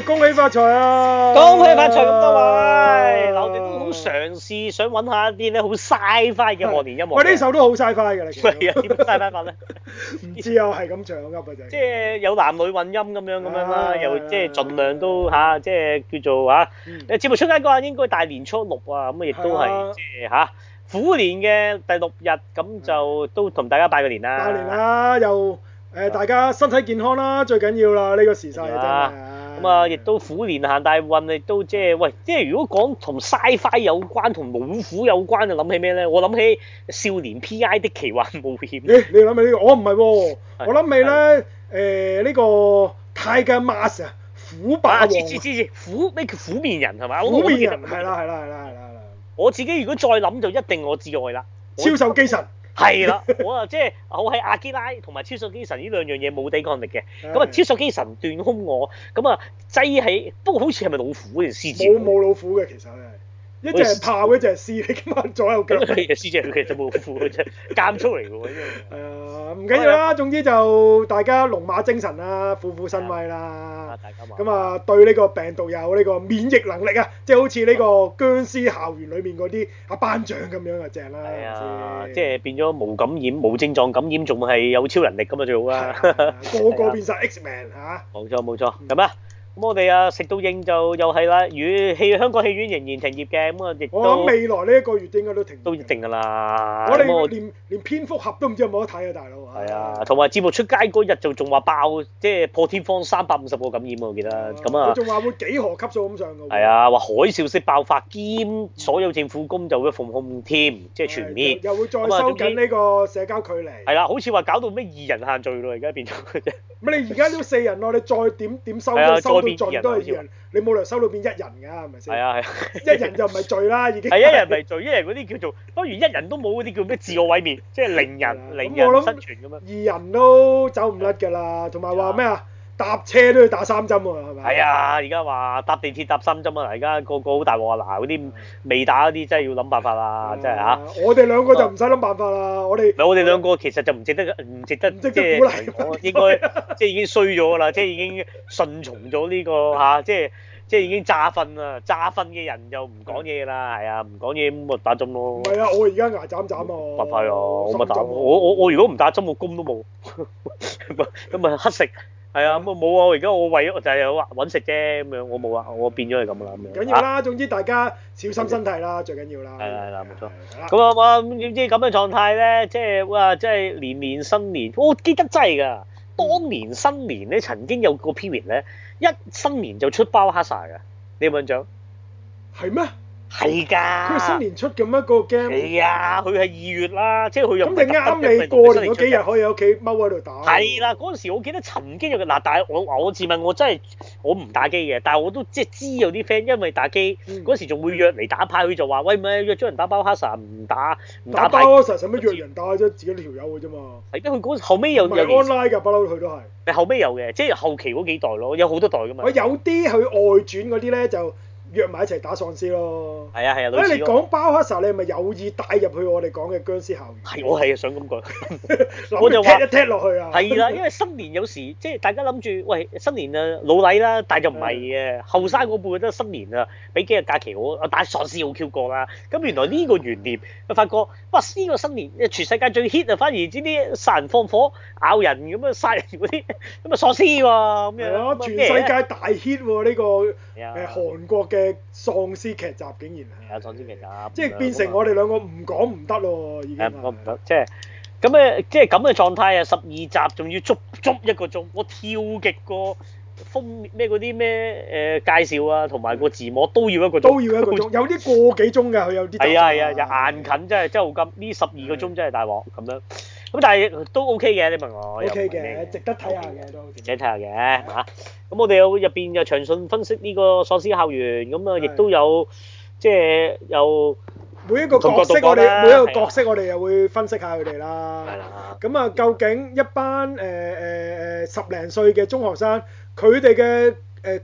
恭喜發財啊！恭喜發財咁多位，嗱，我哋都好嘗試想揾下一啲咧好 sci-fi 嘅賀年音樂。喂，呢首都好 sci-fi 㗎啦，其實。喂，點 sci-fi 法咧？唔知又係咁唱噏嘅就。即係有男女混音咁樣咁樣啦，又即係盡量都吓，即係叫做嚇。你節目出街嗰日啊，應該大年初六啊，咁啊亦都係即係嚇虎年嘅第六日，咁就都同大家拜個年啦。拜年啦，又誒，大家身體健康啦，最緊要啦，呢個時勢啊，咁啊，亦、嗯、都虎年行大運，就是，亦都即係喂，即係如果講同 Sci-Fi 有關，同老虎有關，就諗起咩咧？我諗起少年 P.I. 的奇幻冒險。欸。你諗起呢，這個？我唔係喎， 我諗起咧，誒呢的、欸這個 Tiger Mask 啊，虎霸王虎咩？虎面人係咪？虎面人。係啦係啦係啦係啦。我自己如果再諗，就一定我至愛啦。超獸機神。係啦， 我啊即係好係阿基拉同埋超索基神呢兩樣嘢冇抵抗力嘅。咁啊的、嗯、超索基神斷空我，咁啊擠喺，不過好似係咪老虎嗰條獅子？冇冇老虎嘅其實係。一隻炮，一隻屍，咁啊，在度幾隻屍啫，其實冇褲嘅監出嚟喎，真係唔緊要啦，總之就大家龍馬精神啦，虎虎生威啦。咁啊，對呢個病毒有呢個免疫能力啊，即係好似呢個殭屍校園裏面嗰啲阿班長咁樣啊，正啦。即係變咗無感染、冇症狀感染，仲係有超能力咁啊，最好啦。個個變晒 X-Men 嚇。冇錯，冇錯，咁啊。咁我哋啊食到應就又係啦。如戲香港戲院仍然停業嘅，咁啊亦都。我諗未來呢一個月應該都停。都定㗎啦。我哋連連蝙蝠俠都唔知有冇得睇啊，大佬。係啊，同埋節目出街嗰日就仲話爆，即係破天荒三百五十個感染啊，我記得咁啊。佢仲話會幾何級數咁上㗎？係啊，話海嘯式爆發，兼所有政府工就會封控添，即係全面。又會再收緊呢個社交距離。係啦，好似話搞到咩二人限聚咯，而家變咗啫。咁你而家都要四人喎，你再點點收都收，變咗人都係人，你冇理由收都變一人㗎，係咪先？係啊係、啊 啊。一人就唔係罪啦，已經。係一人唔係罪，一人嗰啲叫做，當然，一人都冇嗰啲叫咩？自我毀滅，即係零人零人生存咁樣。二人都走唔甩㗎啦，同埋話咩啊？搭車都要打三針喎，係咪啊？係啊，而家話搭地鐵搭三針啊！而家個個好大鑊啊！嗱，嗰啲未打嗰啲真係要諗辦法啦，真係嚇！我哋兩個就唔使諗辦法啦，我哋唔我哋兩個其實就唔值得，唔值得即係鼓勵，應該即係已經衰咗啦，即係已經順從咗呢個嚇，即係即係已經詐瞓啦，詐瞓嘅人就唔講嘢啦，係啊，唔講嘢咁咪打針咯。唔係啊，我而家牙斬斬啊！大我咪打，我我我如果唔打針，我工都冇，咁咪乞食。係、嗯嗯、啊，冇冇啊！就是、而家我為咗就係話揾食啫，咁樣我冇啊，我變咗係咁啦。緊要啦，總之大家小心身體啦，嗯、最緊要啦。係係啦，冇錯。咁啊，咁點知咁嘅狀態咧？即係哇，即係年年新年，我記得真係㗎。當年新年咧，曾經有個 period 咧，一新年就出包黑晒㗎。你有冇印象？係咩？係㗎，佢新年出咁一個 game，係啊，佢係二月啦，即係佢又咁你啱你過年嗰幾日可以喺屋企踎喺度打。係啦，嗰陣時我記得曾經有嗱，但我我自問我真係我唔打機嘅，但係我都即係知有啲 friend 因為打機嗰、嗯、時仲會約嚟打牌，佢就話喂，咩約咗人打包哈薩唔打唔打牌。打包哈薩使乜約人打啫？自己呢條友嘅啫嘛。係，因為佢後尾又又 online 㗎，不嬲佢都係。後尾有嘅，即係後期嗰幾代咯，有好多代㗎嘛。喂，有啲佢外傳嗰啲咧就。約埋一齊打喪屍咯。係啊係啊，老師。你講包黑沙，你係咪有意帶入去我哋講嘅殭屍校園？係我係想咁講， 我就踢說 一踢落去啊。係啦、啊，因為新年有時即係、就是、大家諗住，喂新年啊老禮啦，但就唔係啊後生嗰輩都係新年啊，俾幾日假期我啊打喪屍好 Q 過啦。咁原來呢個概念，發覺哇呢、這個新年全世界最 hit 啊，反而知啲殺人放火咬人咁啊殺人嗰啲咁啊喪屍喎咁啊。全世界大 hit 喎、啊、呢、這個誒韓國嘅。喪屍劇集竟然係，有喪屍劇集，即係變成我哋兩個唔講唔得咯，已經係。我唔得，即係咁嘅，即係咁嘅狀態啊！十二集仲要足足一個鐘，我跳極個封咩嗰啲咩誒介紹啊，同埋個字幕都要一個鐘，都要一個鐘，有啲過幾鐘噶，佢有啲係啊係啊，又、啊啊、硬近真係真係好緊，呢十二個鐘真係大鑊咁樣。咁但係都 OK 嘅，你問我 OK 嘅，值得睇下嘅都值得睇下嘅嚇。咁我哋又入邊又長信分析呢個喪屍校園，咁啊亦都有即係有每一個角色，我哋每一個角色我哋又會分析下佢哋啦。係啦。咁啊，究竟一班誒誒誒十零歲嘅中學生，佢哋嘅誒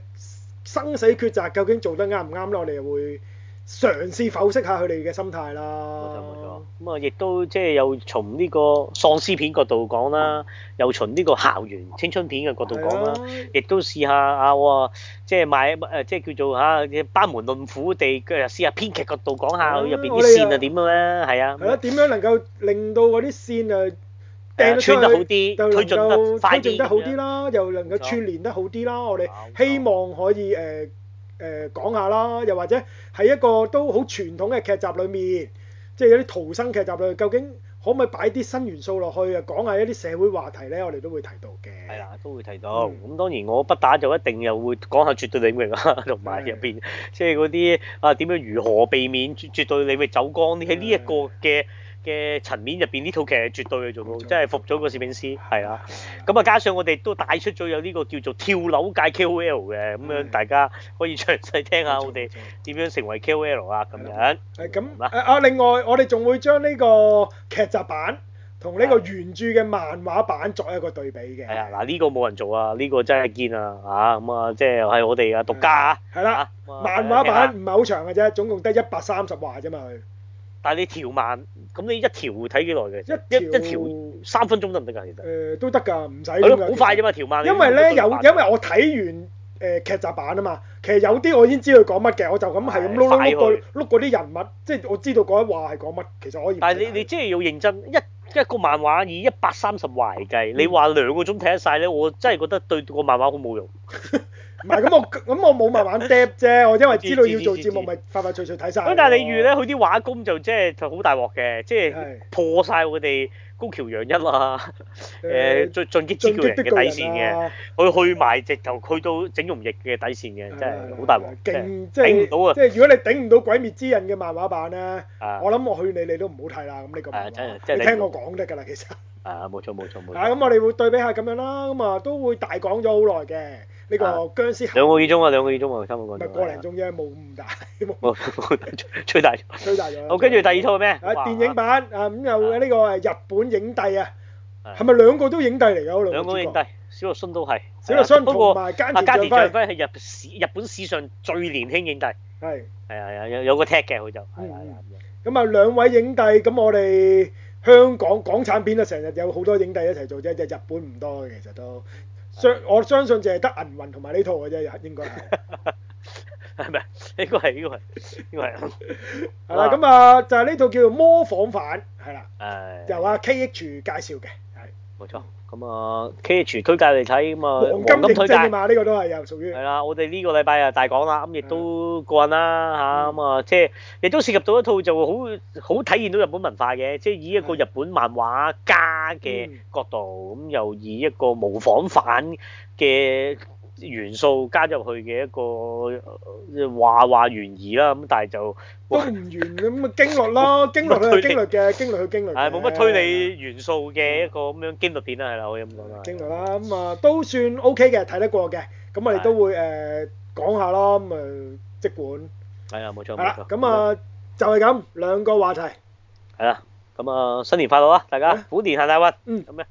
生死抉擇究竟做得啱唔啱咧？我哋又會。嘗試剖析下佢哋嘅心態啦。冇錯冇錯，咁啊亦都即係又從呢個喪屍片角度講啦，又從呢個校園青春片嘅角度講啦，亦都呀試下 belle, 啊，即係買誒即係叫做嚇，班門弄斧地，跟試下編劇角度講下入邊啲線係點樣咧，係啊。係咯，點樣能夠令到嗰啲線誒掟穿得好啲，推進得好，推進得好啲啦，又能夠串連得好啲啦，我哋希望可以誒。誒、呃、講下啦，又或者係一個都好傳統嘅劇集裏面，即係有啲逃生劇集裏面，究竟可唔可以擺啲新元素落去？又講下一啲社會話題呢，我哋都會提到嘅。係啊，都會提到。咁、嗯、當然我不打就一定又會講下絕對領域啦，同埋入邊即係嗰啲啊點樣如何避免絕對領域走光呢？喺呢一個嘅。的嘅層面入邊，呢套劇係絕對做到，真係服咗個攝影師。係啊，咁啊，加上我哋都帶出咗有呢個叫做跳樓界 KOL 嘅，咁樣大家可以詳細聽下我哋點樣成為 KOL 啊，咁樣。咁啊。另外我哋仲會將呢個劇集版同呢個原著嘅漫畫版作一個對比嘅。係啊，嗱呢個冇人做啊，呢個真係堅啊，啊咁啊，即係我哋啊，獨家啊。係啦，漫畫版唔係好長嘅啫，總共得一百三十話啫嘛。但係你調慢，咁你一條睇幾耐嘅？一一條三分鐘得唔得㗎，其實。誒，都得㗎，唔使。係咯，好快啫嘛，調慢。因為咧有，因為我睇完誒劇集版啊嘛，其實有啲我已經知佢講乜嘅，我就咁係咁碌碌碌碌嗰啲人物，即係我知道嗰一話係講乜，其實可以。但係你你即係要認真一一個漫畫以一百三十話嚟計，你話兩個鐘睇得晒，咧，我真係覺得對個漫畫好冇用。唔係，咁我咁我冇慢慢玩 depth 啫，我因為知道要做節目咪快快脆脆睇晒。咁但係你預咧，佢啲畫工就即係好大鑊嘅，即係破晒我哋高橋陽一啊，誒進進擊之巨人嘅底線嘅，佢去埋直頭去到整容液嘅底線嘅，真係好大鑊。勁即係頂唔到啊！即係如果你頂唔到《鬼滅之刃》嘅漫畫版咧，我諗我去你你都唔好睇啦，咁你咁，你聽我講得㗎啦，其實。啊，冇錯冇錯冇錯。啊咁，我哋會對比下咁樣啦，咁啊都會大講咗好耐嘅。呢個殭屍兩個幾鐘啊，兩個幾鐘啊，三個零鐘。唔係個零鐘啫，冇咁大。吹大咗。吹大咗。好，跟住第二套咩？啊，電影版啊，咁有呢個係日本影帝啊。係咪兩個都影帝嚟啊？兩個影帝，小栗旬都係。小栗旬同埋菅田將暉。菅田將暉係日史日本史上最年輕影帝。係。係啊係啊，有有個踢嘅佢就。係啊。咁啊，兩位影帝咁我哋香港港產片啊，成日有好多影帝一齊做啫，就日本唔多嘅其實都。相我相信就係得銀魂同埋呢套嘅啫，又應該係，係咪？應該係， 應該係，應該係。係啦 的，咁啊，就係、係、呢套叫做《魔仿犯》哎，係啦，由阿 KH 介紹嘅。冇錯，咁啊，catch 推介嚟睇，咁啊，黃金推介嘛，呢個都係又屬於係啦。我哋呢個禮拜啊大講啦，咁亦都過癮啦嚇，咁啊，即係亦都涉及到一套就好好體現到日本文化嘅，即係以一個日本漫畫家嘅角度，咁又以一個模仿犯嘅。元素加入去嘅一個話話懸疑啦，咁但係就都唔完咁啊驚慄咯， 驚慄佢驚慄嘅， 驚慄佢驚慄。係冇乜推理元素嘅一個咁樣驚慄片啦，係啦， 可以咁講啦。驚慄啦，咁、嗯、啊都算 OK 嘅，睇得過嘅，咁我哋都會誒對講下咯，咁啊即管。係啊、哎，冇錯冇錯。啦，咁啊就係、是、咁兩個話題。係啦，咁啊新年快樂啊大家，虎年行大運。嗯。咁樣。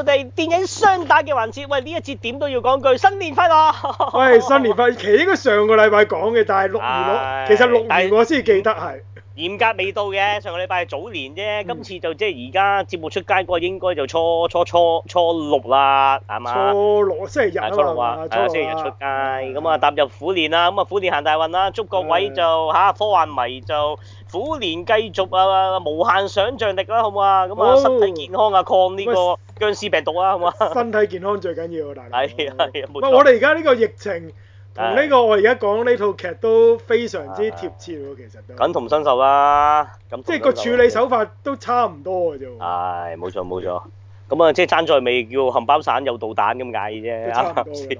我哋電影雙打嘅環節喂，呢一節點都要講句新年快樂， 喂，新年快樂，其實應該上個禮拜講嘅，但係錄完我，唉其實錄完我先記得係。嚴格未到嘅，上個禮拜係早年啫，今次就即係而家節目出街嗰個應該就初初初初六啦，係嘛？初六，初六星期日啊，初六啊，係星期日出街、嗯，咁啊踏入虎年啦，咁啊虎年行大運啦，祝各位就嚇科幻迷就虎年繼續啊無限想像力啦，好唔好啊？咁啊身體健康啊，抗呢個僵屍病毒啊，好唔好啊？哦哦、 身體健康最緊要、啊，大佬。係啊係唔係我哋而家呢個疫情。呢個我而家講呢套劇都非常之貼切喎，其實都感同身受啦，即係個處理手法都差唔多嘅啫。係冇錯冇錯，咁啊即係爭在未叫冚包散有導彈咁解啫。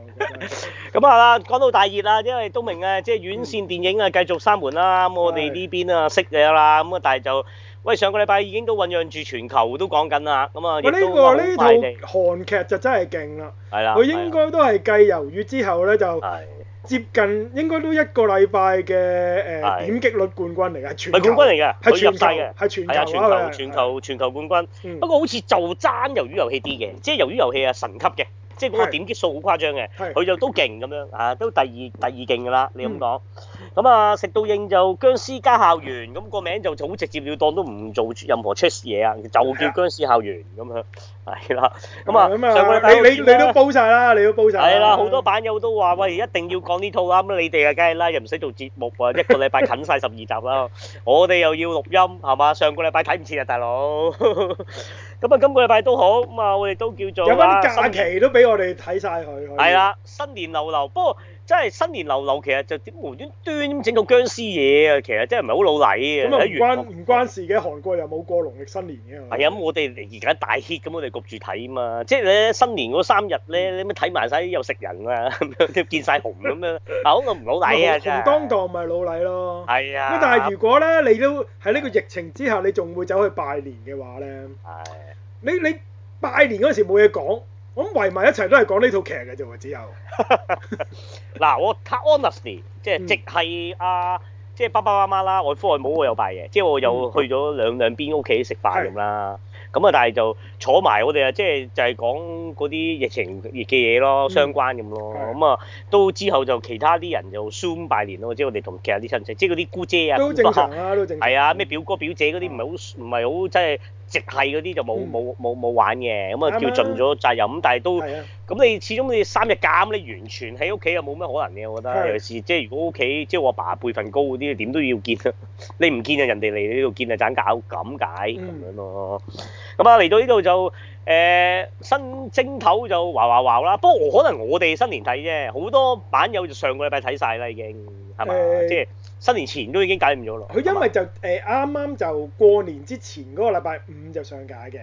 咁啊講到大熱啦，因為都明啊，即係院線電影啊，繼續閂門啦。咁我哋呢邊啊識嘢啦，咁啊但係就喂上個禮拜已經都醖釀住全球都講緊啦。咁啊，呢個呢套韓劇就真係勁啦。係啦，佢應該都係繼《魷魚》之後咧就。係。接近應該都一個禮拜嘅誒，點、呃、擊是的 率冠軍嚟嘅，冠軍嚟嘅，係全世界嘅，係全球全球全球冠軍。嗯、不過好似就爭魷魚遊戲啲嘅，即係魷魚遊戲啊神級嘅。即係嗰個點擊數好誇張嘅，佢的就都勁咁樣啊，都第二第二勁㗎啦，你咁講。咁、嗯、啊，食到應就殭屍加校園，咁個名就好直接要當都唔做任何出嘢啊，就叫殭屍校園咁樣，係啦。咁的啊，麼上個禮拜你你你都煲晒啦，你都煲晒。係啦，好多版友都話喂，一定要講呢套啦。你哋啊，梗係啦，又唔使做節目啊。」 一個禮拜近晒十二集啦。我哋又要錄音係嘛？上個禮拜睇唔切啊，大佬。 咁啊、嗯，今個禮拜都好，咁、嗯、啊，我哋都叫做有翻啲假期都俾我哋睇晒。佢她。係啦，新年流流，不過。真係新年流流，其實就點無端端咁整到僵屍嘢啊！其實真係唔係好老禮啊。咁又唔關唔關事嘅，韓國又冇過農曆新年嘅嘛。係啊，咁我哋而家大 hit 咁，我哋焗住睇啊嘛。即係咧新年嗰三日咧，你乜睇埋晒啲又食人 啊，見晒紅咁樣。好啊，唔老禮啊。紅紅當當咪老禮咯。係啊。咁但係如果咧你都喺呢個疫情之下，你仲會走去拜年嘅話咧？係唉。你你拜年嗰時冇嘢講。我咁圍埋一齊都係講呢套劇嘅啫喎，只有。嗱， 我坦白啲，即係即係啊，即係爸爸媽媽啦，外父外母我有拜嘢，即係我又去咗兩兩邊屋企食飯咁啦。咁啊，但係就坐埋我哋啊，即係就係講嗰啲疫情嘅嘢咯，相關咁咯。咁啊，都之後就其他啲人就 Zoom 拜年咯，即係我哋同其他啲親戚，即係嗰啲姑姐啊，都正常啊，係啊，咩表哥表姐嗰啲唔係好唔係好，即係直係嗰啲就冇冇冇冇玩嘅。咁啊，叫盡咗責任。咁但係都，咁你始終你三日假咁，你完全喺屋企又冇乜可能嘅。我覺得，尤其是即係如果屋企即係我阿爸輩份高嗰啲，點都要見你唔見啊，人哋嚟你呢度見啊，盞交咁解咁樣咯。咁啊，嚟、嗯、到呢度就誒、呃、新正頭就華華華啦。不過可能我哋新年睇啫，好多版友就上個禮拜睇晒啦已經，係咪、欸？即係、就是、新年前都已經解唔咗咯。佢因為就誒啱啱就過年之前嗰個禮拜五就上架嘅。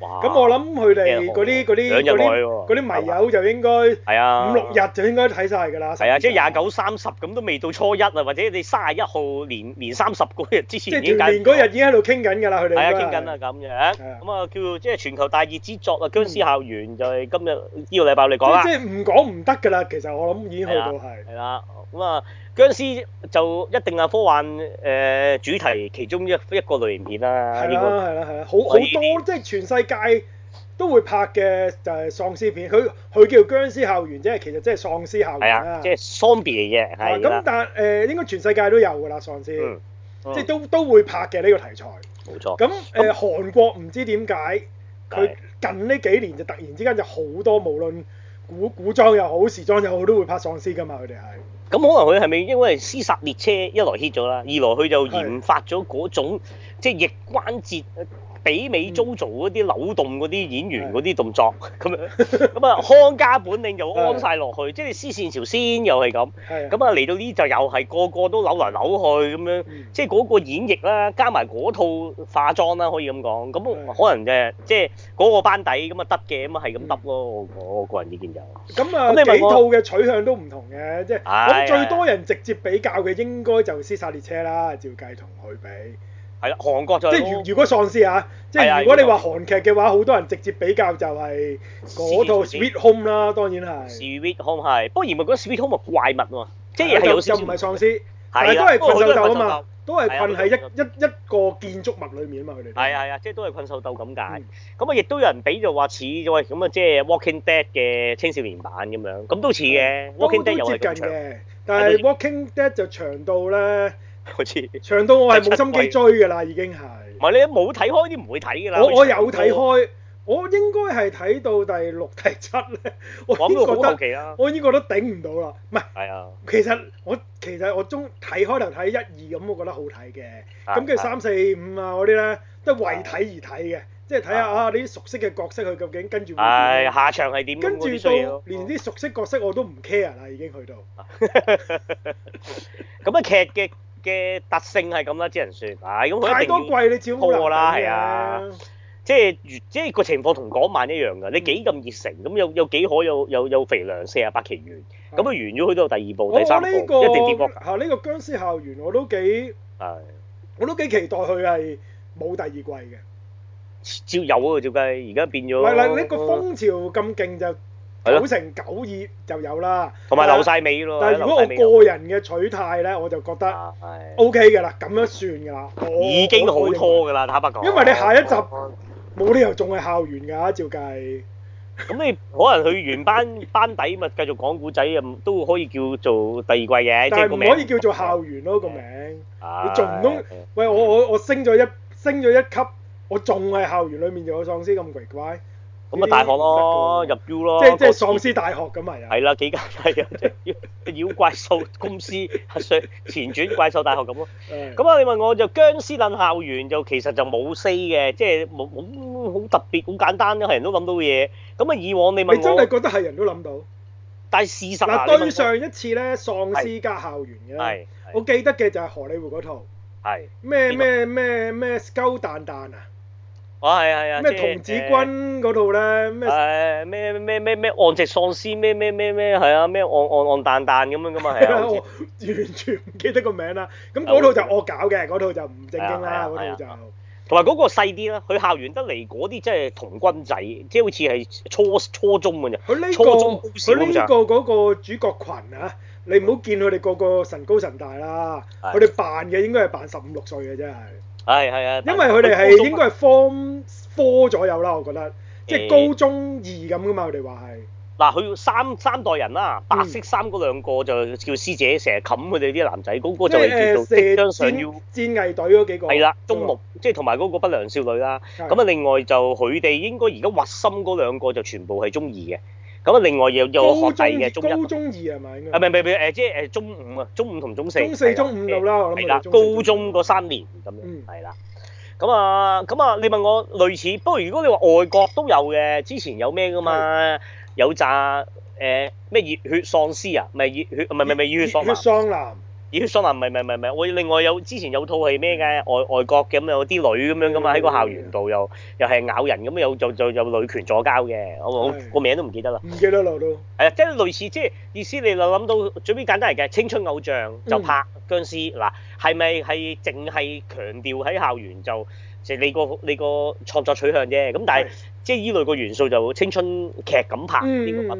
咁我諗佢哋嗰啲嗰啲嗰啲迷友，就應該，係啊，五六日就應該睇晒噶啦。係啊，即係廿九三十咁都未到初一啊，或者你三十一號年年三十嗰日之前，即係年嗰日已經喺度傾緊噶啦，佢哋都係啊，傾緊啊咁樣。咁啊，叫即係全球大熱之作啊，《僵屍校園》就係今日呢個禮拜嚟講啦。即係唔講唔得噶啦，其實我諗已經去到係。係啦，咁啊。僵屍就一定啊科幻誒、呃、主題其中一一個類型片啦、啊。係啦係啦係啦，好好以多即係、就是、全世界都會拍嘅就係喪屍片，佢佢叫僵屍校園啫，其實即係喪屍校園啊，即係、啊就是、z o m b i 嘅。係咁、啊、但係誒、呃、應該全世界都有㗎啦喪屍，即係、嗯嗯、都都會拍嘅呢、這個題材。冇錯。咁誒韓國唔知點解佢近呢幾年就突然之間就好多，無論古古裝又好，時裝又好，都會拍喪屍㗎嘛佢哋係。咁可能佢係咪因為屍殺列車一來 h i t 咗啦，二來佢就研發咗嗰種是的 即係逆關節。比美 z 做嗰啲扭動嗰啲演員嗰啲動作咁、嗯、 樣，咁啊看家本領就安晒落去，嗯、即係《屍戰朝鮮》又係咁，咁啊嚟到呢就又係個個都扭來扭去咁樣，即係嗰個演繹啦，加埋嗰套化妝啦，可以咁講，咁可能嘅即係嗰個班底咁啊得嘅，咁啊係咁得咯，我個人意見就。咁啊樣幾套嘅取向都唔同嘅，即係我、哎、呀最多人直接比較嘅應該就《屍殺列車》啦，照計同佢比。係啦，韓國就即係如如果喪屍啊，即係如果你話韓劇嘅話，好多人直接比較就係嗰套《Sweet Home》啦，當然係。Sweet Home 係，不過而唔係嗰《Sweet Home》係怪物啊嘛，即係又唔係喪屍，係都係啊嘛，都係困喺一一一個建築物裡面啊嘛，佢哋。係啊係啊，即係都係困獸鬥咁解。咁啊，亦都有人比就話似咗喂咁啊，即係《Walking Dead》嘅青少年版咁樣，咁都似嘅，《Walking Dead》又係好近嘅，但係《Walking Dead》就長到咧。長到我係冇心機追嘅啦，已經係。唔係你冇睇開啲唔會睇㗎啦。我我有睇開，我應該係睇到第六、第七咧，我已經覺得，我已經覺得頂唔到啦。唔係。係啊。其實我其實我中睇開頭睇一二咁，我覺得好睇嘅。咁跟住三四五啊嗰啲咧，都係為睇而睇嘅，即係睇下啊你啲熟悉嘅角色佢究竟跟住。係下場係點？跟住到連啲熟悉角色我都唔 care 啦，已經去到。咁嘅劇嘅。嘅特性係咁啦，只能說，唉，咁我一定要拖啦，係啊，即係越即係個情況同嗰晚一樣㗎。你幾咁熱誠，咁有有幾可，有有有肥糧四啊八期完，咁啊完咗去到第二部、第三部，一定跌落。嚇！呢個殭屍校園我都幾誒，我都幾期待佢係冇第二季嘅。照有喎，照計而家變咗。嗱嗱，呢個風潮咁勁就～好成九頁就有啦，同埋漏曬尾咯。但係如果我個人嘅取態咧，我就覺得 OK 㗎啦，咁樣算㗎啦。已經好拖㗎啦，坦白講。因為你下一集冇理由仲係校園㗎，照計。咁你可能去完班班底咪繼續講古仔啊，都可以叫做第二季嘅。但係唔可以叫做校園咯，個名。你做唔通，喂，我我我升咗一升咗一級，我仲係校園裡面有喪屍咁奇怪？咁啊大學咯，入 U 咯，即係即係喪屍大學咁咪，啊，係啦幾間係啊，妖怪獸公司啊前傳，怪獸大學咁咯。咁啊你問我就殭屍等校園就其實就冇 say 嘅，即係冇冇好特別好簡單，都係人都諗到嘅嘢。咁啊以往你問我，你真係覺得係人都諗到，但係事實，嗱，對上一次咧喪屍加校園嘅，我記得嘅就係荷里活嗰套，咩咩咩咩鈎蛋蛋啊？啊係啊係啊！咩童子軍嗰套咧？咩咩咩咩咩咩殭屍喪屍咩咩咩咩係啊咩戇戇戇蛋蛋咁樣噶嘛係啊！完全唔記得個名啦。咁嗰套就惡搞嘅，嗰套就唔正經啦，嗰套的就。同埋嗰、這個細啲啦，佢校園得嚟嗰啲真係童軍仔，即係好似係初初中咁樣。佢呢個佢呢個嗰個主角群啊，你唔好見佢哋個個神高神大啦、啊，佢哋扮嘅應該係扮十五六歲嘅真係。係係啊，因為佢哋係應該係 form four 左右啦，我覺得，嗯、即係高中二咁噶嘛，佢哋話係。嗱，佢三三代人啦，嗯、白色衫嗰兩個就叫師姐，成日冚佢哋啲男仔，嗰是個就係叫做即將上要戰，戰藝隊嗰幾個。係啦，中六，即係同埋嗰個不良少女啦。咁啊的，另外就佢哋應該而家核心嗰兩個就全部係中二嘅。咁啊，另外又有學弟嘅，中一、中二係咪？啊，唔係咪？係唔即係誒中五啊，中五同中,中四，中四、啦中五到啦，我諗係啦。高中嗰三年咁，係、嗯、啦。咁啊，咁啊，你問我類似，不過如果你話外國都有嘅，之前有咩㗎嘛？是有扎誒咩熱血喪屍啊？唔係熱血，唔係唔係唔係熱血,血,血喪男？血喪男咦，喪男唔係唔係唔係，我另外有之前有套戲咩嘅外外國嘅，咁有啲女咁樣嘅嘛，喺個校園度又又係咬人咁啊，又就就就女權左膠嘅，我個的名都唔記得啦。唔記得啦都。係啊，即係類似即係意思、就是，你又諗到最尾簡單嚟嘅青春偶像就拍殭屍嗱、嗯，係咪係淨係強調喺校園就即係、就是、你個你個創作取向啫咁，但係的、嗯、即係依類個元素就青春劇咁拍，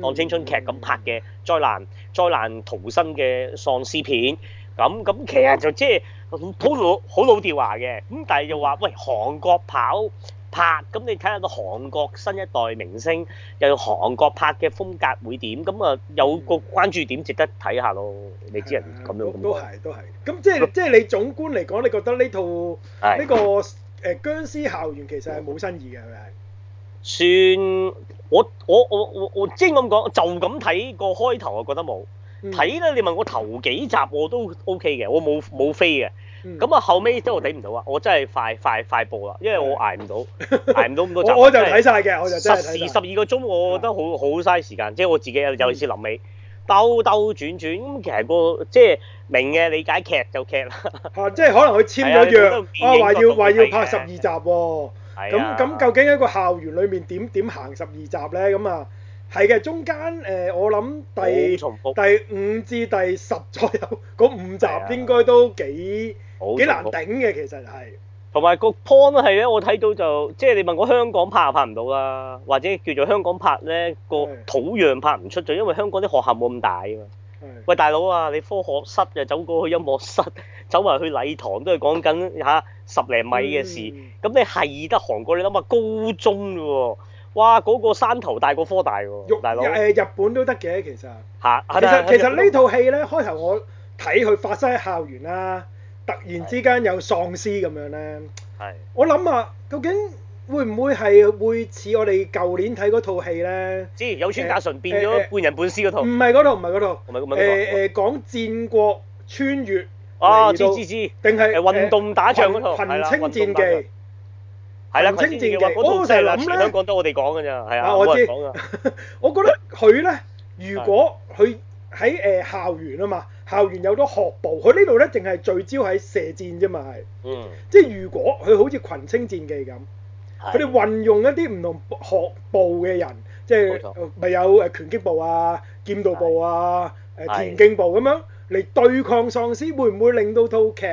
當、嗯、青春劇咁拍嘅災難災難逃生嘅喪,喪屍片。咁咁其實就即係好老好老調話嘅，咁但係又話，喂韓國跑拍，咁你睇下個韓國新一代明星，又有韓國拍嘅風格會點，咁啊有個關注點值得睇下咯。你知人咁樣，咁都係都係。咁即係即係你總觀嚟講，你覺得呢套呢個誒殭屍校園其實係冇新意嘅係咪？算我我我我我即係咁講，就咁睇個開頭我覺得冇。睇咧，你問我頭幾集我都 O K 嘅，我冇冇飛嘅。咁啊、嗯，後尾真我睇唔到啊，我真係快快快播啦，因為我捱唔到，捱唔 到咁多集。我就睇晒嘅，我就十時十二個鐘，我覺得嗎好好嘥時間，即係我自己有尤其是臨尾兜兜轉轉咁，其實、嗰個即係明嘅理解劇就劇啦、啊。即係可能佢簽咗約，啊話、啊、要話要拍十二集喎、哦。咁咁、啊、究竟喺個校園裏面點點行十二集咧？咁啊？ 係嘅，中間誒、呃，我諗第重複第五至第十左右嗰五集應該都幾的幾難頂嘅，其實係、就是。同埋個 point 係咧，我睇到就即係你問我香港拍就拍唔到啦，或者叫做香港拍咧個土壤拍唔出，就的因為香港啲學校冇咁大啊嘛。的喂，大佬啊，你科學室就走過去音樂室，走埋去禮堂都係講緊吓十零米嘅事，咁、嗯、你係得韓國你諗下高中㗎喎。哇！嗰個山頭大過科大喎。喐大佬，誒，日本都得嘅其實。嚇！其實其實呢套戲咧開頭我睇佢發生喺校園啦，突然之間有喪屍咁樣咧。係。我諗下，究竟會唔會係會似我哋舊年睇嗰套戲咧？知有村架純變咗半人半屍嗰套。唔係嗰套，唔係嗰套。唔係唔係，嗰個。誒誒，講戰國穿越。哦知知知。定係運動打仗群青戰記。係啦，群青戰技成日就係咁咧，香港得我哋講嘅咋，係啊，冇人講噶。我覺得佢咧，如果佢喺誒校園啊嘛，校園有咗學部，佢呢度咧淨係聚焦喺射箭啫嘛係。嗯。即係如果佢好似《群青戰技》咁，佢哋運用一啲唔同學部嘅人，即係咪有誒拳擊部啊、劍道部啊、誒田徑部咁樣嚟對抗喪屍，會唔會令到套劇？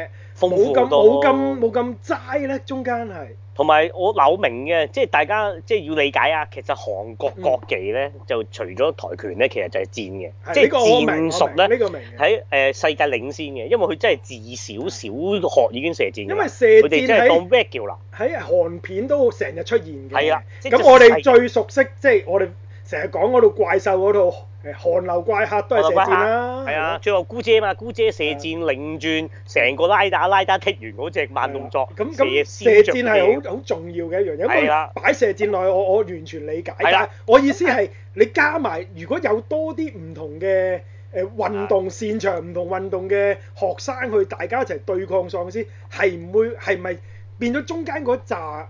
冇咁冇咁冇咁齋咧，中間係。同埋我諗明嘅，即、就、係、是、大家即係、就是、要理解啊。其實韓國國技咧，嗯、就除咗跆拳咧，其實就係戰嘅，即係、嗯、戰術咧。呢個明。呢個明。喺、嗯、誒、嗯呃、世界領先嘅，因為佢真係自少小，小學已經射箭，因為射箭喺咩叫啦？喺韓片都成日出現嘅。係啊。咁、就是就是、我哋最熟悉即係、就是、我哋成日講嗰套怪獸嗰套。寒流怪客都係射箭啦，係啊，最後姑姐嘛，姑姐射箭領轉，成個拉打拉打踢完嗰隻慢動作，射箭係好好重要嘅一樣嘢。因為擺射箭內，我我完全理解，但係我意思係你加埋，如果有多啲唔同嘅誒運動擅長、唔同運動嘅學生去，大家一齊對抗喪屍，係唔會係咪變咗中間嗰紮？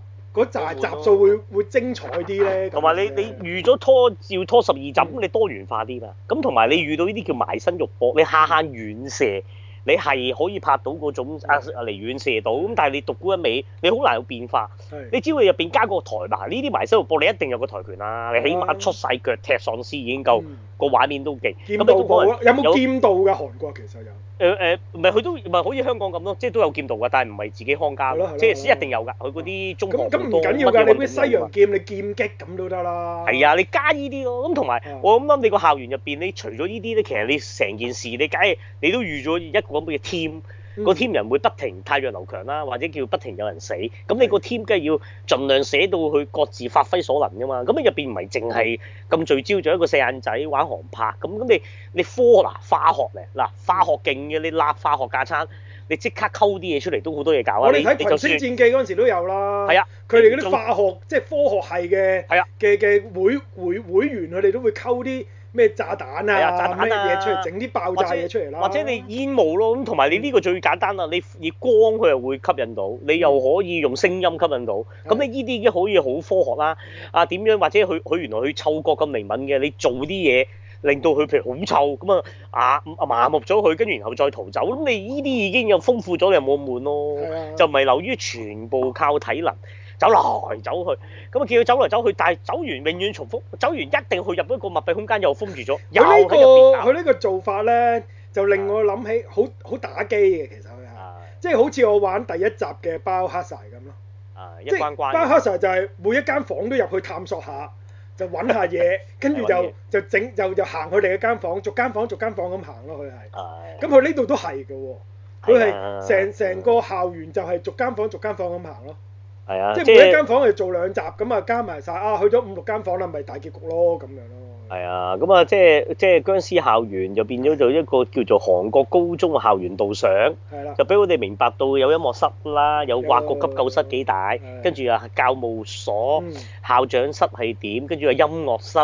集集數會,會精彩啲咧，同埋你你,你預咗拖要拖十二集，咁、嗯、你多元化啲嘛？咁同埋你遇到呢啲叫埋身肉搏，你下下遠射，你係可以拍到嗰種、嗯、啊啊離遠射到，咁但係你獨沽一味，你好難有變化。嗯、你只要入邊加個跆嘛，呢啲埋身肉搏你一定有一個跆拳啦、啊，你起碼出晒腳踢喪屍已經夠。嗯個畫面都勁，有冇劍道㗎？韓國其實有。誒誒、呃，唔係佢都唔係好似香港咁咯，即係都有劍道㗎，但係唔係自己康家。係咯係咯。即係一定有㗎，佢嗰啲中國。咁咁唔緊要㗎，你咩西洋劍，你劍擊咁都得啦、啊。係啊，你加呢啲咯。咁同埋我諗，你個校園入邊，你除咗呢啲咧，其實你成件事，你梗係你都預咗一個咁嘅 team。嗯、個 team 人會不停汰弱留強啦，或者叫不停有人死，咁你個 team 梗係要盡量寫到佢各自發揮所能㗎嘛。咁你入邊唔係淨係咁聚焦咗一個四眼仔玩航拍。咁咁你你科學嗱化學咧，嗱化學勁嘅，你立化學架撐，你即刻溝啲嘢出嚟都好多嘢搞啊！我哋睇《群星戰記》嗰陣時都有啦，係啊，佢哋嗰啲化學更即係科學系嘅，係啊嘅嘅會會會員，佢哋都會溝啲。咩炸彈啊？咩嘢出嚟，整啲爆炸嘢出嚟啦或，或者你煙霧咯，咁同埋你呢個最簡單啦。你以光佢又會吸引到，你又可以用聲音吸引到。咁、嗯、你呢啲已經可以好科學啦。啊，點樣？或者佢佢原來佢嗅覺咁靈敏嘅，你做啲嘢令到佢譬如好臭咁啊啊麻木咗佢，跟住然後再逃走。咁你呢啲已經又豐富咗，你又冇咁悶咯。嗯、就唔係流於全部靠體能。走來走去，咁啊叫佢走來走去，但係走完永遠重複，走完一定去入一個密閉空間又封住咗，又喺入邊、呢個佢呢個做法咧，就令我諗起、啊、好好打機嘅其實佢係，啊、即係好似我玩第一集嘅《包黑曬》咁咯。啊！一關關《包黑曬》就係每一間房都入去探索下，就揾下嘢，跟住就、 哎、呀 就整就就，就行佢哋一間房，逐間房逐間房咁行咯。佢係。係、啊。咁佢呢度都係嘅喎，佢係成成個校園就係逐間房間逐間房咁行咯。係啊，即係每一間房係做兩集，咁啊加埋晒，啊去咗五六間房啦，咪大結局咯咁樣咯。係啊，咁、嗯、啊即係即係殭屍校園就變咗做一個叫做韓國高中嘅校園導賞，的就俾我哋明白到有音樂室啦，有挖掘急救室幾大，跟住啊教務所，的校長室係點，跟住啊音樂室。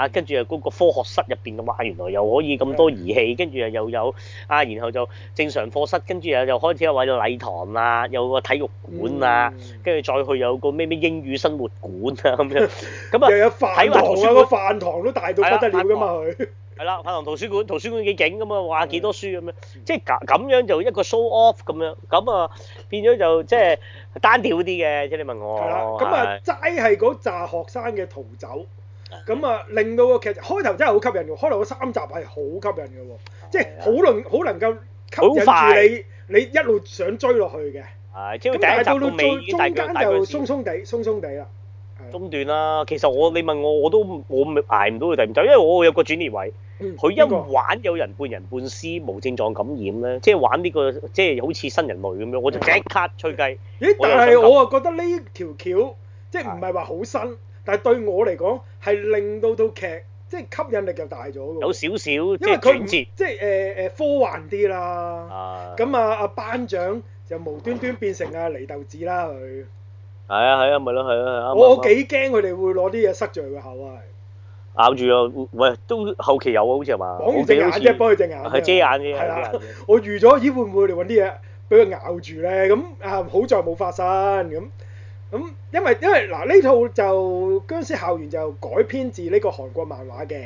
啊，跟住啊嗰個科學室入邊嘅話，原來又可以咁多儀器，跟住啊又有啊，然後就正常課室，跟住又又開始有位咗禮堂啊，有個體育館啊，跟住再去有個咩咩英語生活館啊咁樣，咁啊，飯堂有個飯堂都大到不得了㗎嘛，佢，係啦，飯堂圖書館，圖書館幾景咁啊，話幾多書咁樣，即係咁咁樣就一個 show off 咁樣，咁啊變咗就即係單調啲嘅，即係你問我，係啦，咁啊齋係嗰紮學生嘅逃走。咁啊，令到個劇開頭真係好吸引嘅，開頭嗰三集係好吸引嘅喎，即係好能好能夠吸引住你，你一路想追落去嘅。係，即係第一集都未中間就鬆鬆地鬆鬆地啦。中段啦，其實我你問我我都我唔捱唔到佢第唔走，因為我有個轉移位，佢一玩有人半人半屍無症狀感染咧，即係玩呢個即係好似新人類咁樣，我就即刻吹雞。咦？但係我啊覺得呢條橋即係唔係話好新。但係對我嚟講，係令到套劇即係吸引力大少少就大咗有少少，因為佢唔知，即係誒誒科幻啲啦。咁啊、uh, 啊，班長就無端端變成阿、啊、禰豆子啦佢。係啊係啊，咪咯係咯啱。我幾驚佢哋會攞啲嘢塞住佢個口啊。咬住啊！唔都後期有啊，好似係嘛？綁住隻眼啫，幫佢隻眼。係遮眼嘅。係啦 。我預咗，咦會唔會嚟揾啲嘢俾佢咬住咧？咁啊好在冇發生咁。咁因為因為嗱，呢套就《殭屍校園》就改編自呢個韓國漫畫嘅。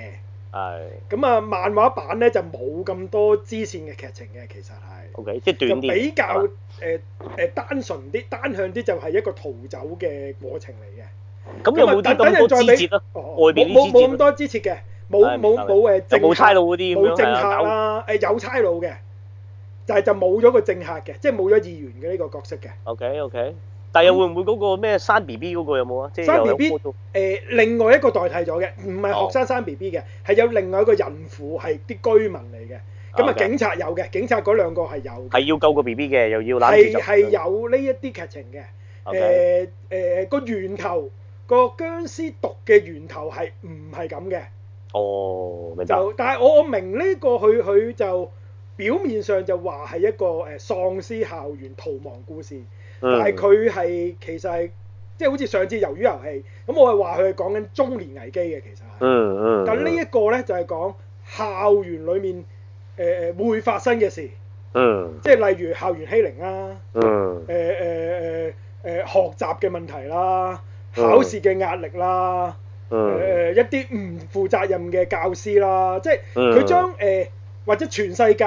係，咁啊漫畫版咧就冇咁多支線嘅劇情嘅，其實係。O K. 即係短啲。就比較誒誒單純啲、單向啲，就係一個逃走嘅過程嚟嘅。咁又冇咁多支節啊？外邊啲支節。冇冇冇咁多支節嘅，冇冇冇誒政客啦，誒有差佬嘅，就係就冇咗個政客嘅，即係冇咗議員嘅呢個角色嘅。O K. O K. 但又會唔會嗰個咩生 B B 嗰個有冇啊？生 B B 誒，另外一個代替咗嘅，唔係學生生 B B 嘅，係噢有另外一個孕婦係啲居民嚟嘅。咁啊噢噢，警察有嘅，警察嗰兩個係有。係要救個 B B 嘅，又要冷血，係係有呢一啲劇情嘅。誒誒噢，個源頭個僵屍毒嘅源頭係唔係咁嘅？哦，明白。就但係我我明呢、呢個佢佢就表面上就話係一個誒喪屍校園逃亡故事。但係佢係其實係即係好似上次魷魚遊戲，咁我係話佢係講緊中年危機嘅其實係。嗯嗯。但呢一個咧就係、是、講校園裡面誒誒、呃、會發生嘅事。嗯。即係例如校園欺凌啦。嗯、呃。誒誒誒誒學習嘅問題啦，考試嘅壓力啦。嗯、呃。一啲唔負責任嘅教師啦，即係佢將誒。呃或者全世界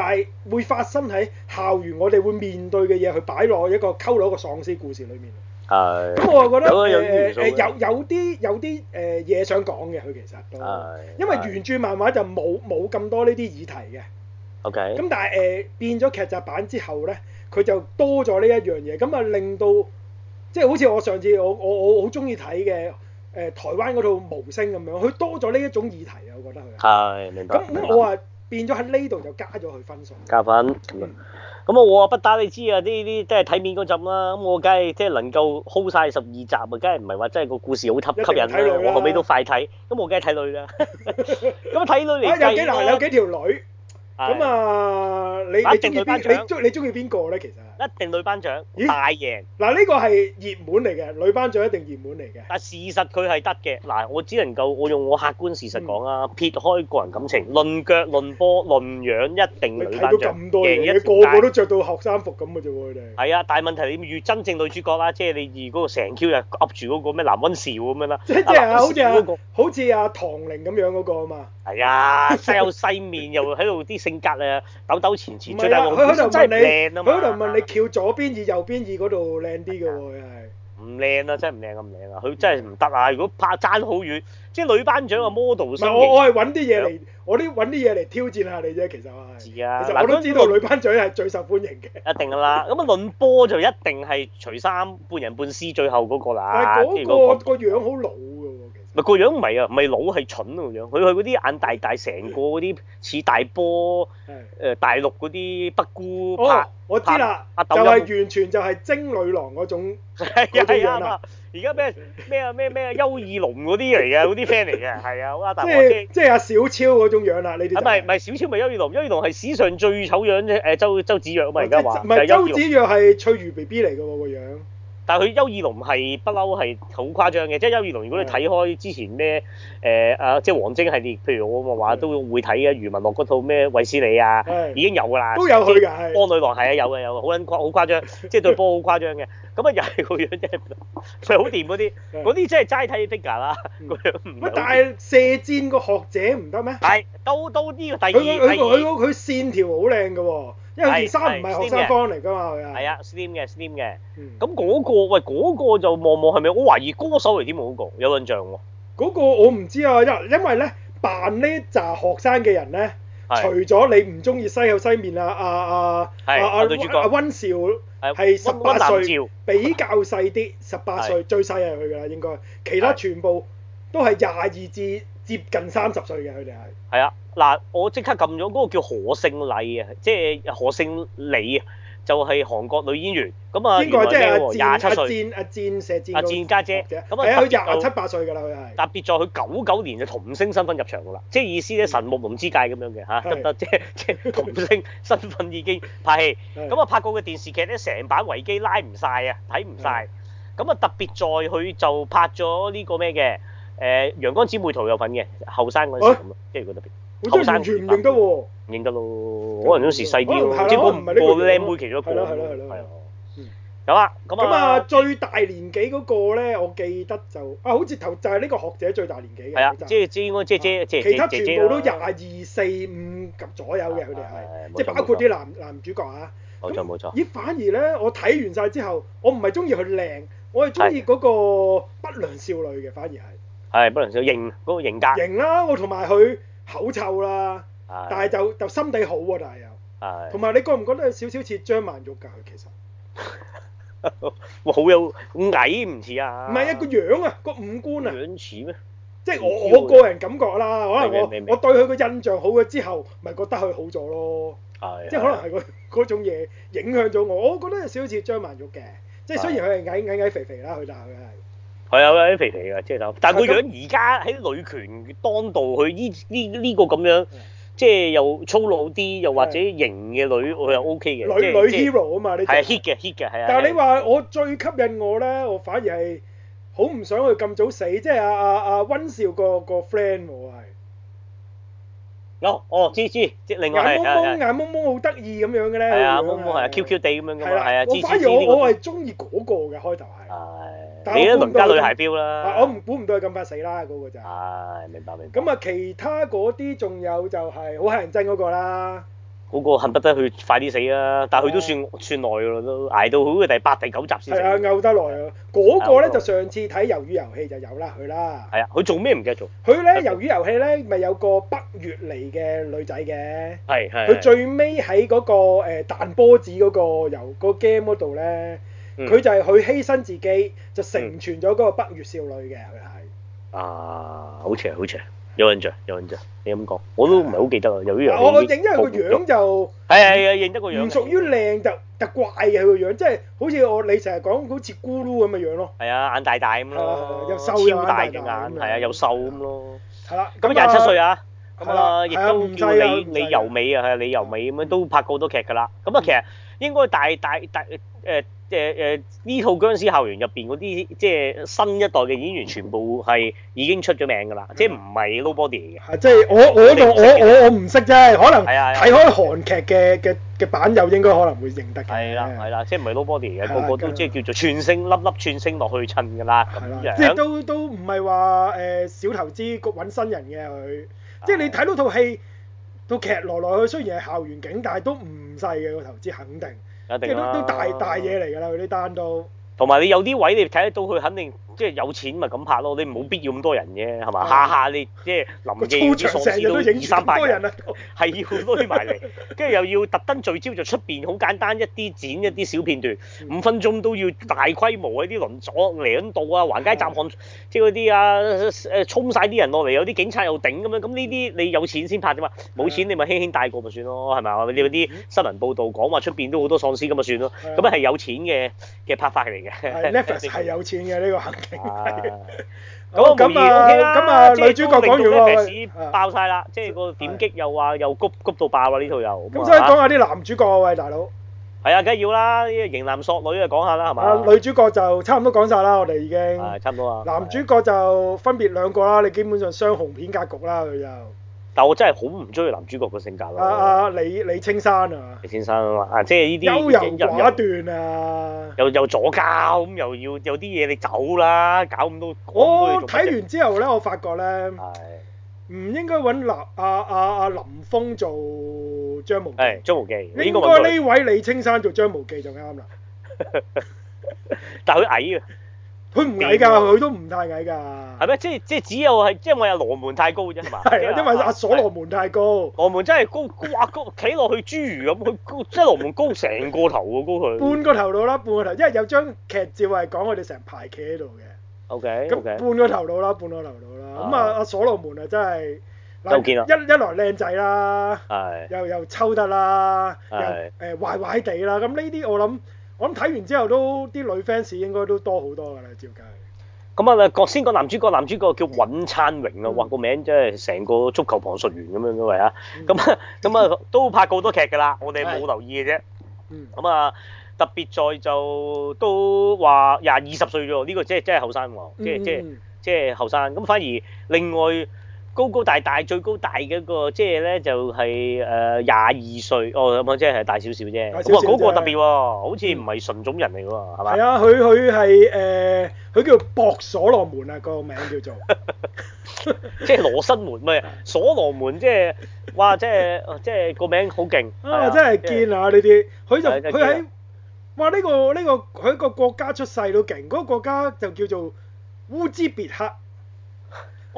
會發生喺校園，我哋會面對嘅嘢，去擺落一個溝落一個喪屍故事裡面。係、哎。咁我又覺得誒有、呃、有啲有啲誒嘢想講嘅，佢其實都。係、哎。因為原著漫畫就冇冇咁多呢啲議題嘅。OK、嗯。咁但係誒、呃、變咗劇集版之後咧，佢就多咗呢一樣嘢，咁啊令到即係、就是、好似我上次我我我好中意睇嘅誒台灣嗰套無聲咁樣，佢多咗呢一種議題啊，我覺得佢。係、哎，明白。咁咁我話。變咗喺呢度就加咗佢分數，加分咁啊，咁啊，我啊不打你知啊，呢啲即係睇面嗰陣啦，咁我梗係即係能夠 hold 晒十二集啊，梗係唔係話真係個故事好吸吸引，啊、我後尾都快睇，咁我梗係睇女啦來。咁睇女嚟計，有幾條？有幾條女？咁啊，你定女班長你你中意邊個咧？其實一定女班長，大贏。嗱呢個係熱門嚟嘅，女班長一定熱門嚟嘅。但事實佢係得嘅。嗱我只能夠我用我客觀事實講啊，撇開個人感情，論腳論波論樣，一定女班長睇到咁多嘢，個個都着到學生服咁嘅啫喎，佢哋。係啊，但問題你遇真正女主角啦，即係你遇嗰個成 Q 又噏住嗰個咩南雲少咁樣啦。即即係好似好似阿唐玲咁樣嗰個啊嘛。係啊，細又細面又喺度啲。性格咧，抖抖前前，最大我佢喺度問你，佢喺度問你，翹左邊耳右邊耳嗰度靚啲嘅喎，唔靚啊，真係唔靚咁唔靚啊，佢真係唔得啊！啊嗯、如果拍爭好遠，即係女班長啊，model 我我係揾啲嘢嚟，我啲揾啲嘢嚟挑戰下你啫，其實啊。係啊，其實我都知道女班長係最受歡迎嘅。一定啦，咁啊，論波就一定係除衫、半人半屍最後嗰個啦。但係嗰、嗰個個樣好老。咪個樣唔係啊，咪腦係蠢啊。個樣。佢去嗰啲眼大大，成個嗰啲似大波，誒的、呃、大陸嗰啲北姑我知啦。阿豆啦。就係完全就係精女郎嗰種嗰種樣啦。而家咩咩咩咩邱二龍嗰啲嚟嘅，嗰啲 f r i e n d 嚟嘅。係啊，阿豆。即係阿小超嗰種樣啦，你哋。唔係唔係小超，咪邱二龍。邱二龍係史上最醜樣啫。誒、呃、周周子若咪而家話。唔係周子若係翠如 B B 嚟嘅喎個樣。 但係佢優二龍係不嬲係好誇張嘅，即係優二龍。如果你睇開之前咩誒、呃、啊，即係王晶系列，譬如我咪話都會睇嘅。余文樂嗰套咩《衛斯理啊，已經有㗎啦，都有佢嘅。邦女郎係啊，有嘅，有好撚誇，好誇張，即係對波好誇張嘅。咁啊，又係佢樣真係佢好掂嗰啲，嗰啲 真係齋睇 figure 啦，個樣唔。乜？但係射箭個學者唔得咩？係到到呢個第二季。佢佢佢佢線條好靚㗎喎。因一二三唔係學生方嚟㗎嘛，係啊的？係啊，Steam 嘅 Steam 嘅。咁嗰個喂嗰、嗰個就望望係咪？我懷疑歌手嚟添，冇講，有印象喎。嗰個我唔知啊，因因為咧扮呢一扎學生嘅人咧，是的 除咗你唔中意西口西面啊啊的啊對啊啊溫對兆，係十八歲比較細啲，十八歲最細係佢㗎啦，應該。其他全部都係廿二至。接近三十歲嘅佢哋係。係啊，嗱，我即刻撳咗嗰個叫何聖麗啊，即係何聖李啊，就係韓國女演員。咁啊，原來咩喎？廿七歲。阿箭，阿箭阿箭家姐。咁啊，佢廿七八歲㗎啦，佢係。特別在佢九九年就童星身份入場㗎啦，即係意思咧神木隆之介咁樣嘅嚇，得唔得？即係即係童星身份已經拍戲。咁啊，拍過嘅電視劇咧，成版維基拉唔晒啊，睇唔晒。咁啊，特別在佢就拍咗呢個咩嘅？誒《陽光姊妹淘》有份嘅後生嗰陣時咁咯，即係覺得後生完全唔認得喎，唔認得咯。可能嗰陣時細啲，只不過唔係個靚妹，其中一個。係咯，係咯，係咯。咁啊，最大年紀嗰個咧，我記得就好似頭，就係呢個學者最大年紀嘅。即係，即係，即係，其他全部都廿二、四、五及左右嘅佢哋係，即係包括啲男男主角啊。冇錯冇錯。咦？反而咧，我睇完晒之後，我唔係中意佢靚，我係中意嗰個不良少女嘅，反而係。係，可能少型嗰個型格。型啦，我同埋佢口臭啦，但係就就心地好喎，但係又。係。同埋你覺唔覺得有少少似張曼玉㗎？其實。哇，好有矮唔似啊！唔係啊，一個樣啊，個五官啊。樣似咩？即係我我個人感覺啦，可能我我對佢個印象好咗之後，咪覺得佢好咗咯。係。即係可能係個嗰種嘢影響咗我，我覺得有少少似張曼玉嘅，即係雖然佢係矮矮矮肥肥啦，佢但係佢係。係啊，有啲肥肥嘅，即係但係個樣，而家喺女權當道，佢依呢呢個咁樣，即係又粗魯啲，又或者型嘅女，佢又 O K 嘅。女女 hero 啊嘛，你係 hit 嘅 hit 嘅，係啊。但係你話我最吸引我咧，我反而係好唔想佢咁早死，即係阿阿阿温少個個 friend，我係。有哦，知知即另外係。眼懵懵，眼懵懵好得意咁樣嘅咧。係啊，懵懵係啊，Q Q 地咁樣嘅嘛。係啊，我反而我係中意嗰個嘅開頭係。係。你都輪家女孩表啦，我唔估唔到佢咁快死啦嗰個就，唉，明白明白。咁啊，其他嗰啲仲有就係好乞人憎嗰個啦。嗰個恨不得佢快啲死啦，但係佢都算算耐咯都，捱到好嘅第八第九集先。係啊，熬得耐啊。嗰個咧就上次睇《魷魚遊戲》就有啦，佢啦。係啊，佢做咩唔記得做？佢咧《魷魚遊戲》咧咪有個北越嚟嘅女仔嘅，係係，佢最尾喺嗰個誒彈波子嗰個遊個 game 嗰度咧。佢就係佢犧牲自己，就成全咗嗰個北越少女嘅，佢係啊，好邪好邪，有印象有印象，你咁講，我都唔係好記得啦，由於我認得個樣就係係啊，認得個樣，唔屬於靚就特怪嘅佢個樣，即係好似我你成日講好似咕嚕咁嘅樣咯，係啊，眼大大咁咯，超大隻眼，係啊，又瘦咁咯，係啦，咁廿七歲啊，咁啊亦都叫你你尤美啊，係啊，你尤美咁樣都拍過好多劇㗎啦，咁啊其實應該大大大誒。誒誒，呢、呃、套《僵屍校園》入邊嗰啲即係新一代嘅演員，全部係已經出咗名㗎啦，嗯、即係唔係 nobody 嘅。即係、嗯、我我仲我我我唔識啫，可能睇開韓劇嘅嘅嘅版友應該可能會認得嘅。係啦係啦，即係唔係 nobody 嘅，的個個都即係叫做串星粒粒串星落去襯㗎啦咁樣。即係的都都唔係話誒小投資揾新人嘅佢，的即係你睇到套戲套劇來來去，雖然係校園景，但係都唔細嘅個投資肯定。即係都，都大大嘢嚟噶啦，佢啲單都。同埋你有啲位，你睇得到佢肯定。即係有錢咪咁拍咯，你冇必要咁多人嘅係嘛？下下你即係臨夜啲喪屍都二三百人啊，係要多啲埋嚟，跟住又要特登聚焦就出邊好簡單一啲剪一啲小片段，五分鐘都要大規模啊啲輪左兩度啊，橫街站巷即係嗰啲啊誒衝曬啲人落嚟，有啲警察又頂咁樣，咁呢啲你有錢先拍點啊？冇錢你咪輕輕帶過咪算咯係咪？你有啲新聞報導講話出邊都好多喪屍咁咪算咯，咁係有錢嘅嘅拍法嚟嘅。係有錢嘅呢個係，咁咁啊，咁啊，女主角講完咗，爆曬啦，即係個點擊又話又谷谷到爆啦，呢套又。所以講下啲男主角啊，喂，大佬。係啊，梗係要啦，呢個型男索女啊，講下啦，係嘛？啊，女主角就差唔多講曬啦，我哋已經。係差唔多啊。男主角就分別兩個啦，你基本上雙雄片格局啦，佢又。但我真係好唔中意男主角個性格咯。啊啊李李青山啊！李青山啊，啊即係呢啲。優柔寡斷啊！又、啊、又、啊、左交咁，又要有啲嘢你走啦，搞咁多。我睇完之後咧，我發覺咧，唔的應該揾林啊啊啊林峯做張無忌。係張無忌。應該呢位李青山做張無忌就啱啦。 但係佢矮啊！佢唔矮㗎，佢都唔太矮㗎。係咩？即係即係只有係，即係因為羅門太高啫，係嘛？係啊，因為阿所羅門太高。羅門真係高，哇！高，企落去侏儒咁，佢高，即係羅門高成個頭喎，高佢。半個頭到啦，半個頭，因為有張劇照係講佢哋成排企喺度嘅。O K。半個頭到啦，半個頭到啦。咁啊，阿所羅門啊，真係又見啦。一一來靚仔啦，又又抽得啦，又誒壞壞地啦，咁呢啲我諗。我諗睇完之後都啲女 fans 應該都多好多噶啦，照計。咁啊，咁先講男主角，男主角叫尹燦榮啊，哇個、嗯、名真係成個足球旁述員咁樣都係、嗯、啊。咁、嗯、啊，咁啊都拍過好多劇噶啦，我哋冇留意嘅啫。咁、嗯、啊，特別在就都話廿二十歲啫，呢、這個即係真係後生喎，即係即係即係後生。咁、嗯即係即係、反而另外。高高大大，最高大嘅個，即係咧就係誒廿二歲，哦咁即係係大少少啫。咁啊嗰個特別喎，好似唔係純種人嚟喎，係嘛？係啊，佢佢係誒，佢叫博所羅門啊，個名叫做。即係羅生門咩？所羅門即係哇，即係即係個名好勁。啊，真係見啊呢啲，佢就佢喺哇呢個呢個佢個國家出世都勁，嗰個國家就叫做烏茲別克。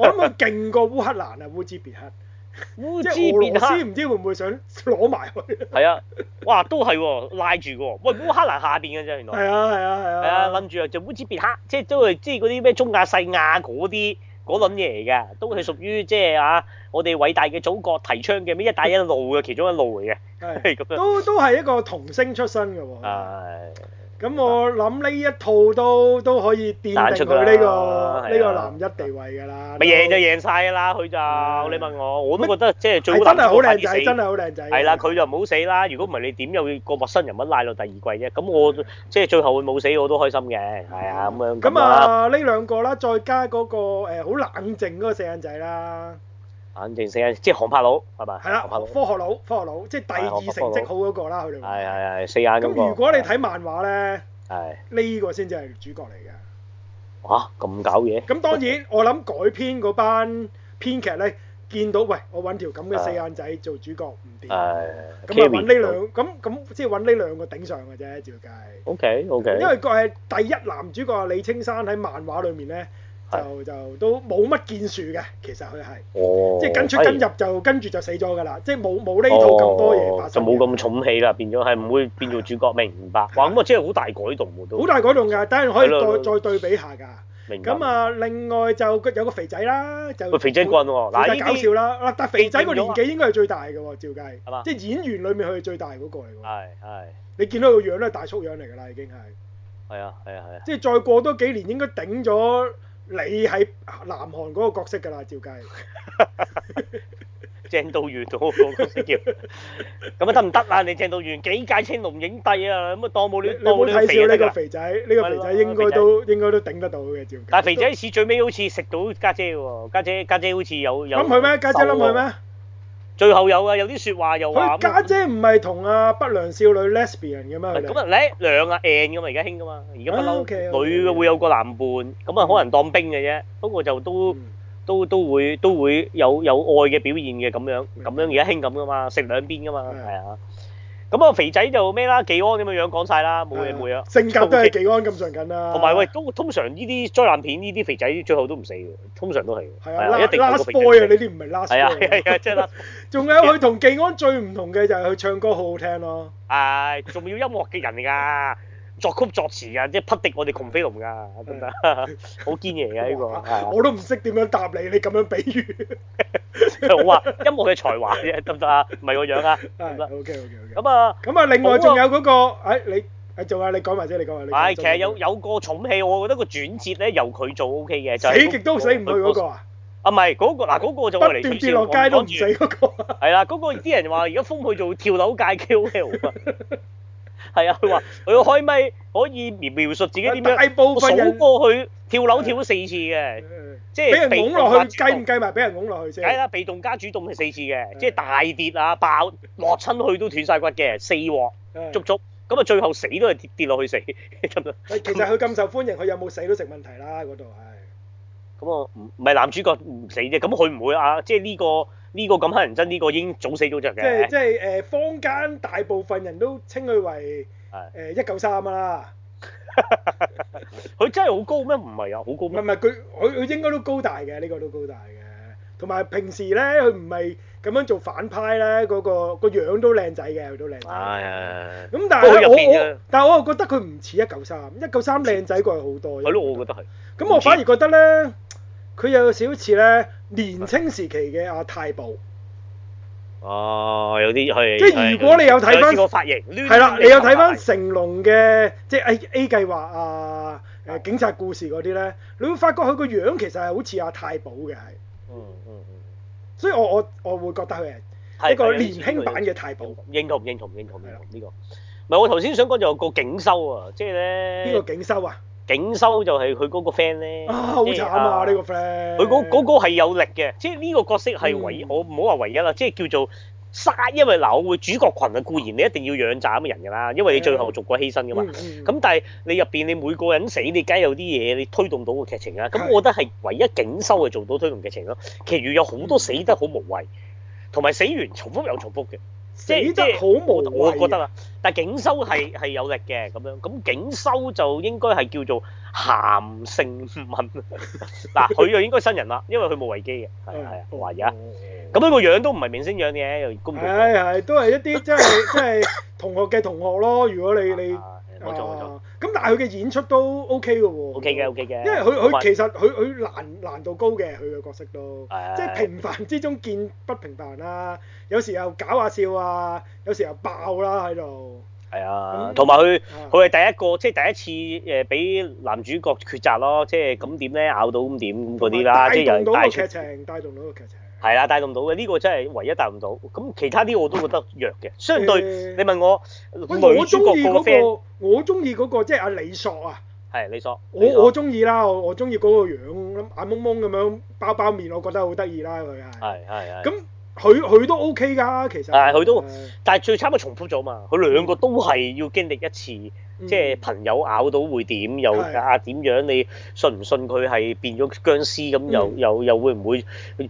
我諗佢勁過烏克蘭啊，烏茲別克。 即係俄羅斯唔知會唔會想攞埋去？係 啊，哇，都係喎、啊，拉住喎、啊。喂，烏克蘭下邊嘅啫，原來。係啊，係啊，係啊。係啊，諗住啊，就烏茲別克，即係都係即係嗰啲咩中亞細亞嗰啲嗰輪嘢嚟嘅，都係屬於即係、就是、啊，我哋偉大嘅祖國提倡嘅咩一帶一路嘅 其中一路嚟嘅。係咁樣。 都都係一個童星出身嘅喎。咁我諗呢一套都都可以奠定佢呢個呢個男一地位㗎啦。咪贏就贏晒㗎啦，佢就你問我，我都覺得即係最尾大隻大隻真係好靚仔。係啦，佢就唔好死啦。如果唔係你點有個陌生人物拉落第二季啫？咁我即係最後會冇死，我都開心嘅。係啊，咁樣咁啊，呢兩個啦，再加嗰個誒好冷靜嗰個四眼仔啦。反正四眼即係航拍佬，係咪？係啦，科學佬，科學佬，即係第二成績好嗰個啦，佢哋。係係係四眼嗰個。咁如果你睇漫畫咧，呢個先至係主角嚟嘅。哇咁搞嘢？咁當然，我諗改編嗰班編劇咧，見到喂，我搵條咁嘅四眼仔做主角唔掂，咁啊搵呢兩咁咁，即係搵呢兩個頂上嘅啫，照計。O K O K，因為個係第一男主角啊，李青山喺漫畫裏面咧。就就都冇乜建樹嘅，其實佢係，即係跟出跟入就跟住就死咗㗎啦，即係冇冇呢套咁多嘢發生，就冇咁重氣啦，變咗係唔會變做主角，明白？哇！咁啊，即係好大改動喎都，好大改動㗎，等人可以再再對比下㗎。明白。咁啊，另外就有個肥仔啦，就肥仔棍喎，就搞笑啦。但肥仔個年紀應該係最大㗎喎，照計，即係演員裡面佢係最大嗰個嚟㗎。係係。你見到個樣咧，大叔樣嚟㗎啦，已經係。係啊！係啊！係啊！即係再過多幾年，應該頂咗。你係南韓嗰個角色㗎啦，照計。 鄭道元嗰個角色叫，咁啊得唔得啊？你鄭道元幾屆青龍影帝啊？咁你啊多冇呢多呢肥你睇笑呢個肥仔？呢、呢個肥仔應該都仔應該都頂得到嘅，照計。但係肥仔似最尾好似食到家姐喎，哦，家姐家姐，姐，姐好似有有。冧佢咩？家姐冧佢咩？最後有噶，有啲説話又話，佢家姐唔係同阿不良少女 lesbian 嘅咩？咁們 啊，兩啊 n 咁啊，而家興噶嘛。而家不嬲女嘅會有個男伴，咁啊 Okay, okay. 可能當兵嘅啫。不過就都、嗯、都都會都會有有愛嘅表現嘅咁樣咁樣，而家興咁噶嘛，食兩邊噶嘛，係啊的。咁啊，肥仔就咩啦？技安咁嘅樣講晒啦，冇嘢冇啊，性格都係技安咁上緊啦，啊。同埋喂，都通常呢啲災難片，呢啲肥仔最後都唔死嘅，通常都係㗎。係啊，啊，啊一定死 last boy 啊，你啲唔係 last boy 啊，係啊，即係 last，仲有佢同技安最唔同嘅就係佢唱歌好好聽咯。係，哎，仲要音樂嘅人㗎。作曲作詞啊，即係匹敵我哋窮飛龍噶，得得的、啊？好堅嘢啊呢、這個我，我都唔識點樣答你，你咁樣比喻。 好話、啊、音樂嘅才華啫，得唔得啊？唔係個樣啊。得、啊，OK OK OK。咁啊，咁、那個、啊，另外仲有嗰個，你誒做下你講埋先，你講啊，你。你你你其實有有個重戲，我覺得個轉折咧由佢做 OK 嘅，就係、是那個。死極都死唔去嗰個啊？嗯、啊，唔係嗰個嗱，嗰個就嚟。不斷跌落街都唔死嗰個。係啦，嗰個啲人話而家封佢做跳樓界 KOL 係啊，佢話佢要開咪，可以描描述自己點樣。大部分人數過去跳樓跳咗四次嘅，即係俾人㧬落去，計唔計埋俾人㧬落去先？係啦的，被動加主動係四次嘅，的即係大跌啊，爆 落親去都斷晒骨嘅四鑊，足足咁啊，的最後死都係跌跌落去死 其實佢咁受歡迎，佢有冇死都成問題啦，嗰度係。咁啊，唔唔係男主角唔死啫，咁佢唔會啊，即係呢個。呢個咁乞人憎，呢個已經早死早著嘅。即係即係誒，坊間大部分人都稱佢為誒一九三啊。佢 真係好高咩？唔係啊，好高咩？唔係，佢佢佢應該都高大嘅，呢個都高大嘅。同埋平時咧，佢唔係咁樣做反派咧，嗰個個樣都靚仔嘅，佢都靚仔。咁、哎呀嗯、但係我但我，我但係我覺得佢唔似一九三。一九三靚仔過佢好多。係咯， 我覺得係。咁我反而覺得咧。佢有少似咧，年青時期嘅阿太保。哦，有啲係。即係如果你有睇翻個髮型，係啦，你有睇翻成龍嘅即係 A A 計劃啊，誒警察故事嗰啲咧，你會發覺佢個樣其實係好似阿太保嘅。嗯嗯嗯。所以我我我會覺得佢係一個年輕版嘅太保。認同唔認同唔認同唔認同呢個？唔係，我頭先想講就個警修啊，即係咧。邊個警修啊？警修就係佢嗰個 friend 咧，好慘啊呢個 friend、嗰個。佢嗰嗰個係有力嘅，即係呢個角色係唯、嗯、我唔好話唯一啦，即係叫做殺。因為嗱，我會主角群嘅固然你一定要養扎咁嘅人噶啦，因為你最後逐個犧牲噶嘛。咁、嗯、但係你入邊你每個人死，你梗係有啲嘢你推動到個劇情啊。咁我覺得係唯一警修係做到推動劇情咯，其餘有好多死得好無謂，同埋死完重複又重複嘅。即係好冇得無， 我覺得啊。但係警修係係有力嘅咁樣，咁警修就應該係叫做鹹性文。嗱，佢又應該新人啦，因為佢冇維基嘅，係係啊，我懷疑啊。咁、嗯嗯嗯、樣個樣都唔係明星樣嘅，又公讀。係係，都係一啲即係即係同學嘅同學咯。如果你你。 冇錯冇錯，咁但係佢嘅演出都 OK 嘅喎。OK 嘅 OK 嘅，因為佢佢其實佢佢難難度高嘅，佢嘅角色都，即係平凡之中見不平凡啦。有時候搞下笑啊，有時候爆啦喺度。係啊，同埋佢佢係第一個，即係第一次誒，俾男主角抉擇咯，即係咁點咧，咬到咁點嗰啲啦，即係人動到劇情，帶動到個劇情。係啦，帶動到嘅呢、這個真係唯一帶唔到，咁其他啲我都覺得弱嘅。相對、欸、你問我，欸、主我中意嗰個，我中意嗰個即係阿李索啊。係李索，我我我中意啦，我我中意嗰個樣，眼濛濛咁樣包包面，我覺得好得意啦，佢係。係係係。咁。的佢佢都 OK 㗎，其實。係、啊，佢都，係，但係最差係重複咗嘛？佢兩個都係要經歷一次，嗯、即係朋友咬到會點、嗯、又啊點樣？你信唔信佢係變咗僵屍？咁、嗯？又又又會唔會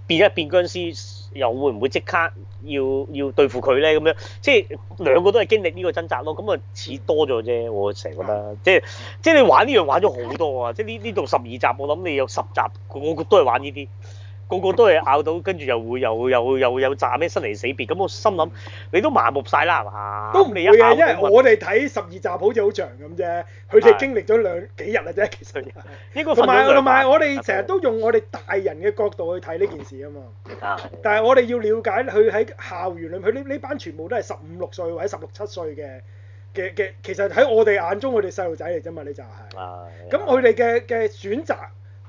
變一變僵屍又會唔會即刻要要對付佢咧？咁樣即係兩個都係經歷呢個掙扎咯。咁啊，似多咗啫。我成日覺得，嗯啊、即係即係你玩呢樣玩咗好多啊！即係呢呢度十二集，我諗你有十集，我都係玩呢啲。個個都係咬到，跟住又會又又又會有炸咩生離死別，咁我心諗你都麻木晒啦，係嘛？都唔理啊，因為我哋睇十二集好似好長咁啫，佢哋經歷咗兩幾日啦啫，其實。呢個。同埋同埋我哋成日都用我哋大人嘅角度去睇呢件事啊嘛。但係我哋要了解佢喺校園裏面，佢呢呢班全部都係十五六歲或者十六七歲嘅嘅嘅，其實喺我哋眼中佢哋細路仔嚟啫嘛，你就係、係。係的。咁佢哋嘅嘅選擇。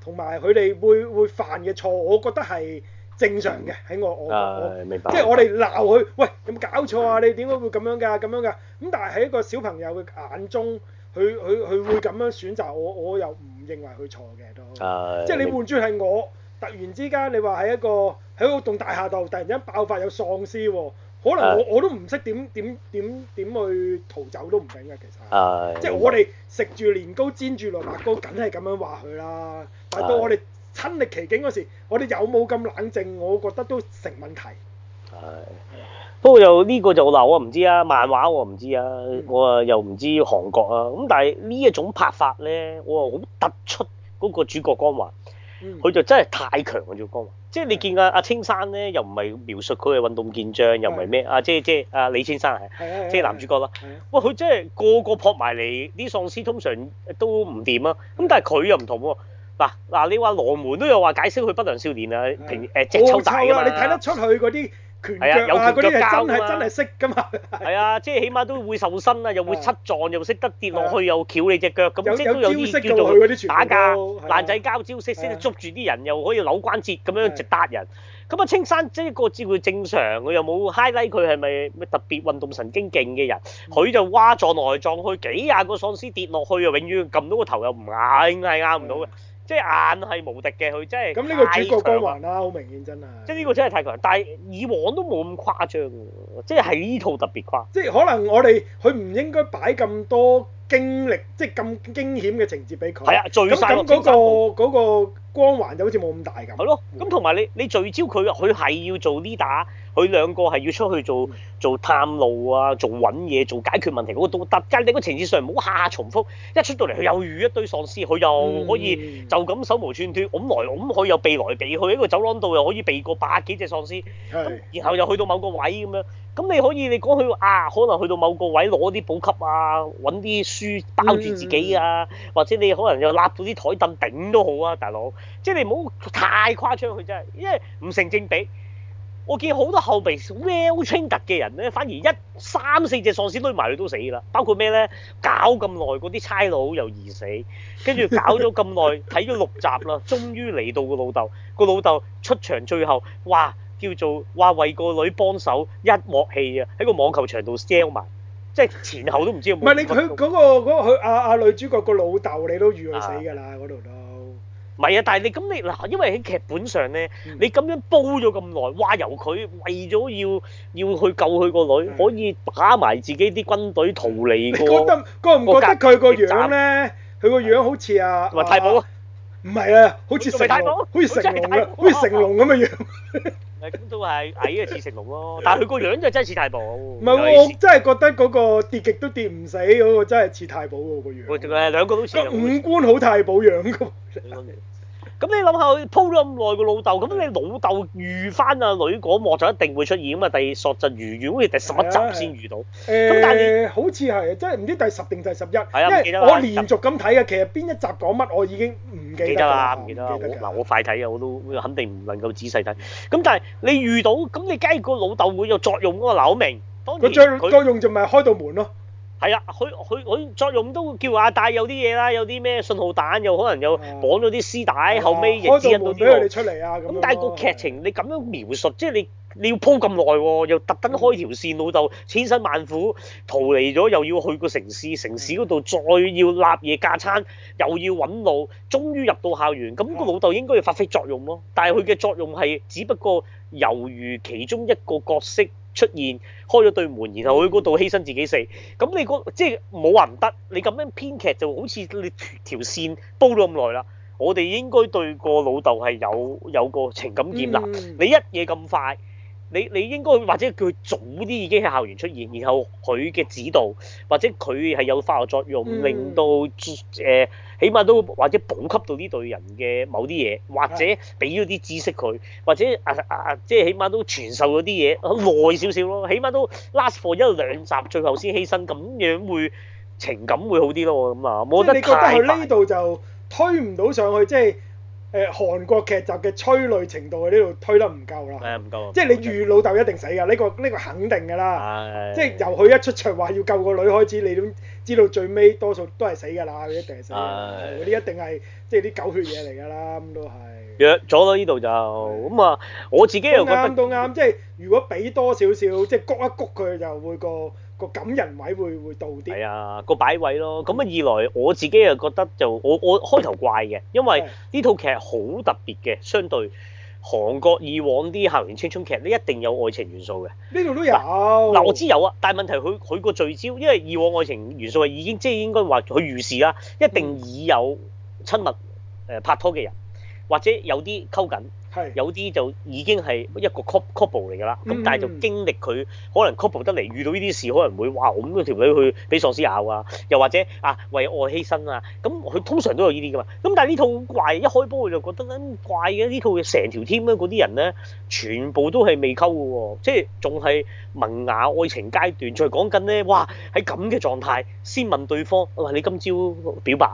同埋佢哋會會犯嘅錯，我覺得係正常嘅，喺我我我，即係、嗯、我哋鬧佢，喂，有冇搞錯啊？你點解會咁樣㗎、啊？咁樣㗎、啊？咁但係喺一個小朋友嘅眼中，佢佢佢會咁樣選擇，我我又唔認為佢錯嘅都，啊啊、即係你換轉係我，突然之間你話喺一個喺個棟大廈度，突然間爆發有喪屍喎、哦。可能我、uh, 我都唔識點點點點去逃走都唔定㗎，其實，uh, 即係我哋食住年糕煎住蘿蔔糕，梗係咁樣話佢啦。但到我哋親歷其境嗰時，uh, 我哋有冇咁冷靜，我覺得都成問題。係，uh, 不過又呢、呢個就鬧我唔知啊，漫畫我唔知啊，嗯、我啊又唔知韓國啊。咁但係呢一種拍法咧，我啊好突出嗰個主角光環，佢、uh, 就真係太強咗、呢個、光環。即係你見阿阿青山咧，又唔係描述佢嘅運動健將，又唔係咩啊？姐姐啊的即係即係阿李青山係，即係男主角啦。哇！佢即係個個撲埋嚟，啲喪屍通常都唔掂啊。咁但係佢又唔同喎、啊。嗱、啊、嗱、啊，你話羅門都有話解釋佢不良少年啊，的平誒直抽大啲。啊。係啊，有條腳膠啊真係識㗎嘛。係啊，即係起碼都會受身啊，又會七撞，又識得跌落去，又翹你隻腳，咁即係都有招式叫做打架，爛仔交招式先捉住啲人，又可以扭關節咁樣直揼人。咁啊，青山即係個招式正常，佢又冇 highlight，佢係咪咩特別運動神經勁嘅人？佢就哇，撞來撞去，幾廿個喪屍跌落去啊，永遠撳到個頭又唔硬，係啱唔到嘅。即係眼係無敵嘅佢，真係咁呢個主角光環啦，好明顯真係。即係呢個真係太強，但係以往都冇咁誇張喎，即係喺呢套特別誇張。即係可能我哋佢唔應該擺咁多經歷，即係咁驚險嘅情節俾佢。係啊，聚曬、嗰個聚光咁嗰個光環就好似冇咁大㗎。係咯，咁同埋你你聚焦佢，佢係要做 leader。佢兩個係要出去做做探路啊，做揾嘢，做解決問題嗰個都得。但你個情次上唔好下下重複。一出到嚟佢又遇一堆喪屍，佢又可以就咁手無寸鐵，咁來咁可以又避來避去喺個走廊度又可以避過百幾隻喪屍。是然後又去到某個位咁樣，咁你可以你講佢啊，可能去到某個位攞啲補給啊，揾啲書包住自己啊，嗯、或者你可能又立到啲台凳頂都好啊，大佬。即係你唔好太誇張佢真係，因為唔成正比。我見好多後備 well trained 嘅人咧，反而一三四隻喪屍堆埋去都死啦。包括咩咧？搞咁耐嗰啲差佬又易死，跟住搞咗咁耐，睇咗 六集啦，終於嚟到個老豆。個老豆出場最後，哇！叫做話為個女幫手，一幕戲啊，喺個網球場度 sell 埋，即係前後都唔知有冇。唔係、啊、你佢嗰、嗰個佢阿阿女主角個老豆，你都預佢死㗎啦嗰度都。啊啊啊啊唔係啊，但係你咁你嗱，因為喺劇本上咧，你咁樣煲咗咁耐，話由佢為咗要要去救佢個女，可以打埋自己啲軍隊逃離個。覺得覺唔覺得佢個樣咧？佢個樣好似啊。咪太保咯。唔係啊，好似太保。好似成龍。好似成龍咁嘅樣。誒，咁都係矮啊，似成龍咯。但係佢個樣就真係似太保。唔係喎，我真係覺得嗰個跌極都跌唔死嗰個，真係似太保喎個樣。誒，兩個都似。個五官好太保樣㗎。咁你諗下佢鋪咗咁耐個老豆，咁、嗯、你老豆遇翻阿女嗰幕就一定會出現啊嘛。第索就如如好似第十一集先遇到，咁的但係你、呃、好似係即係唔知第十定第十一。係，我記得我連續咁睇嘅，其實邊一集講乜我已經唔記得啦，唔記得。唔記得。嗱我快睇嘅，我都肯定唔能夠仔細睇。咁的但係你遇到咁，你梗係個老豆會有作用嗰個柳明。當佢作用就咪開到門咯。係啊，佢佢佢作用都叫阿帶有啲嘢啦，有啲咩信號彈，又可能又綁咗啲絲帶，啊、後尾亦指引到啲路，開咗門俾你出嚟啊！咁但係個劇情的你咁樣描述，即係你你要鋪咁耐、啊、又特登開條線，嗯、老豆千辛萬苦逃離咗，又要去個城市，城市嗰度再要立夜架餐，又要揾路，終於入到校園，咁、個老豆應該要發揮作用咯、啊，但係佢嘅作用係只不過，猶如其中一個角色。出現開咗對門，然後去嗰度犧牲自己死。咁你嗰即係冇話唔得，你咁樣編劇就好似你條線煲咗咁耐啦。我哋應該對個老豆係有有個情感建立。嗯。你一嘢咁快。你你應該或者叫佢早啲已經喺校園出現，然後佢嘅指導或者佢係有化學作用，嗯、令到誒、呃，起碼都或者補給到呢對人嘅某啲嘢，或者俾咗啲知識佢，或者啊啊，即、啊、係、啊、起碼都傳授咗啲嘢耐少少咯，起碼都 last for 一兩集最後先犧牲，咁樣會情感會好啲咯，咁啊，我覺得你覺得佢呢度就推唔到上去，即係。誒、呃、韓國劇集嘅催淚程度，喺呢度推得唔夠啦。哎、唔夠即係你遇老豆一定死㗎，呢、呢個呢、呢個肯定㗎啦。哎、即係由佢一出場話要救個女開始，你都知道最尾多數都係死㗎啦，佢一定死。係、哎。嗯、一定係即係啲狗血嘢嚟㗎啦，咁都係。約咗咯，呢度就。咁啊是，我自己又覺得都啱，即係如果俾多少少，即係谷一谷，佢就會個。個感人位會會到啲係啊個擺位咯咁啊二來我自己又覺得就我我開頭怪嘅，因為呢套劇好特別嘅，相對韓國以往啲校園青春劇咧一定有愛情元素嘅呢度都有嗱我知有啊，但係問題佢佢個聚焦，因為以往愛情元素係已經即係應該話佢預示啦，一定已有親密誒、呃、拍拖嘅人或者有啲溝緊。係，是有啲就已經係一個 couple 嚟㗎啦，咁、嗯、但係就經歷佢可能 couple 得嚟，遇到呢啲事可能會，哇，咁樣條女去俾喪屍咬啊，又或者啊，為愛犧牲啊，咁、嗯、佢通常都有呢啲㗎嘛。咁但係呢套怪，一開波佢就覺得怪，怪嘅呢套嘢，成條 team 咧，嗰啲人咧，全部都係未溝嘅喎，即係仲係萌芽愛情階段，仲講緊咧，哇，喺咁嘅狀態先問對方，喂，你今朝表白？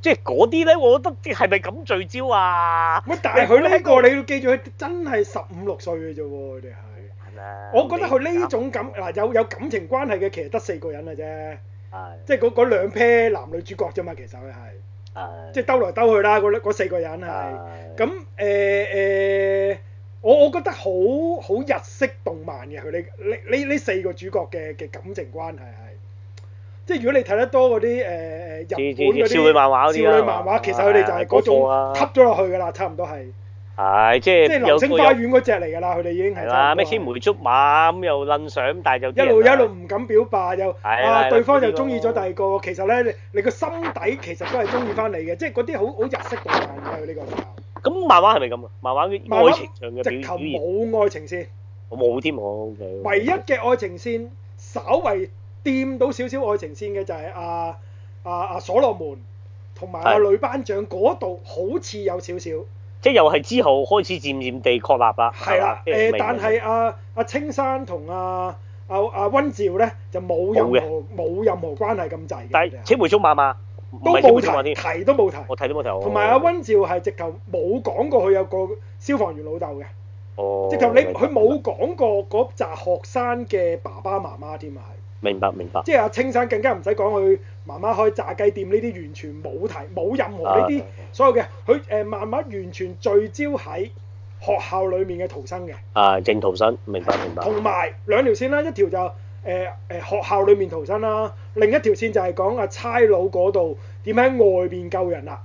即係嗰啲咧，我覺得係咪咁聚焦啊？唔係，但係佢呢個你要記住，佢真係十五六歲嘅啫喎，佢哋係。係啊。我覺得佢呢種感嗱有有感情關係嘅，其實得四個人嘅啫。係。即係嗰嗰兩 pair 男女主角啫嘛，其實佢係。誒。即係兜來兜去啦，嗰嗰四個人係。係。咁誒誒，我我覺得好好日式動漫嘅佢呢呢呢呢四個主角嘅嘅感情關係係。即係如果你睇得多嗰啲誒誒日本嗰啲少女漫畫，少女漫畫其實佢哋就係嗰種吸咗落去㗎啦，差唔多係。係，即係流星花園嗰隻嚟㗎啦，佢哋已經係真。係啊，咩青梅竹馬咁又諗想，但係就一路一路唔敢表白，又啊對方就中意咗第二個，其實咧你個心底其實都係中意翻嚟嘅，即係嗰啲好好日式嘅嘢喺呢個時候。咁漫畫係咪咁啊？漫畫啲愛情嘅表表現直頭冇愛情線。我冇添我屋企。唯一嘅愛情線稍為。掂到少少愛情線嘅就係阿阿阿所羅門同埋阿女班長嗰度，好似有少少，即係又係之後開始漸漸地確立啦。係啦，誒，但係阿阿青山同阿阿阿溫兆咧就冇任何冇任何關係咁滯嘅。但係青梅竹馬嘛，都冇提，提都冇提。我提都冇提。同埋阿溫兆係直頭冇講過佢有個消防員老豆嘅。哦。直頭你佢冇講過嗰扎學生嘅爸爸媽媽添啊。明白明白，即係阿青山更加唔使講佢媽媽開炸雞店，呢啲完全冇提，冇任何呢啲所有嘅，佢誒慢慢完全聚焦喺學校裡面嘅逃生嘅。啊，正逃生，明白明白。同埋兩條線啦，一條就誒誒學校裡面逃生啦，另一條線就係講阿差佬嗰度點喺外面救人啦。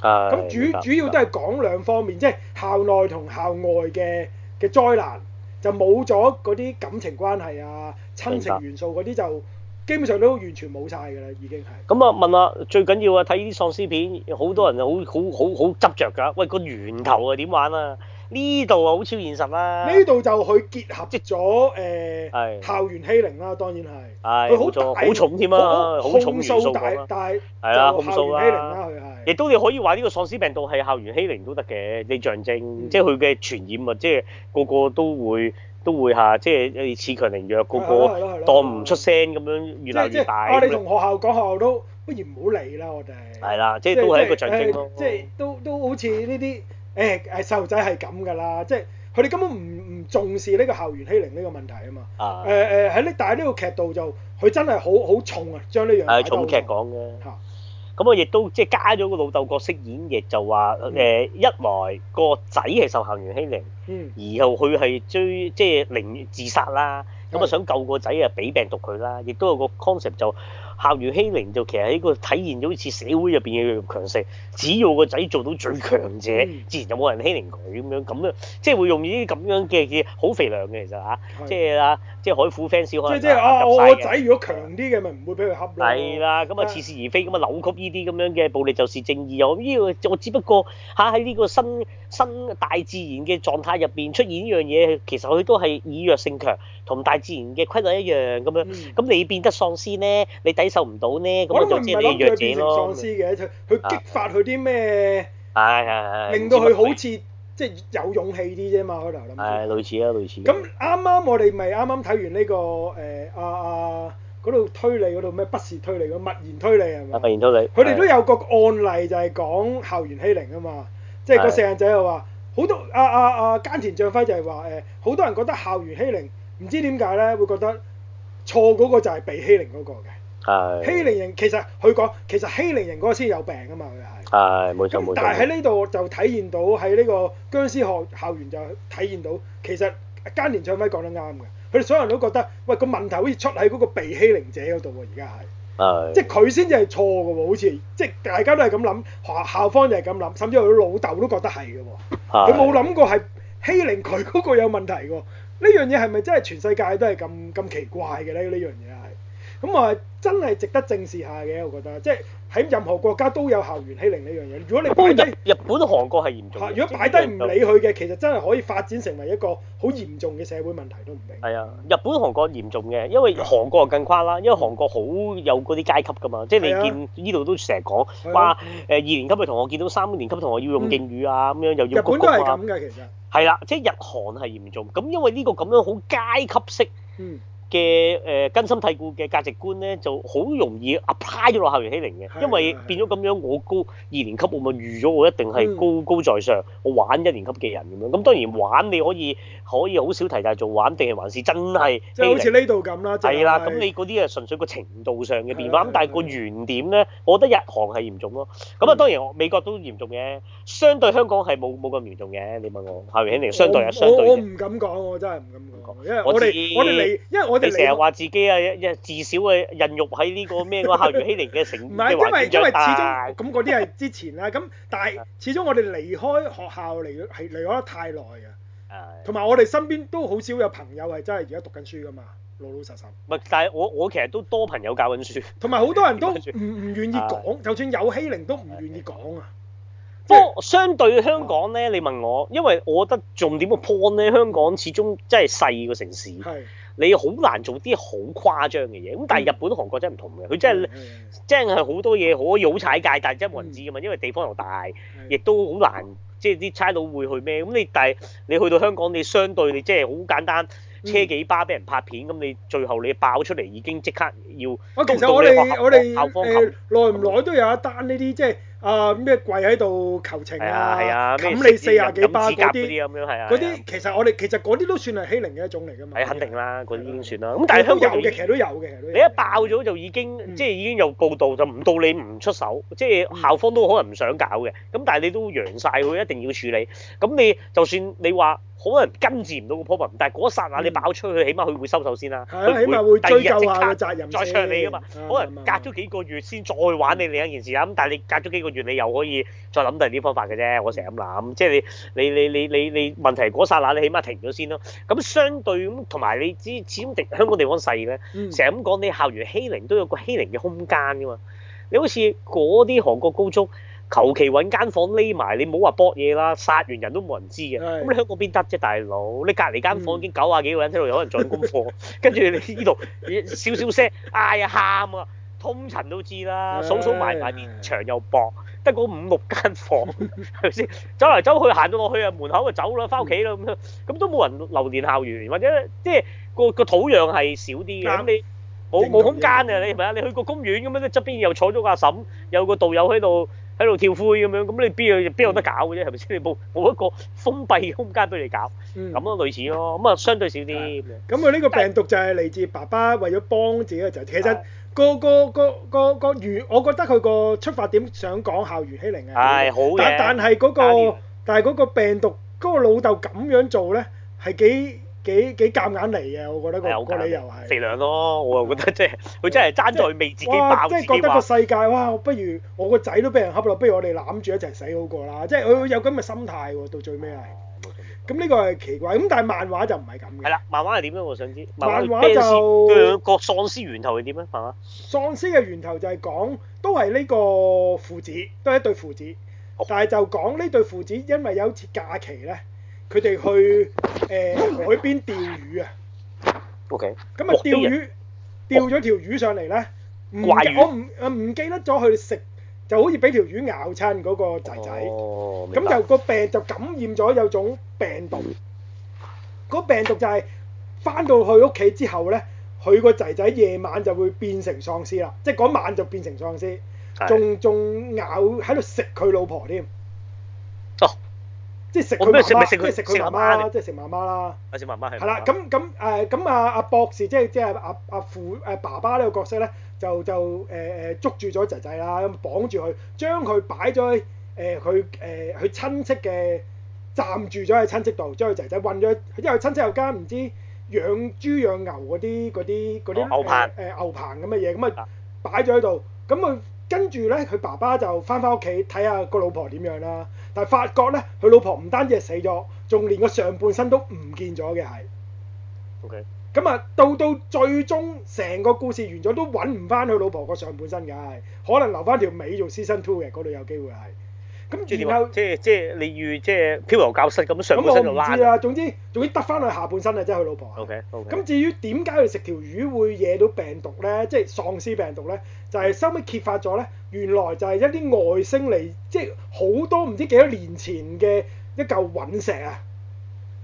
係。咁主主要都係講兩方面，即係校內同校外嘅嘅災難。就冇咗嗰啲感情關係啊親情元素嗰啲就基本上都完全冇晒㗎啦，已經係。咁啊、嗯，問下最緊要啊，睇呢啲喪屍片，好多人好好好好執着㗎。喂，個源頭啊點玩啊？呢度啊好超現實啦、啊。呢度就去結合即係咗誒校園欺凌啦、啊，當然係。係的。好重好重添啊，好重、啊重，啊、重元素㗎嘛。係的的啊，校園欺凌啦，佢係。亦都你可以話呢個喪屍病毒係校園欺凌都得嘅，你象徵，即係佢嘅傳染啊，嗯、即係個個都會都會嚇，即係恃強凌弱，個個當唔出聲咁樣，越鬧越大。我哋同學校講學校都，不如唔好理啦，我哋。係啦是，即係是都係一個象徵咯、呃。即係都都好似呢啲，誒、欸、誒，細路仔係咁㗎啦，即係佢哋根本唔唔重視呢個校園欺凌呢個問題啊嘛。啊、呃。誒喺呢但係呢個劇度就，佢真係好好重啊，將呢樣。係、啊、重劇講嘅。咁啊，亦都即係加咗個老豆角色演繹，就話誒、嗯呃、一來個仔係受校園欺凌，嗯，然後佢係追即係寧願自殺啦，咁啊、嗯嗯、想救個仔啊俾病毒佢啦，亦都有個 concept 就是。校園欺凌就其實喺一個體現，好似社會入邊嘅弱強勢。只要個仔做到最強者，自然就冇人欺凌佢咁樣。咁樣即係會用呢啲咁樣嘅嘅好肥良嘅其實嚇，即係啦，即係海虎 fans 開即突我個仔如果強啲嘅，咪唔會俾佢恰咯。係啦，咁啊似是而非咁啊，扭曲呢啲咁樣嘅暴力就是正義啊！呢個我只不過嚇喺呢個新新大自然嘅狀態入邊出現呢樣嘢，其實佢都係以弱性強同大自然嘅規律一樣咁樣。咁你變得喪屍咧，你接受唔到呢？咁我仲知你弱點咯。佢佢激發佢啲咩？係係係。令到佢好似即係有勇氣啲啫嘛，佢頭諗住。係類似啊，類似。咁啱啱我哋咪啱啱睇完呢個誒阿阿嗰度推理嗰度咩不是推理個物言推理係咪？物言推理。佢哋都有個案例就係講校園欺凌啊嘛，即係個成日仔又話好多阿阿阿耕田將輝就係話誒，好多人覺得校園欺凌唔知點解呢，會覺得錯嗰個就係被欺凌嗰個嘅。欺凌人，其實佢講，其實欺凌人嗰個先有病啊嘛，佢係。係冇錯。但係喺呢度就體現到喺呢個殭屍學校園就體現到，其實間連長威講得啱嘅，佢哋所有人都覺得，喂，這個問題好似出喺嗰個被欺凌者嗰度喎，而家係。係。即係佢先至係錯嘅喎，好似即係大家都係咁諗，學校校方就係咁諗，甚至佢老豆都覺得係嘅喎。佢冇諗過係欺凌佢嗰個有問題喎，呢樣嘢係咪真係全世界都係咁咁奇怪嘅咧？呢樣嘢？咁啊，我真係值得正視下嘅，我覺得，即係喺任何國家都有校園欺凌呢樣嘢。如果你擺日本、韓國係嚴重，如果擺低唔理佢嘅，本其實真係可以發展成為一個好嚴重嘅社會問題都唔定。係啊，日本、韓國嚴重嘅，因為韓國更誇啦，因為韓國好有嗰啲階級㗎嘛，即係你見呢度都成日講話誒二年級嘅同學見到三年級同學要用敬語啊，咁、嗯、樣又要鞠躬啊。日本都係咁嘅其實。係啦、啊，即係日韓係嚴重，咁因為呢、呢個咁樣好階級式。嗯。嘅誒根深蒂固嘅價值觀咧，就好容易 apply 咗落校園欺凌嘅，因為變咗咁樣，我高二年級，我咪預咗我一定係高高在上，我玩一年級嘅人咁樣。咁當然玩你可以可以好小題大做玩，定係還是真係？即係好似呢度咁啦，係啦。咁你嗰啲係純粹個程度上嘅變化，咁但係個原點咧，我覺得日韓係嚴重咯。咁啊，當然美國都嚴重嘅，相對香港係冇冇咁嚴重嘅。你問我校園欺凌，相對係，相對我唔敢講，我真係唔敢講，因為我哋我哋你因為我。你成日話自己啊，一、一至少會孕育喺呢個咩嗰校園欺凌嘅城，唔係因為因為始終咁嗰啲係之前啦、啊，咁 但係始終我哋離開學校離係離開得太耐啊，同埋、哎、我哋身邊都好少有朋友係真係而家讀緊書㗎嘛，老老實實。唔係，但係我我其實都多朋友教緊書，同埋好多人都唔唔願意講，哎、就算有欺凌都唔願意講啊。相、哎就是、相對香港咧，你問我，因為我覺得重點嘅 point 咧，香港始終真係細個城市。係是。你好難做啲好誇張嘅嘢，咁但係日本韓國真係唔同嘅，佢真係、嗯嗯、真係好多嘢可以好踩界，但係真係冇人知㗎嘛，因為地方又大，亦都好難，即係啲差佬會去咩？咁你但係你去到香港，你相對你即係好簡單，車幾巴俾人拍片，咁、嗯、你最後你爆出嚟已經即刻要我到你校，我們校，校方校方求、呃。耐唔耐都有一單呢啲即係。就是啊咩跪喺度求情啊，咁、啊啊、你四廿幾巴嗰啲，咁嗰啲其實我哋其實嗰啲都算係欺凌嘅一種嚟㗎嘛。係、啊、肯定啦，嗰啲已經算啦。咁、啊、但係香港嘅其實都有嘅。有有你一爆咗就已經、嗯、即係已經有報導，就唔到你唔出手，即係校方都可能唔想搞嘅。咁但係你都揚晒，佢，一定要處理。咁你就算你話。可能人跟住唔到個 problem，但係嗰一剎那你爆出去，嗯、起碼佢會收手先啦。佢的起碼會追究下責任，再唱你啊嘛。可能隔咗幾個月先再玩你另一件事啊。咁、嗯嗯、但係你隔咗幾個月，你又可以再諗第二啲方法嘅啫。嗯、我成日咁諗，即係你你你你你你，你，你問題嗰剎那你起碼停咗先咯。咁相對咁同埋你知始終香港地方細咧，成日咁講你校園欺凌都有個欺凌嘅空間噶嘛。你好似嗰啲韓國高中。求其揾間房匿埋，你唔好話搏嘢啦，殺完人都冇人知嘅。咁你香港邊得啫，大佬？你隔離間房已經九啊幾個人喺度，有人做功課，跟住你呢度少少聲嗌呀喊啊，通塵都知啦，數數埋埋，啲牆又薄，得嗰五六間房係咪先？走嚟走去行到落去啊，門口就走啦，翻屋企啦咁樣，咁都冇人留連校園，或者即係個個土壤係少啲嘅，咁你冇冇空間啊？你係咪啊？你去個公園咁樣，側邊又坐咗個阿嬸，有個道友喺度。喺度跳灰咁樣，咁你邊有邊有得搞嘅啫，係咪先？你冇冇一個封閉空間俾你搞，咁咯類似咯，咁啊相對少啲咁樣。咁佢呢個病毒就係嚟自爸爸為咗幫自己嘅仔，其實個個個個個原，我覺得佢個出發點想講校園欺凌嘅，但但係嗰個但係嗰個病毒嗰個老竇咁樣做咧，係幾？幾幾夾硬嚟嘅，我覺得個個理由係肥良咯，我又覺得真 真即係佢真係爭在未自己，哇自己即係覺得個世界哇不，不如我個仔都俾人恰落，不如我哋攬住一齊死好過啦！即係佢有咁嘅心態喎，到最尾係。咁呢、啊嗯呢個係奇怪，咁但係漫畫就唔係咁嘅。係啦，漫畫係點咧？我想知。漫畫，漫畫就個喪屍源頭係點咧？漫畫喪屍嘅源頭就係講都係呢個父子，都係一對父子，但係就講呢對父子因為有一次假期咧。佢哋去誒海邊釣魚啊，OK，咁啊、嗯、釣魚釣咗條魚上嚟咧，唔我唔誒唔記得咗去食，就好似俾條魚咬親嗰個仔仔，咁、哦、就個病就感染咗有種病毒，嗰病毒就係返到去屋企之後咧，佢個仔仔夜晚就會變成喪屍啦，即係嗰晚就變成喪屍，仲仲的咬喺度食佢老婆添。即係食佢媽媽，食食即係食佢媽媽啦，即係食媽媽啦。係啦，咁咁誒，咁阿阿博士即係即係阿阿父誒爸爸呢個角色咧，就就誒誒、呃、捉住咗仔仔啦，咁綁住佢，將佢擺咗喺佢誒佢親戚嘅站住咗喺親戚度，將佢仔仔運咗，因為佢親戚有間唔知養豬養牛嗰啲啲嗰啲誒牛棚咁嘅嘢，咁啊、呃嗯、擺咗喺度，咁、嗯、佢跟住咧佢爸爸就翻返屋企睇下個老婆點樣啦。但發覺咧，佢老婆唔單止係死咗，仲連個上半身都唔見咗嘅係。OK，咁啊，到到最終成個故事完咗，都揾唔翻佢老婆個上半身㗎，可能留翻條尾做 season two 嘅，嗰度有機會係。咁住後即係即係例如，即係漂流教室咁上半咁我唔知啊。總之仲之得翻佢下半身啊！即係佢老婆 OK 咁 okay. 至於點解佢食條魚會惹到病毒咧？即係喪屍病毒咧，就係收尾揭發咗咧。原來就係一啲外星嚟，即係好多唔知幾多年前嘅一嚿隕石啊，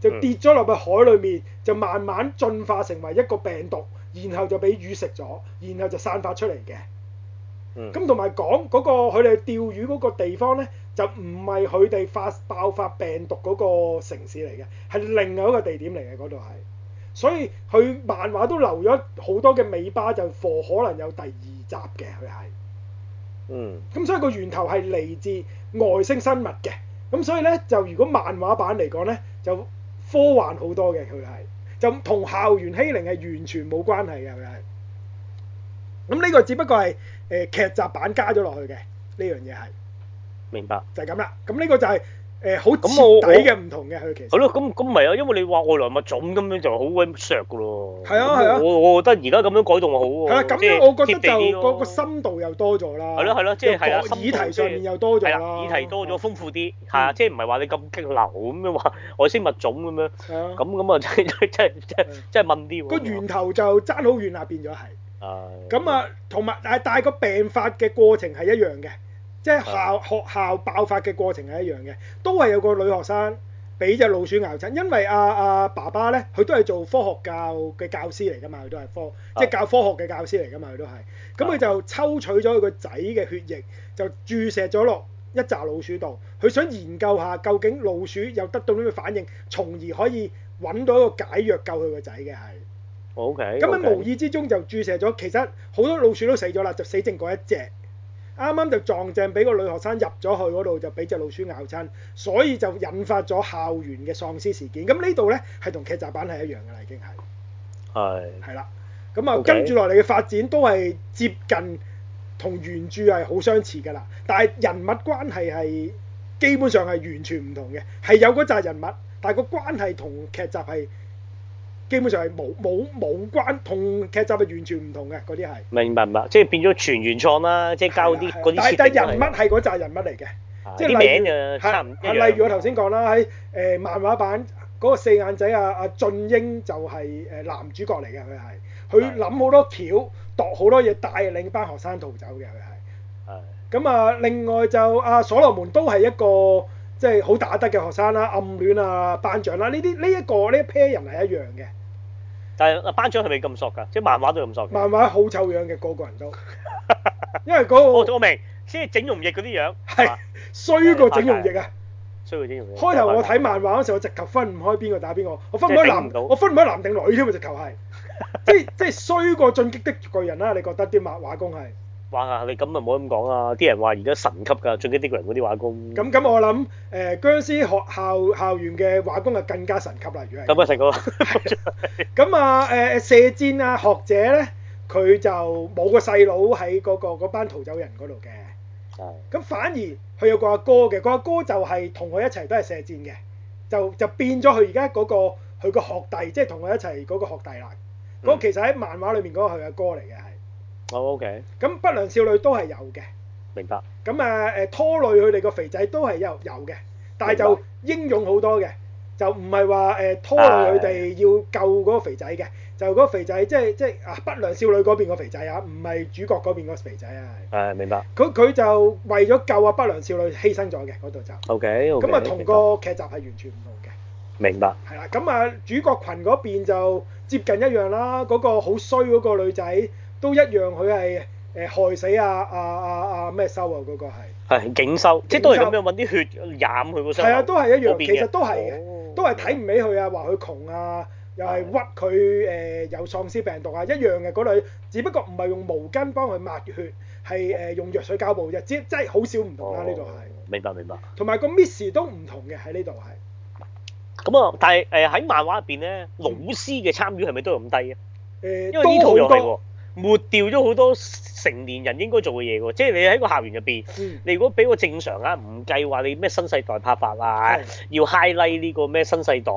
就跌咗落去海裡面，嗯、就慢慢進化成為一個病毒，然後就俾魚食咗，然後就散發出嚟嘅。咁同埋講嗰個佢哋釣魚嗰個地方咧。就唔係佢哋發爆發病毒嗰個城市嚟嘅，係另外一個地點嚟嘅嗰度係。所以佢漫畫都留咗好多嘅尾巴，就或可能有第二集嘅佢係。嗯。咁所以個源頭係嚟自外星生物嘅。咁所以咧就如果漫畫版嚟講咧，就科幻好多嘅佢係。就同校園欺凌係完全冇關係嘅佢係。咁呢個只不過係誒、呃、劇集版加咗落去嘅呢樣嘢係。這個明白，就係咁啦。咁呢個就係誒好徹底嘅唔同嘅佢其實。係咯，咁咁唔係啊，因為你話外來物種咁樣就好鬼削噶咯。係啊係啊，我我覺得而家咁樣改動好喎。係啦，咁樣我覺得就個個深度又多咗啦。係咯係咯，即係係啦，議題上面又多咗啦。議題多咗，豐富啲，係啊，即係唔係話你咁激流咁樣話外星物種咁樣，咁咁啊，即係即係即係問啲喎。個源頭就爭好遠啦，變咗係。係。咁啊，同埋誒，但係個病發嘅過程係一樣嘅。即係校學校爆發嘅過程係一樣嘅，都係有個女學生俾隻老鼠咬親，因為阿、啊、阿、啊、爸爸咧，佢都係做科學教嘅教師嚟㗎嘛，佢都係科，oh. 即係教科學嘅教師嚟㗎嘛，佢都係。咁佢就抽取咗佢個仔嘅血液，就注射咗落一隻老鼠度，佢想研究下究竟老鼠有得到啲咩反應，從而可以揾到一個解藥救佢個仔嘅係。OK, okay。咁樣無意之中就注射咗，其實好多老鼠都死咗啦，就死剩嗰一隻。啱啱就撞正俾個女學生入咗去嗰度，就俾隻老鼠咬親，所以就引發咗校園嘅喪屍事件。咁呢度呢，係同劇集版係一樣嘅啦，已經係。係 Yes.。係、嗯、啦。咁啊，跟住落嚟嘅發展都係接近同原著係好相似噶啦，但係人物關係係基本上係完全唔同嘅，係有嗰扎人物，但係個關係同劇集係。基本上係冇冇冇關，同劇集係完全唔同嘅，嗰啲係。明白明白，即係變咗全原創啦，即係加嗰啲嗰啲設定。但係人物係嗰扎人物嚟嘅，即係名啊差唔多。係例如我頭先講啦，喺誒漫畫版嗰個四眼仔啊，阿俊英就係誒男主角嚟嘅佢係，佢諗好多橋，度好多嘢，帶領班學生逃走嘅佢係。係。咁啊，另外就阿所羅門都係一個即係好打得嘅學生啦，暗戀啊班長啦，呢啲呢一個呢 pair 人係一樣嘅。但係，班長係咪咁索㗎？即係漫畫都咁索。漫畫好醜樣嘅，個個人都。 因為嗰、那個我，我明，先、就、係、是、整容液嗰啲樣係衰 過整容液啊。衰過整容液啊。開頭我睇漫畫嗰時候，我直頭分唔開邊個打邊個，我分唔開男，我分唔開男定女添啊！直頭係， 即即衰過進擊的巨人啦、啊，你覺得啲漫畫工係？哇！你咁咪唔好咁講啊！啲人話而家神級㗎，進擊的巨人嗰啲畫工。咁咁我諗，誒殭屍學校校園嘅畫工係更加神級啦，如果係。咁啊成功。咁啊誒射箭啊學者咧，佢就冇個細佬喺嗰個嗰班逃走人嗰度嘅。哦。咁反而佢有個阿哥嘅，個阿哥就係同佢一齊都係射箭嘅，就就變咗佢而家嗰個佢個學弟，即係同佢一齊嗰個學弟啦。嗰其實喺漫畫裏面嗰個佢阿哥嚟嘅。好 OK，咁不良少女都係有嘅。明白。咁啊誒拖累佢哋個肥仔都係有有嘅，但係就英勇好多嘅，就唔係話誒拖累佢哋要救嗰個肥仔嘅，就嗰個肥仔即係即係啊不良少女嗰邊個肥仔啊，唔係主角嗰邊個肥仔啊。誒明白。佢佢就為咗救啊不良少女犧牲咗嘅嗰度就。OK OK。咁啊同個劇集係完全唔同嘅。明白。係啦，咁啊主角群嗰邊就接近一樣啦，嗰個好衰嗰個女仔。都一樣，佢係誒害死阿阿阿阿咩修啊？嗰個係警修，即係都係咁樣揾啲血染佢個身。係啊，都係一樣，其實都係都係睇唔起佢啊，話佢窮啊，又係屈佢誒有喪屍病毒啊，一樣嘅嗰類，只不過唔係用毛巾幫佢抹血，係誒用藥水膠布，啫即係好少唔同啦。呢度係明白明白。同埋個 miss 都唔同嘅喺呢度係。咁啊，但係誒喺漫畫入邊咧，老師嘅參與係咪都咁低啊？誒，因為呢套又抹掉咗好多成年人應該做嘅嘢，即係你喺個校園入邊，嗯、你如果俾個正常啊，唔計話你咩新世代拍法啊，是的 要 highlight 呢個咩新世代，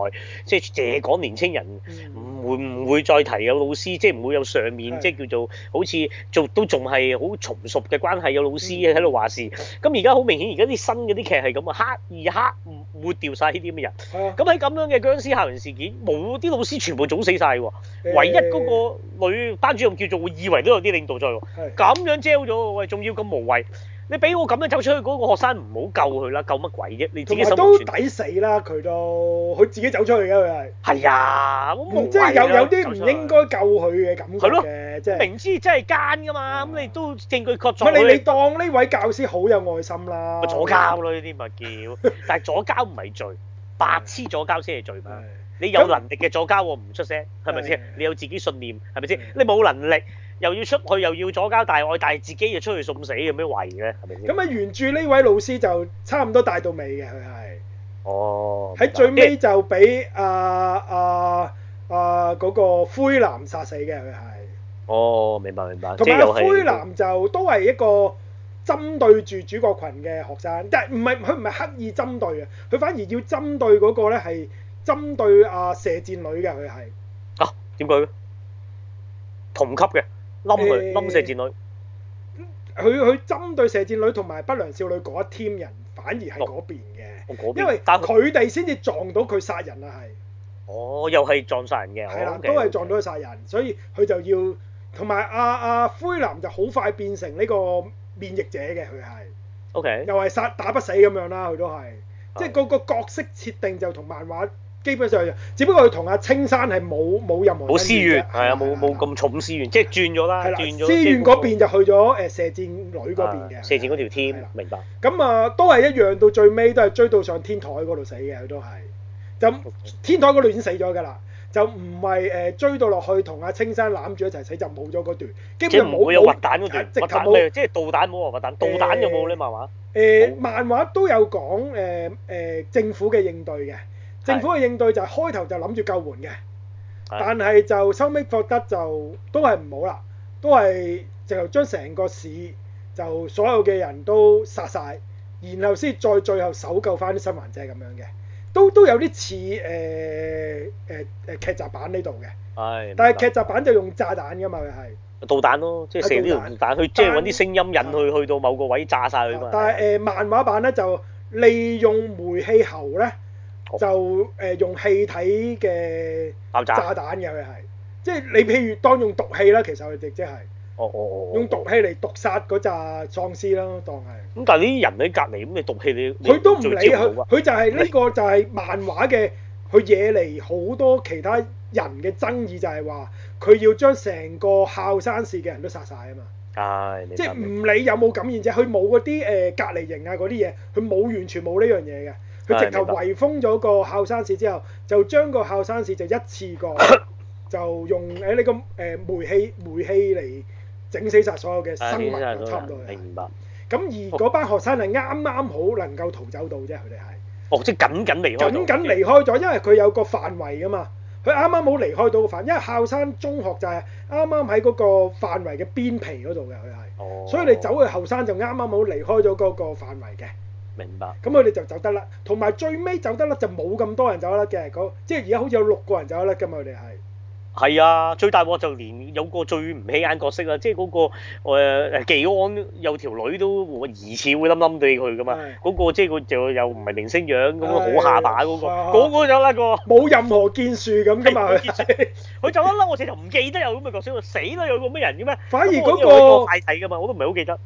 即係淨講年青人，唔會唔會再提有老師，即係唔會有上面是的 即係叫做好似做都仲係好從熟嘅關係，有老師喺度話事，咁而家好明顯而家啲新嗰啲劇係咁啊，黑而黑抹掉晒呢啲咁嘅人，咁喺咁樣嘅僵屍校園事件，冇啲老師全部早死晒喎，欸、唯一嗰個女班主任叫做會以為都有啲領導在喎，咁的樣遮咗喂，仲要咁無謂。你俾我咁樣走出去，嗰個學生唔好救佢啦，救乜鬼啫？你自己心唔安全。都抵死啦，佢都佢自己走出去嘅，佢係。係啊，咁即係有有啲唔應該救佢嘅感覺嘅，即係明知真係奸㗎嘛，咁你都證據確鑿。唔係你你當呢位教師好有愛心啦。左膠咯，呢啲咪叫，但係左膠唔係罪，白痴左膠先係罪嘛。你有能力嘅左膠喎，唔出聲係咪先？你有自己信念係咪先？你冇能力。又要出去，又要阻交大愛，但係自己又出去送死有咩為嘅，係咪先？咁啊，原著呢位老師就差唔多大到尾嘅，佢係。哦。喺最尾就俾白啊啊啊嗰、嗰個灰藍殺死嘅，佢係。哦，明白明白。同埋有灰藍就都係一個針對住主角群嘅學生，但係唔係佢唔係刻意針對啊，佢反而要針對嗰個咧係針對啊射箭女嘅，佢係。啊，點解嘅？同級嘅。冧佢，冧射箭女。佢佢針對射箭女同埋不良少女嗰一 team 人，反而係嗰邊嘅。邊因為佢哋先至撞到佢殺人啊，係。哦，又係撞殺人嘅。係啦的，okay, 都係撞到佢殺人，okay. 所以佢就要同埋阿阿灰藍就好快變成呢個免疫者嘅，佢係。O K。Okay. 又係殺打不死咁樣啦，佢都係，即係個個角色設定就同漫畫。基本上，只不過佢同阿青山係冇冇任何私怨，係啊，冇冇咁重私怨，即係轉咗啦。係啦，私怨嗰邊就去咗誒射箭女嗰邊嘅。射箭嗰條天，明白。咁啊，都係一樣，到最尾都係追到上天台嗰度死嘅，佢都係就天台嗰度已經死咗㗎啦。就唔係誒追到落去同阿青山攬住一齊死，就冇咗嗰段。基本上冇核彈嗰段，即係導彈冇，核彈導彈有冇咧？漫畫誒漫畫都有講誒誒政府嘅應對嘅。政府嘅應對就係開頭就諗住救援嘅，的但係就收尾覺得就都係唔好啦，都係直頭將成個市就所有嘅人都殺晒，然後先再最後搜救翻啲生還者咁樣嘅，都都有啲似誒誒誒劇集版呢度嘅，的但係劇集版就用炸彈㗎嘛佢係，導彈咯，即係射呢條導彈去，即係揾啲聲音引佢彈去到某個位炸晒佢嘛。但係誒、呃、漫畫版咧就利用煤氣喉咧。嗯嗯就誒、呃、用氣體嘅炸炸彈嘅佢係，即係你譬如當用毒氣啦，其實佢直即係，哦哦哦哦用毒氣嚟毒殺嗰紮喪屍啦，當係。咁但係啲人喺隔離，咁你毒氣你佢都唔理佢，佢就係呢個就係漫畫嘅，佢惹嚟好多其他人嘅爭議就係話，佢要將成個孝山市嘅人都殺晒啊嘛。係、哎，即係唔理有冇感染者，佢冇嗰啲誒隔離型隔離營啊嗰啲嘢，佢冇完全冇呢樣嘢嘅。佢直頭圍封咗個孝山市之後，就將個孝山市就一次過就用誒呢個誒煤氣煤氣嚟整死晒所有嘅生物，差唔多。明白。咁而嗰班學生係啱啱好能夠逃走到啫，佢哋係。哦，即係僅僅離開。僅僅離開咗，因為佢有個範圍噶嘛。佢啱啱好離開到範，因為孝山中學就係啱啱喺嗰個範圍嘅邊皮嗰度嘅，佢係。哦。所以你走去後山就啱啱好離開咗嗰個範圍嘅。明白。咁佢哋就走得甩，同埋最尾走得甩就冇咁多人走得甩嘅，即係而家好似有六個人走得甩嘅嘛，佢哋係。係啊，最大鑊就連有個最唔起眼角色啦，即係嗰、嗰個誒、呃、技安有條女都疑似會冧冧對佢嘅嘛。嗰唉個即係佢就又唔係明星樣咁，唉好下把嗰、嗰個，嗰唉個走甩、嗰個。冇任何建樹咁嘅嘛。佢走甩甩，我直頭唔記得有咁嘅角色死啦，有個咩人嘅咩？反而嗰、嗰個。太睇嘅嘛，我都唔係好記得。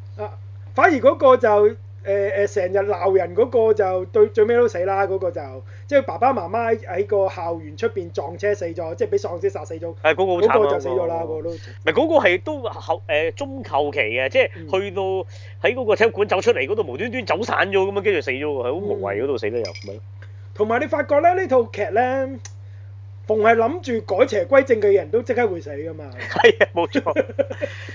反而嗰個就。 誒誒，成日鬧人嗰個就對，最尾都死啦嗰、那個就，即係爸爸媽媽喺個校園出邊撞車死咗，即係俾喪屍殺死咗。係嗰、哎那個好慘、啊、個就死咗啦，嗰、那個、個都。唔係嗰個係都後誒、呃、中後期嘅，即係去到喺嗰個車館走出嚟嗰度無端端走散咗咁啊，跟住死咗喎，係好、嗯、無謂嗰度死得又。同埋你發覺咧，呢套劇咧，逢係諗住改邪歸正嘅人都即刻會死噶嘛？係啊，冇錯，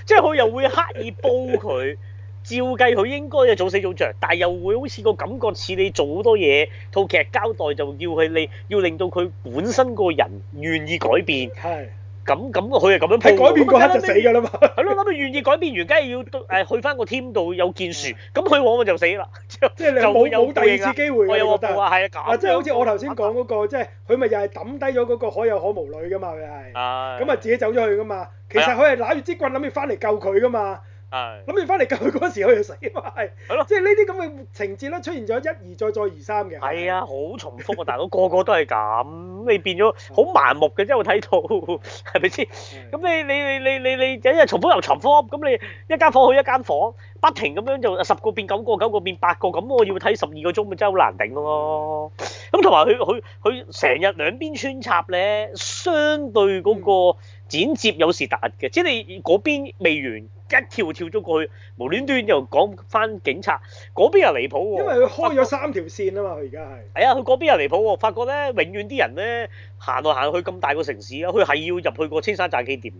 即係佢又會刻意煲佢。 照計佢應該係早死早著，但係又會好似個感覺似你做好多嘢，套劇交代就要佢，你要令到佢本身個人願意改變。係。咁咁佢係咁樣。係改變嗰刻就死㗎啦嘛。係咯，諗佢願意改變完，梗係要誒去翻個天度有件事，咁佢往往就死啦。即係你冇冇第二次機會㗎。我有個抱下係啊，咁。啊，即係好似我頭先講嗰個，即係佢咪又係抌低咗嗰個可有可無女㗎嘛，佢係。係。咁啊，自己走咗去㗎嘛。其實佢係揦住支棍諗住翻嚟救佢㗎嘛。係諗完翻嚟救佢嗰時候，佢又死埋。係咯，即係呢啲咁嘅情節咧，出現咗一而再，再二，再而三嘅。係啊，好重複啊，大佬個個都係咁，你變咗好盲目嘅，即係我睇到，係咪先？咁是的 你你你你你你一日重複又重複，咁你，你，你，你一間房去一間房，不停咁樣就十個變九個，九個變八個，咁我要睇十二個鐘咪，真係好難頂咯。咁同埋佢佢佢成日兩邊穿插咧，相對嗰個剪接有時突嘅，嗯、即係你嗰邊未完。一跳跳咗過去，無端端又講翻警察嗰邊，又離譜喎、啊。因為佢開咗三條線啊嘛，佢而家係。係啊，佢嗰邊又離譜喎、啊，發覺咧，永遠啲人咧行嚟行去，咁大個城市啊，佢係要入去寨基 個青山寨基地。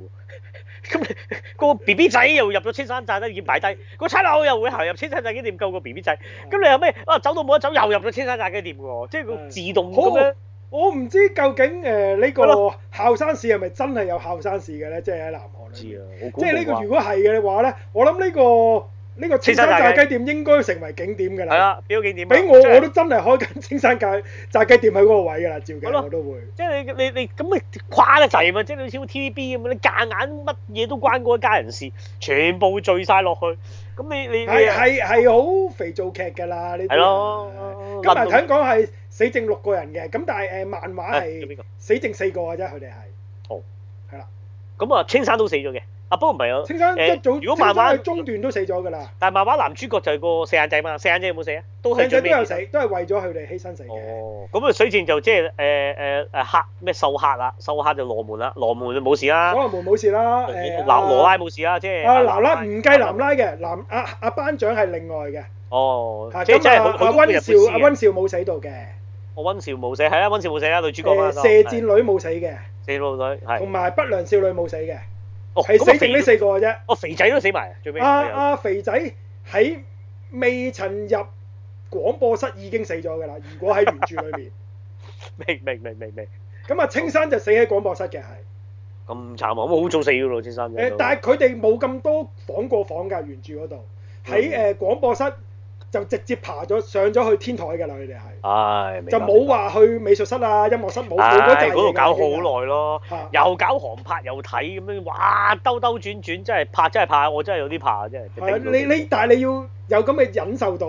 咁你個 B B 仔又入咗青山寨啦，要擺低個差佬，又會行入青山寨基地救個 B B 仔。咁你的又咩？啊走到冇得走，又入咗青山寨基地喎，即係個自動咁樣。我唔知究竟誒呢、呃這個的校山市係咪真係有校山市嘅咧？即係喺南韓。啊，即係呢個我猜 如果係嘅話咧，我諗呢、這個呢、這個青山炸雞店應該成為景點㗎啦。係啊，標景點。俾我的我都真係開間青山炸炸雞店喺嗰個位㗎啦，照計的我都會。即係你你你咁誒誇得滯嘛。即係你似 TVB 咁啊，你夾硬乜嘢都關嗰一家人事，全部聚晒落去，咁你你你係係好肥皂劇㗎啦呢啲。係咯。今日肯講係。死剩六個人嘅，咁但係誒漫畫係死剩四個啊。啫，佢哋係。好，係啦。咁啊，青山都死咗嘅。啊，不過唔係啊。青山一早，如果漫畫中段都死咗㗎啦。但係漫畫男主角就係個四眼仔嘛，四眼仔有冇死啊？四眼仔都有死，都係為咗佢哋犧牲死。哦。咁啊，水戰就即係誒誒誒客咩秀客啦，秀客就羅門啦，羅門冇事啦。羅門冇事啦。誒。羅羅拉冇事啦，即係。啊，羅拉唔計羅拉嘅，羅阿阿班長係另外嘅。哦。即係即係佢佢温少，阿温少冇死到嘅。我溫少冇死係啦，溫少冇死啦，女主角嘛。射箭女冇死嘅。射箭女係。同埋不良少女冇死嘅。哦，係死剩呢四個嘅啫。哦，肥仔都死埋，最尾。阿阿肥仔喺未曾入廣播室已經死咗嘅啦，如果喺原著裏面。明明明明明。咁啊，青山就死喺廣播室嘅係。咁慘啊！咁好早死咗咯，青山。誒，但係佢哋冇咁多房過房㗎，原著嗰度喺誒廣播室。就直接爬咗上咗去天台㗎啦！佢哋係，就冇話去美術室啊、音樂室冇冇嗰陣型啊。佢哋喺度搞好耐咯，又搞航拍又睇咁樣，哇！兜兜轉轉真係拍真係拍，我真係有啲怕真係。你你但係你要有咁嘅忍受到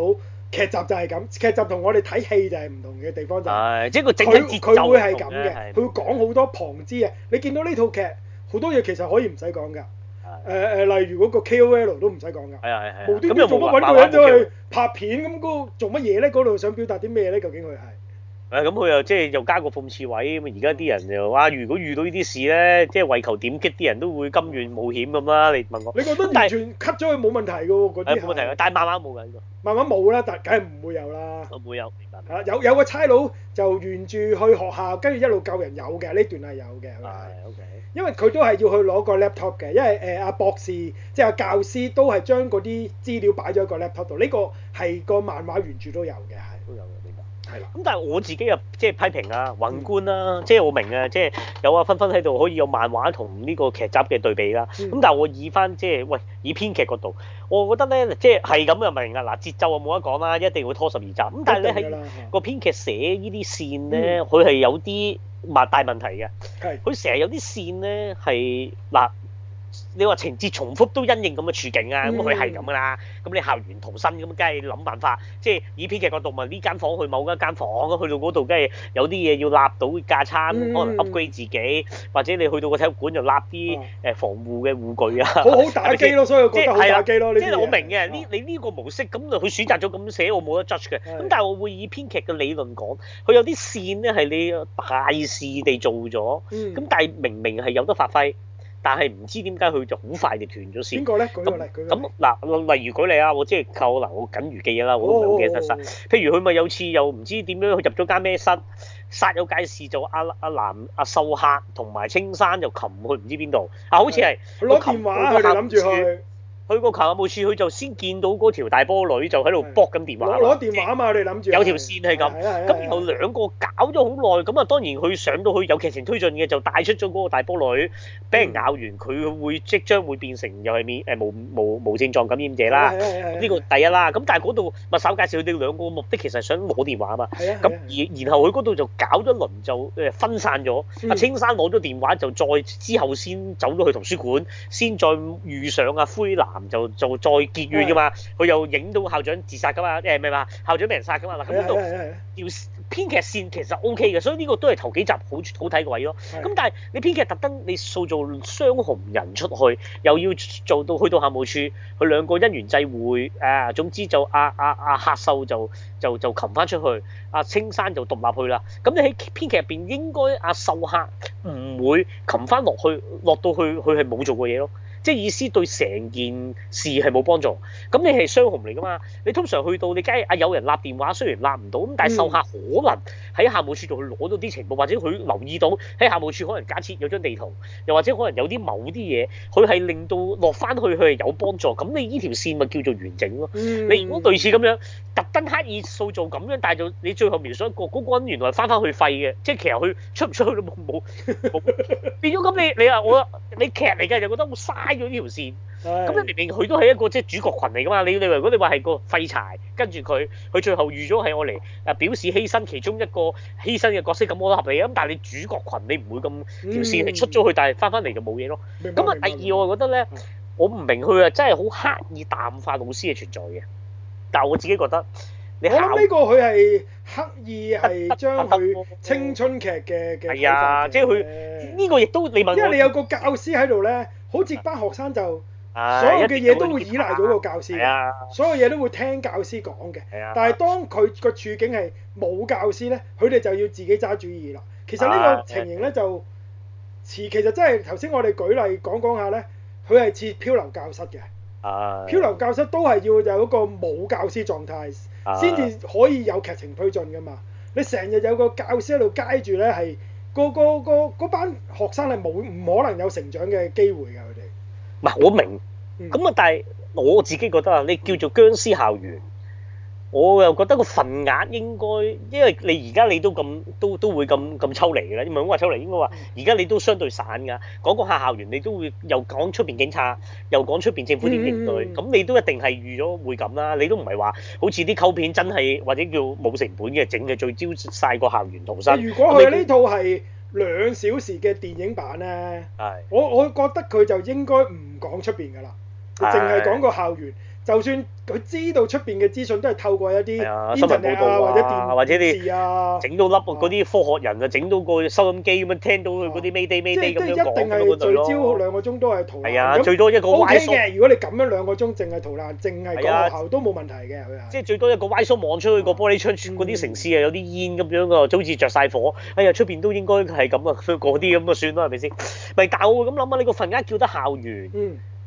劇集就係咁，劇集同我哋睇戲就係唔同嘅地方就係。即係個整體節奏。佢佢會係咁嘅，佢會講好多旁枝嘅。你見到呢套劇好多嘢其實可以唔使講㗎。誒誒，例如個 K.O.L 都唔使講㗎，係呀，係呀，無端端做乜揾個人都去拍片，咁個做乜嘢咧？度想表達啲咩咧？究竟佢係。誒咁佢又即係又加個諷刺位，咁而家啲人就話，如果遇到呢啲事咧，即係為求點擊啲人都會甘願冒險咁啦。你問我，你覺得完全 cut 咗佢冇問題嘅喎？嗰啲係冇問題嘅，但係、這個、漫畫冇㗎呢個。漫畫冇啦，但梗係唔會有啦。唔會有，明白。有有個差佬就沿住去學校，跟住一路救人有嘅，呢段係有嘅。係、哎、OK 因。因為佢都係要去攞個 laptop 嘅，因為誒阿博士即係阿教師都係將嗰啲資料擺咗喺個 laptop 度。呢、這個係個漫畫原著都有嘅，係。都有嘅。咁但係我自己又即係批評啊，宏觀啦、啊，即、就、係、是、我明啊，即、就、係、是、有啊，分分喺度可以有漫畫同呢個劇集嘅對比啦、啊。咁、嗯、但係我以翻即係喂，以編劇角度，我覺得咧，即係係咁又明啊。嗱，節奏我冇得講啦，一定會拖十二集。咁但係咧喺個編劇寫呢啲線咧，佢係、嗯、有啲唔大問題嘅。佢成日有啲線咧係嗱。你話情節重複都因應咁嘅處境啊，咁佢係咁噶啦。咁你校園逃生咁，梗係諗辦法。即係以編劇角度話，呢間房，去某一間房，去到嗰度，梗係有啲嘢要立到架生，可能 upgrade 自己，或者你去到個體育館就立啲誒防護嘅護具啊。好好打機咯，所以我覺得好打機咯。即係我明嘅，呢你呢個模式，咁佢選擇咗咁寫，我冇得 judge 嘅。咁但係我會以編劇嘅理論講，佢有啲線咧係你大事地做咗，咁但係明明係有得發揮。但係唔知點解佢就好快就斷咗線。咁嗱那， 例如舉例啊，我即係夠嗱，我緊預記啦，我都唔記得晒。譬如佢咪有次又唔知點樣，入咗間咩室？煞有介事做阿阿南阿秀客同埋青山就擒去唔知邊度？啊， 好似係攞電話佢諗住去。 去個鴻亞每次，佢就先見到嗰條大波女就喺度卜緊電話。攞是電話啊嘛，欸、你諗住有條線係咁。咁然後兩個搞咗好耐，咁啊當然佢上到去有劇情推進嘅，就帶出咗嗰個大波女，俾人咬完佢、嗯、會即將會變成又係免誒冇冇無症狀感染者啦。呢個第一啦。咁但係嗰度默手介紹佢哋兩個目的其實想攞電話啊嘛。咁而、嗯、然後佢嗰度就搞咗輪就誒分散咗。阿青是山攞咗電話就再之後先走咗去圖書館，先再遇上阿、啊、灰男。就就再結怨㗎嘛，佢是的 又影到校長自殺㗎嘛，誒咩話，校長俾人殺㗎嘛，嗱咁呢度條編劇線其實 O K 嘅，所以呢個都係頭幾集好好睇嘅位咯。咁是的 但係你編劇特登你塑造雙紅人出去，又要做到去到校務處，佢兩個因緣際會、啊，誒總之就阿阿阿黑秀就就就擒翻出去、啊，阿青山就獨立去啦。咁你喺編劇入邊應該阿、啊、秀客唔會擒翻落去，落到去佢係冇做過嘢咯。即係意思對成件事係冇幫助，咁你係雙紅嚟㗎嘛？你通常去到你梗係啊有人立電話，雖然立唔到，咁但係受客可能喺校務處度去攞到啲情報，或者佢留意到喺校務處可能假設有張地圖，又或者可能有啲某啲嘢，佢係令到落翻去佢係有幫助，咁你呢條線咪叫做完整咯？你如果類似咁樣特登刻意塑造咁樣，帶到你最後描述一個嗰、那個人原來翻翻去廢嘅，即係其實佢出唔出去都冇冇 變咗。咁你你話我你劇嚟嘅，就覺得好嘥。呢條線，咁咧、嗯、明明佢都係一個即係主角群嚟噶嘛，你你如果你話係個廢柴跟住佢，佢最後預咗係我嚟，啊表示犧牲其中一個犧牲嘅角色，咁我都合理啊。但係你主角群你，你唔會咁條線你出咗去，但係翻返嚟就冇嘢咯。咁啊白，第二白我就覺得咧，嗯、我唔明佢啊真係好刻意淡化老師嘅存在嘅，但係我自己覺得。我諗呢個佢係刻意係將佢青春劇嘅嘅，係即係佢呢個亦都你問，因為你有個教師喺度咧，好似班學生就所有嘅嘢都會依賴到個教師，所有嘢都會聽教師講嘅。但係當佢個處境係冇教師咧，佢哋就要自己揸主意啦。其實呢個情形咧就似，其實真係頭先我哋舉例講講下咧，佢係似漂流教室嘅。漂流、uh、教室都係要有一個冇教師狀態，先至、uh、可以有劇情推進噶嘛。你成日有個教師喺度街住呢，係個個個班學生係冇唔可能有成長嘅機會㗎，佢哋。嗱，我明，咁啊、嗯，但係我自己覺得啊，你叫做殭屍校園。我又覺得個份額應該，因為你而家你都咁都都會咁咁抽離㗎啦，唔係講話抽離，應該話而家你都相對散㗎。講講下校園，你都會又講出邊警察，又講出邊政府點應對，咁、嗯嗯、你都一定係預咗會咁啦。你都唔係話好似啲溝片真係或者叫冇成本嘅整嘅，最招晒個校園逃生。如果佢呢套係兩小時嘅電影版咧，的我我覺得佢就應該唔講出邊㗎啦，佢淨係講個校園。就算佢知道出邊嘅資訊，都係透過一啲新聞報道啊，或者電或者你整到粒嗰啲科學人啊，整到個收音機咁樣聽到嗰啲 Mayday Mayday 咁樣講。頭兩個鐘都係逃難。係啊，最多一個歪縮。O K 嘅，如果你咁樣兩個鐘淨係逃難，淨係個學校都冇問題嘅。即係最多一個歪縮望出去個玻璃窗嗰啲城市啊，有啲煙咁樣㗎，就好似着晒火。哎呀，出邊都應該係咁啊，嗰啲咁啊算啦，係咪先？咪但我會咁諗下，你個份間叫得校園，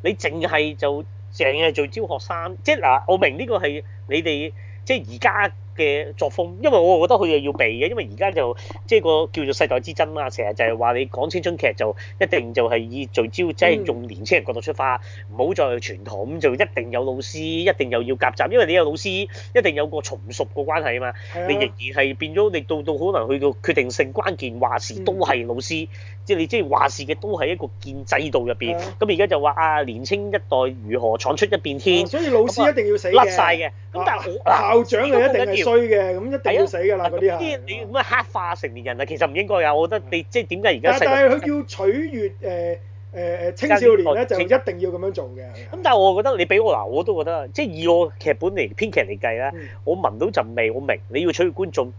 你淨係就。成日聚焦學生，即係嗱，我明呢個係你哋即係而家嘅作風，因為我覺得佢又要避嘅，因為而家就即係個叫做世代之爭嘛，成日就係話你講青春劇就一定就係以聚焦，即係用年輕人角度出發，唔好再傳統就一定有老師，一定又要夾雜，因為你有老師一定有個從屬個關係啊嘛，你仍然係變咗你到到可能去到決定性關鍵話事都係老師。即係你即係話事嘅都係一個建制度入邊，咁而家就話啊年青一代如何闖出一片天？所以老師一定要死，甩晒嘅。咁但係校長你一定係衰嘅，咁一定要死㗎啦嗰啲啊！啲人咁啊黑化成年人啊，其實唔應該㗎，我覺得你即係點解而家？但係佢叫取悦誒誒誒青少年一定要咁樣做嘅。咁但係我覺得你俾我嗱，我都覺得即係以我劇本嚟編劇嚟計啦，我聞到陣味，我明你要取悦觀眾。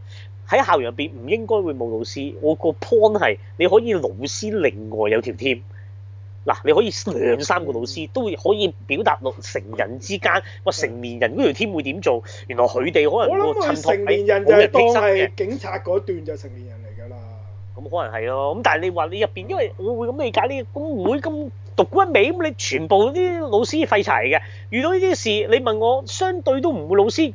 喺校園入邊唔應該會冇老師，我個 point 係你可以老師另外有條 team 嗱，你可以兩三個老師都可以表達落成人之間，哇成年人嗰條 team 會點做？原來佢哋可能托我諗成年人就當係警察嗰段就成年人嚟㗎啦，咁、嗯、可能係咯、啊，咁但係你話你入邊，因為我會咁理解呢，咁唔會咁獨沽一味？咁，你全部啲老師廢柴嚟嘅，遇到呢啲事你問我，相對都唔會老師，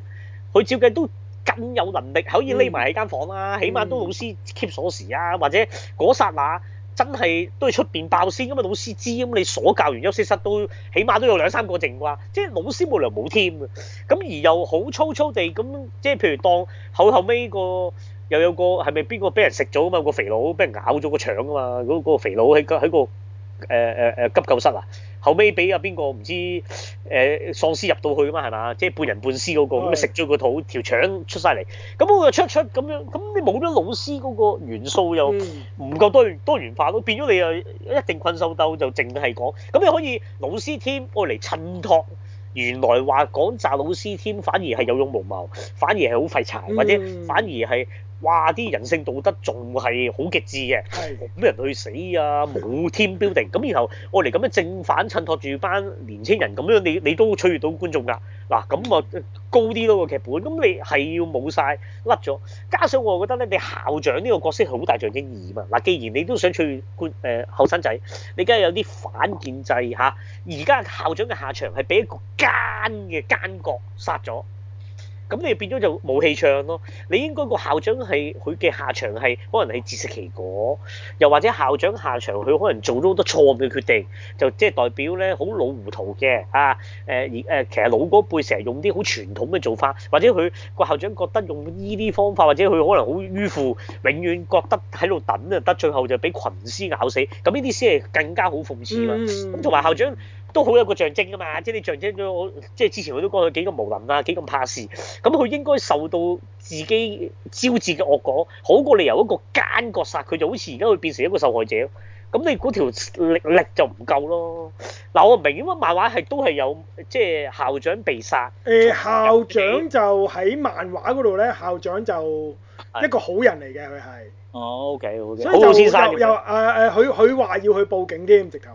佢照計都。咁有能力可以匿埋喺間房、啊、啦，嗯、起碼都老師 keep 鎖匙啊，嗯、或者嗰剎那真係都要出邊爆先，咁啊老師知，咁你鎖教員休息室都起碼都有兩三個剩啩，即係老師冇良冇添咁，而又好粗粗地咁，即係譬如當後後尾個又有個係咪邊個俾人食咗啊嘛？個肥佬俾人咬咗個腸啊嘛，嗰、個肥佬喺個喺個誒誒誒急救室啊？後尾俾阿邊個唔知誒、呃、喪屍入到去嘛係嘛？即係半人半屍嗰個咁食咗個肚條腸出晒嚟，咁我就出出咁樣咁你冇咗老師嗰個元素又唔夠多元多元化咯，變咗你又一定困獸鬥就淨係講，咁你可以老師添我嚟襯托，原來話講炸老師添反而係有勇無謀，反而係好廢柴或者反而係。哇！啲人性道德仲係好極致嘅，咩的人去死啊，冇添標定。咁然後我嚟咁樣正反襯托住班年輕人，咁樣你你都取悅到觀眾㗎。嗱咁啊，高啲咯個劇本。咁你係要冇晒甩咗。加上我覺得咧，你校長呢個角色係好大象徵意義嘛。嗱、啊，既然你都想取悅觀誒後生仔，你梗係有啲反建制嚇。而、啊、家校長嘅下場係俾一個奸嘅奸角殺咗。咁你變咗就冇氣唱咯，你應該個校長係佢嘅下場係可能係自食其果，又或者校長下場佢可能做咗好多錯誤嘅決定，就即係代表咧好老糊塗嘅嚇，誒、啊、而、啊啊、其實老嗰輩成日用啲好傳統嘅做法，或者佢個校長覺得用依啲方法，或者佢可能好迂腐，永遠覺得喺度等啊，得最後就俾群屍咬死，咁呢啲先係更加好諷刺咯，咁同埋校長。都好有個象徵㗎嘛，即係你象徵咗我，即係之前佢都講佢幾咁無能啊，幾咁怕事，咁佢應該受到自己招致嘅惡果，好過你由一個奸角殺佢，就好似而家佢變成一個受害者咯。咁你嗰條力力就唔夠咯。嗱，我唔明點解啊，漫畫係都係有，即係校長被殺。誒、欸，校長就喺漫畫嗰度咧，校長就一個好人嚟嘅，佢係。哦，OK，OK。Okay, okay，所以就又又誒誒，佢佢話要去報警添。直頭。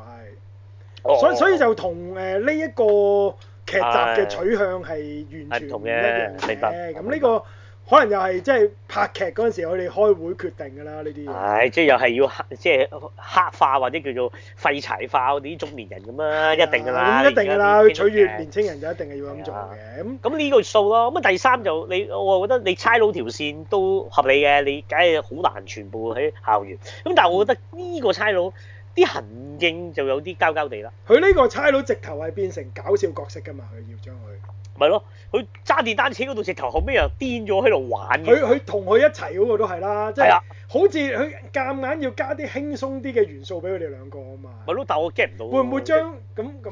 所以、哦、所以就同誒呢一個劇集嘅取向係完全唔一樣嘅。明白。咁呢個可能又係即係拍劇嗰陣時，我哋開會決定㗎啦。呢啲嘢。即係又係要即係、即係、黑化或者叫做廢柴化我哋啲中年人咁啊的、嗯，一定㗎啦。咁一定㗎啦，取悅年輕人就一定係要咁做嘅。咁咁呢個數咯。咁啊，第三就你，我覺得你差佬條線都合理嘅。你梗係好難全部喺校園。咁但係我覺得呢個差佬。啲行徑就有啲膠膠地啦。佢呢個差佬直頭係變成搞笑角色㗎嘛，佢要將佢。咪 咯，佢揸電單車嗰度直頭後尾又癲咗喺度玩。佢佢同佢一齊嗰個都係啦，即係好似佢夾硬要加啲輕鬆啲嘅元素俾佢哋兩個啊嘛。咪咯， 但我 get 唔到。會唔會將咁咁？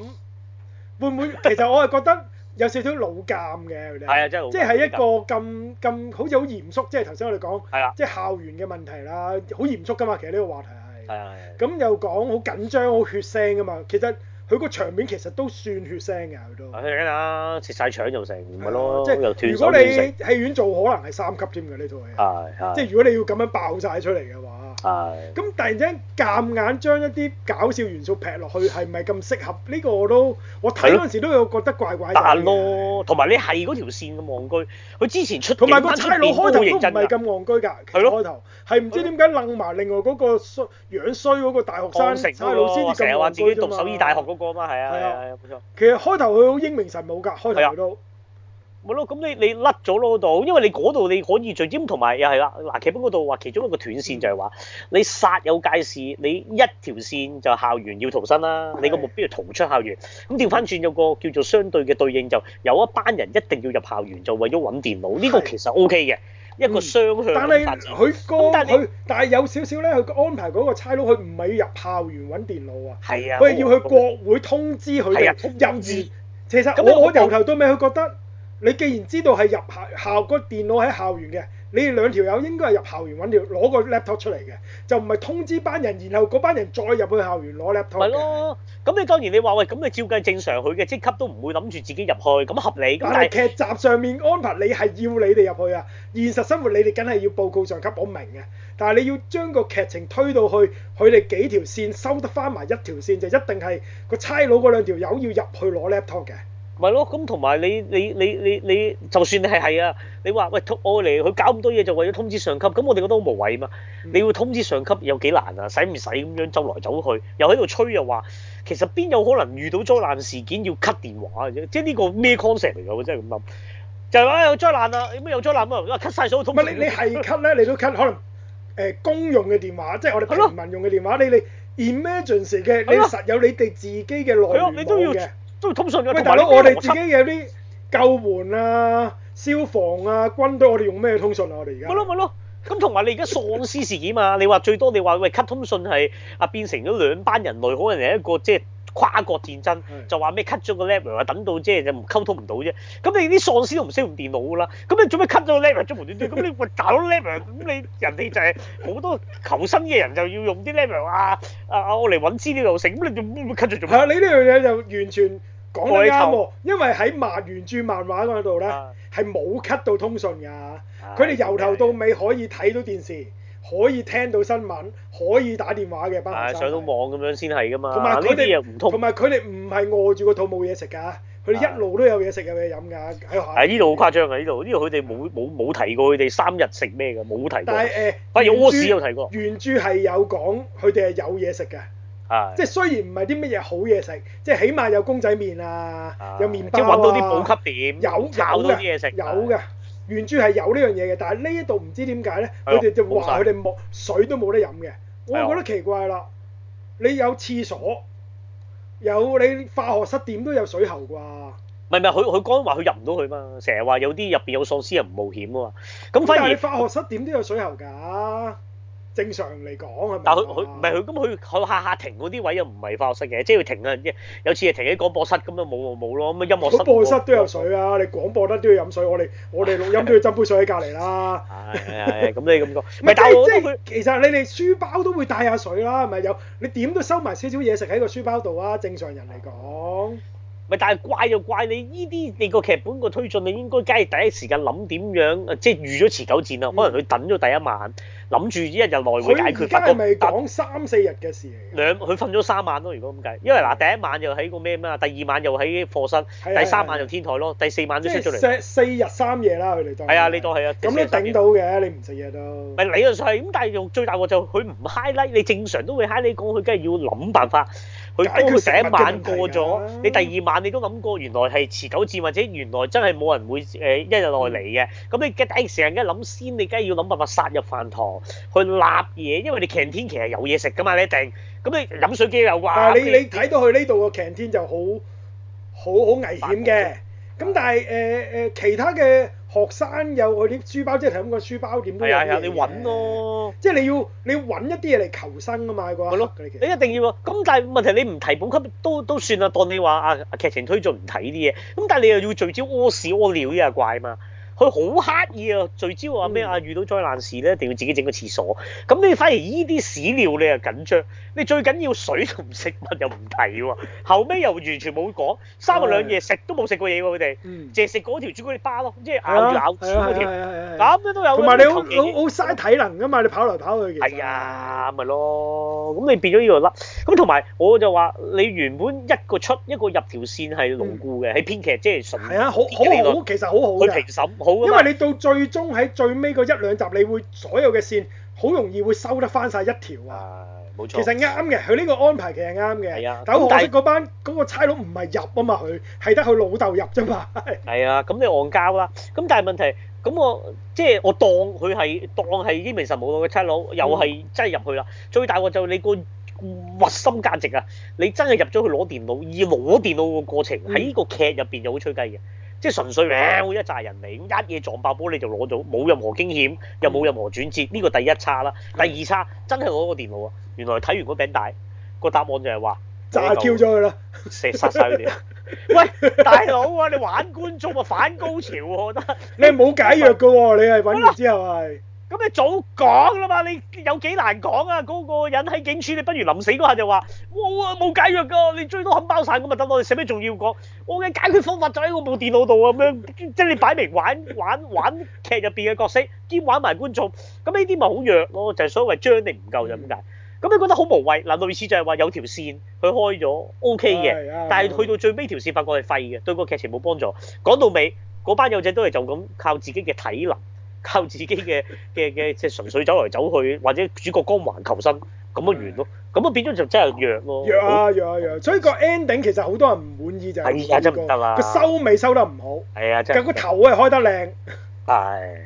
會唔會其實我係覺得有少少老尷嘅佢哋。係啊，即 係一個咁咁好似好嚴肅，即係頭先我哋講，即係校園嘅問題啦，好嚴肅㗎嘛，其實呢個話題啊。係啊，係咁又講好緊張好血腥啊嘛。其實佢個場面其實都算血腥嘅，佢都。係啊，食緊啦，切晒腸就成，唔係咯。即係如果你戲院做，可能係三級添嘅呢套戲，係，即係如果你要咁樣爆晒出嚟嘅。咁突然之間夾硬將一啲搞笑元素劈落去係唔係咁適合？呢個我都，我睇嗰陣時都有覺得怪怪哋。但咯，同埋你係嗰條線咁戇居，佢之前出，同埋個差佬開頭都唔係咁戇居㗎。係咯。係唔知點解愣埋另外嗰個衰樣衰嗰個大學生差佬先至咁戇居啫嘛？成日話自己讀首爾大學嗰個嘛？係啊，係啊冇錯。其實開頭佢好英明神武㗎，開頭都。咁、嗯、你你甩咗咯度，因為你嗰度你可以最尖，同埋又係啦，嗱劇本嗰度話其中一個斷線就係、是、話你殺有界事，你一條線就校園要逃生啦，你個目標要逃出校園。咁調翻轉有個叫做相對嘅對應，就有一班人一定要入校園就為咗揾電腦。呢是的 個其實 OK 嘅一個雙向。但係佢但係有少少咧，佢安排嗰個差佬，佢唔係入校園揾電腦啊，係啊的，佢係要去國會通知佢哋。幼稚的，其實,、嗯、其實我我由頭到尾佢覺得。你既然知道係入校校、個電腦喺校園嘅，你哋兩條友應該係入校園揾條攞個 laptop 出嚟嘅，就唔係通知班人，然後嗰班人再入去校園攞 laptop。咪咯，咁你當然你話喂，咁你照計正常佢嘅職級都唔會諗住自己入去，咁合理。但係劇集上面安排你係要你哋入去啊，現實生活你哋梗係要報告上級我明嘅。但係你要將個劇情推到去，佢哋幾條線收得翻埋一條線就一定係個差佬嗰兩條友要入去攞 laptop 嘅。咪咯，咁同埋你你你你你，就算你係係啊，你話喂，我嚟佢搞咁多嘢就為咗通知上級，咁我哋覺得好無謂嘛。你要通知上級有幾難啊？使唔使咁樣走來走去？又喺度吹又話，其實邊有可能遇到災難事件要 cut 電話嘅啫？即係呢個咩 concept 嚟嘅？我真係咁諗。就係話有災難有咩有災難咁啊？cut 曬所有通。你你係 cut 咧，你都 cut 可能誒公用嘅電話，即係我哋平民用嘅電話。你你 emergency 嘅，你實有你哋自己嘅內聯網嘅。都通訊，我哋自己有啲救援啊、消防啊、軍隊，我哋用咩通訊啊？我哋而家咪咯，咪咯，咁同埋你而家喪屍事件啊， 你話最多你話喂 cut 通訊係啊，變成咗兩班人類，可能係一個即係。就是跨國戰爭就話咩 cut 咗個 level，話等到即係唔溝通唔到啫。咁你啲喪屍都唔識用電腦㗎啦。咁你做咩 cut 咗個 level 咗無端端？咁你揼咗 level，咁你人哋就係、是、好多求生嘅人就要用啲 level 啊啊啊嚟揾資料又成，咁你做咩 cut 咗？係啊，你呢樣嘢就完全講得啱、哦、因為喺漫原著漫畫嗰度咧，係冇 cut 到通訊㗎。佢哋由頭到尾可以睇到電視。可以聽到新聞，可以打電話嘅。係上到網咁樣先係㗎嘛。同埋呢啲嘢唔通。同埋佢哋唔係餓住個肚冇嘢食㗎，佢哋一路都有嘢食有嘢飲㗎，喺呢度好誇張㗎，呢度呢度佢哋冇冇冇提過佢哋三日食咩㗎，冇提過。但係誒。係《阿史》有提過。原著係有講佢哋係有嘢食嘅。即係雖然唔係啲乜嘢好嘢食，即係起碼有公仔麵啊，有麵包啊。即係揾到啲補給點，有嘅。有啲嘢食。有嘅。原著係有呢樣嘢嘅，但係呢一度唔知點解咧，佢哋的就話佢哋冇水都冇得飲嘅，的我就覺得奇怪啦。你有廁所，有你化學室點都有水喉啩？唔係唔係，佢佢講話佢入唔到去嘛，成日話有啲入邊有喪屍又唔冒險啊嘛。咁反而你化學室點都有水喉㗎？正常嚟講係，係咪？但係佢佢唔係佢，咁佢佢下下停嗰啲位又唔係化學室嘅，即係要停啊！有次係停喺廣播室咁就冇冇冇咯，咁啊音樂室。播室都有水啊！你廣播得都要飲水，我哋、哎、呀我哋錄音都要斟杯水喺隔離啦。係係，咁你咁講。唔係，但係即係其實你哋書包都會帶下水啦，啊，係咪有？你點都收埋少少嘢食喺個書包度啊！正常人嚟講。咪但係怪就怪你呢啲你個劇本個推進，你應該梗係第一時間諗點樣，即係預咗持久戰啦。可能佢等咗第一晚，諗住一日來回解決。佢而家係咪講三四日嘅事？兩佢瞓咗三晚咯。如果咁計，因為嗱，第一晚又喺個咩咩啊，第二晚又喺課室，第三晚又天台咯，第四晚都出咗嚟。四日三夜啦，佢哋當。係啊，你當係啊。咁你等到嘅，你唔食嘢都。咪理論上係，咁但係用最大鑊就佢唔 highlight，你正常都會嗨。你 g 講，佢梗係要諗辦法。佢都成一晚過咗，你第二晚你都諗過，原來係持久戰，或者原來真係冇人會誒、呃、一日內嚟嘅。咁、嗯、你嘅誒成日嘅諗先，你梗係要諗辦法殺入飯堂去攞嘢，因為你 canteen 其實有嘢食噶嘛，你一定。咁你飲水機又話。嗯、你你睇到佢呢度個 canteen 就好，好好危險嘅。咁但係誒誒其他嘅。學生有佢啲書包，即係提咁個書包點都啊，啊，你揾咯、哦，即係你要你揾一啲嘢嚟求生啊嘛，嗰一刻你一定要喎。咁但係問題你唔提補給都都算啊，當你話啊劇情推進唔睇啲嘢，咁但係你又要聚焦屙屎屙尿啲啊怪嘛。佢好刻意啊！聚焦話咩啊？嗯、遇到災難事咧，一定要自己整個廁所。咁你反而依啲屎尿你又緊張，你最緊要水同食物又唔提喎、啊。後尾又完全冇講，三個兩夜食都冇食過嘢喎、啊。佢哋淨係食嗰條朱古力包咯，即係咬住咬住嗰條。咁樣、啊啊啊啊啊、都有。同埋你好好嘥體能㗎嘛！你跑嚟跑去其實係啊，咪咯、啊。咁、就是、你變咗呢個粒。咁同埋我就話，你原本一個出一個入條線係牢固嘅，喺、嗯、編劇即係純。係啊、嗯，好好好，其實好好。去評審。因為你到最終喺最尾嗰一兩集，你會所有嘅線好容易會收得翻晒一條啊。啊，冇錯。其實啱嘅，佢呢個安排其實啱嘅。係啊。但係嗰班嗰是個差佬唔係入啊嘛，佢係得佢老豆入啫嘛。係啊，咁你戇交啦。咁但係問題，咁我即係我當佢係當係已經名實無兩嘅差佬，又係真係入去啦。嗯，最大鑊就係你個核心價值啊！你真係入咗去攞電腦，而攞電腦個過程喺呢個劇入邊就好吹雞嘅。即係純粹一扎人嚟，咁一嘢撞爆波，你就攞到，冇任何驚險，又冇任何轉折，呢、這個第一差啦。第二差真係攞個電腦啊！原來睇完嗰餅大，個答案就係話炸跳咗佢啦，射殺曬佢哋。 喂，大佬啊，你玩觀眾啊，反高潮喎，啊，我覺得，你係冇解藥㗎喎，是你係揾完之後係。 咁你早講啦嘛，你有幾難講啊？嗰個人喺警署，你不如臨死嗰下就話：哇，冇解藥㗎，你最多肯包晒咁啊！等我哋使咩仲要講？我嘅解決方法就喺我部電腦度啊！咁樣，即係你擺明玩玩玩劇入邊嘅角色，兼玩埋觀眾，咁呢啲咪好弱咯？就係所謂張力唔夠就咁解？咁你覺得好無謂？嗱，類似就係話有條線佢開咗，OK 嘅，但係去到最尾條線發覺係廢嘅，對個劇情冇幫助。講到尾，嗰班友仔都係就咁靠自己嘅體能。靠自己嘅嘅嘅，即係純粹走嚟走去，或者主角光環求生咁啊，完咯，咁啊變咗就真係弱咯。弱啊弱啊弱！所以個 ending 其實好多人唔滿意就係，而家就唔得啦，個收尾收得唔好。係啊，真係。個頭啊開得靚。係。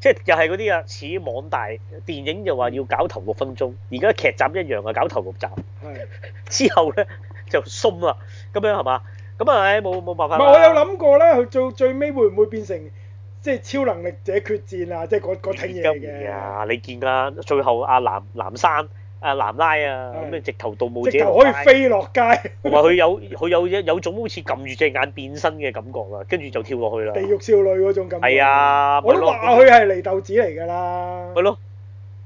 即係又係嗰啲啊，似網大電影又話要搞頭六分鐘，而家劇集一樣啊，搞頭六集。之後咧就鬆啦，咁樣係嘛？咁啊誒，冇冇辦法。我有諗過咧，佢做最尾會唔會變成？即係超能力者決戰啊！即係嗰嗰 type 嘢嘅。哎呀，你見啦，最後阿南南山、阿南拉啊，咁咩直頭盜墓者。直頭可以飛落街。同埋佢有佢有有種好似撳住隻眼變身嘅感覺啊，跟住就跳落去啦。地獄少女嗰種感覺。係啊，我都話佢係禰豆子嚟㗎啦。係咯，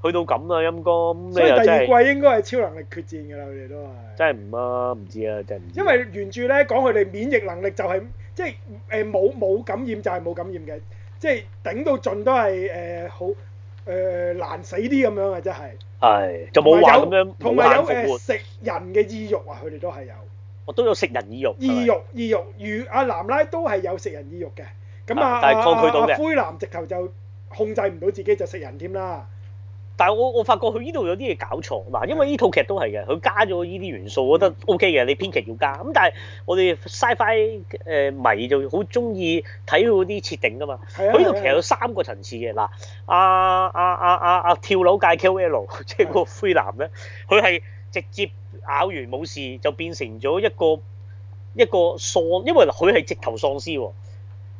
去到咁啦，陰功。所以第二季應該係超能力決戰㗎啦，佢哋都係。真係唔啊，唔知啊，真係唔知。因為原著咧講佢哋免疫能力就係即係誒冇冇感染就係冇感染嘅。.即係頂到盡都係誒、呃、好誒、呃、難死啲咁樣啊！真係係就冇話咁樣，同埋有誒有、呃、食人嘅意欲啊！佢哋都係有，我都有食人意欲。意欲意欲如阿、啊、南拉都係有食人意欲嘅。咁、嗯嗯、啊但抗拒到啊，啊灰藍直頭就控制唔到自己就食人添啦。但係我我發覺佢呢度有啲嘢搞錯嗱，因為呢套劇都係嘅，佢加咗依啲元素，我覺得 O K 嘅，你編劇要加。咁但係我哋 sci-fi 誒迷就好中意睇佢嗰啲設定㗎嘛。佢呢度其實有三個層次嘅嗱，阿阿阿阿阿跳樓界 KOL 即係個灰男咧，佢係直接咬完冇事就變成咗一個一個喪，因為佢係直頭喪屍喎、哦。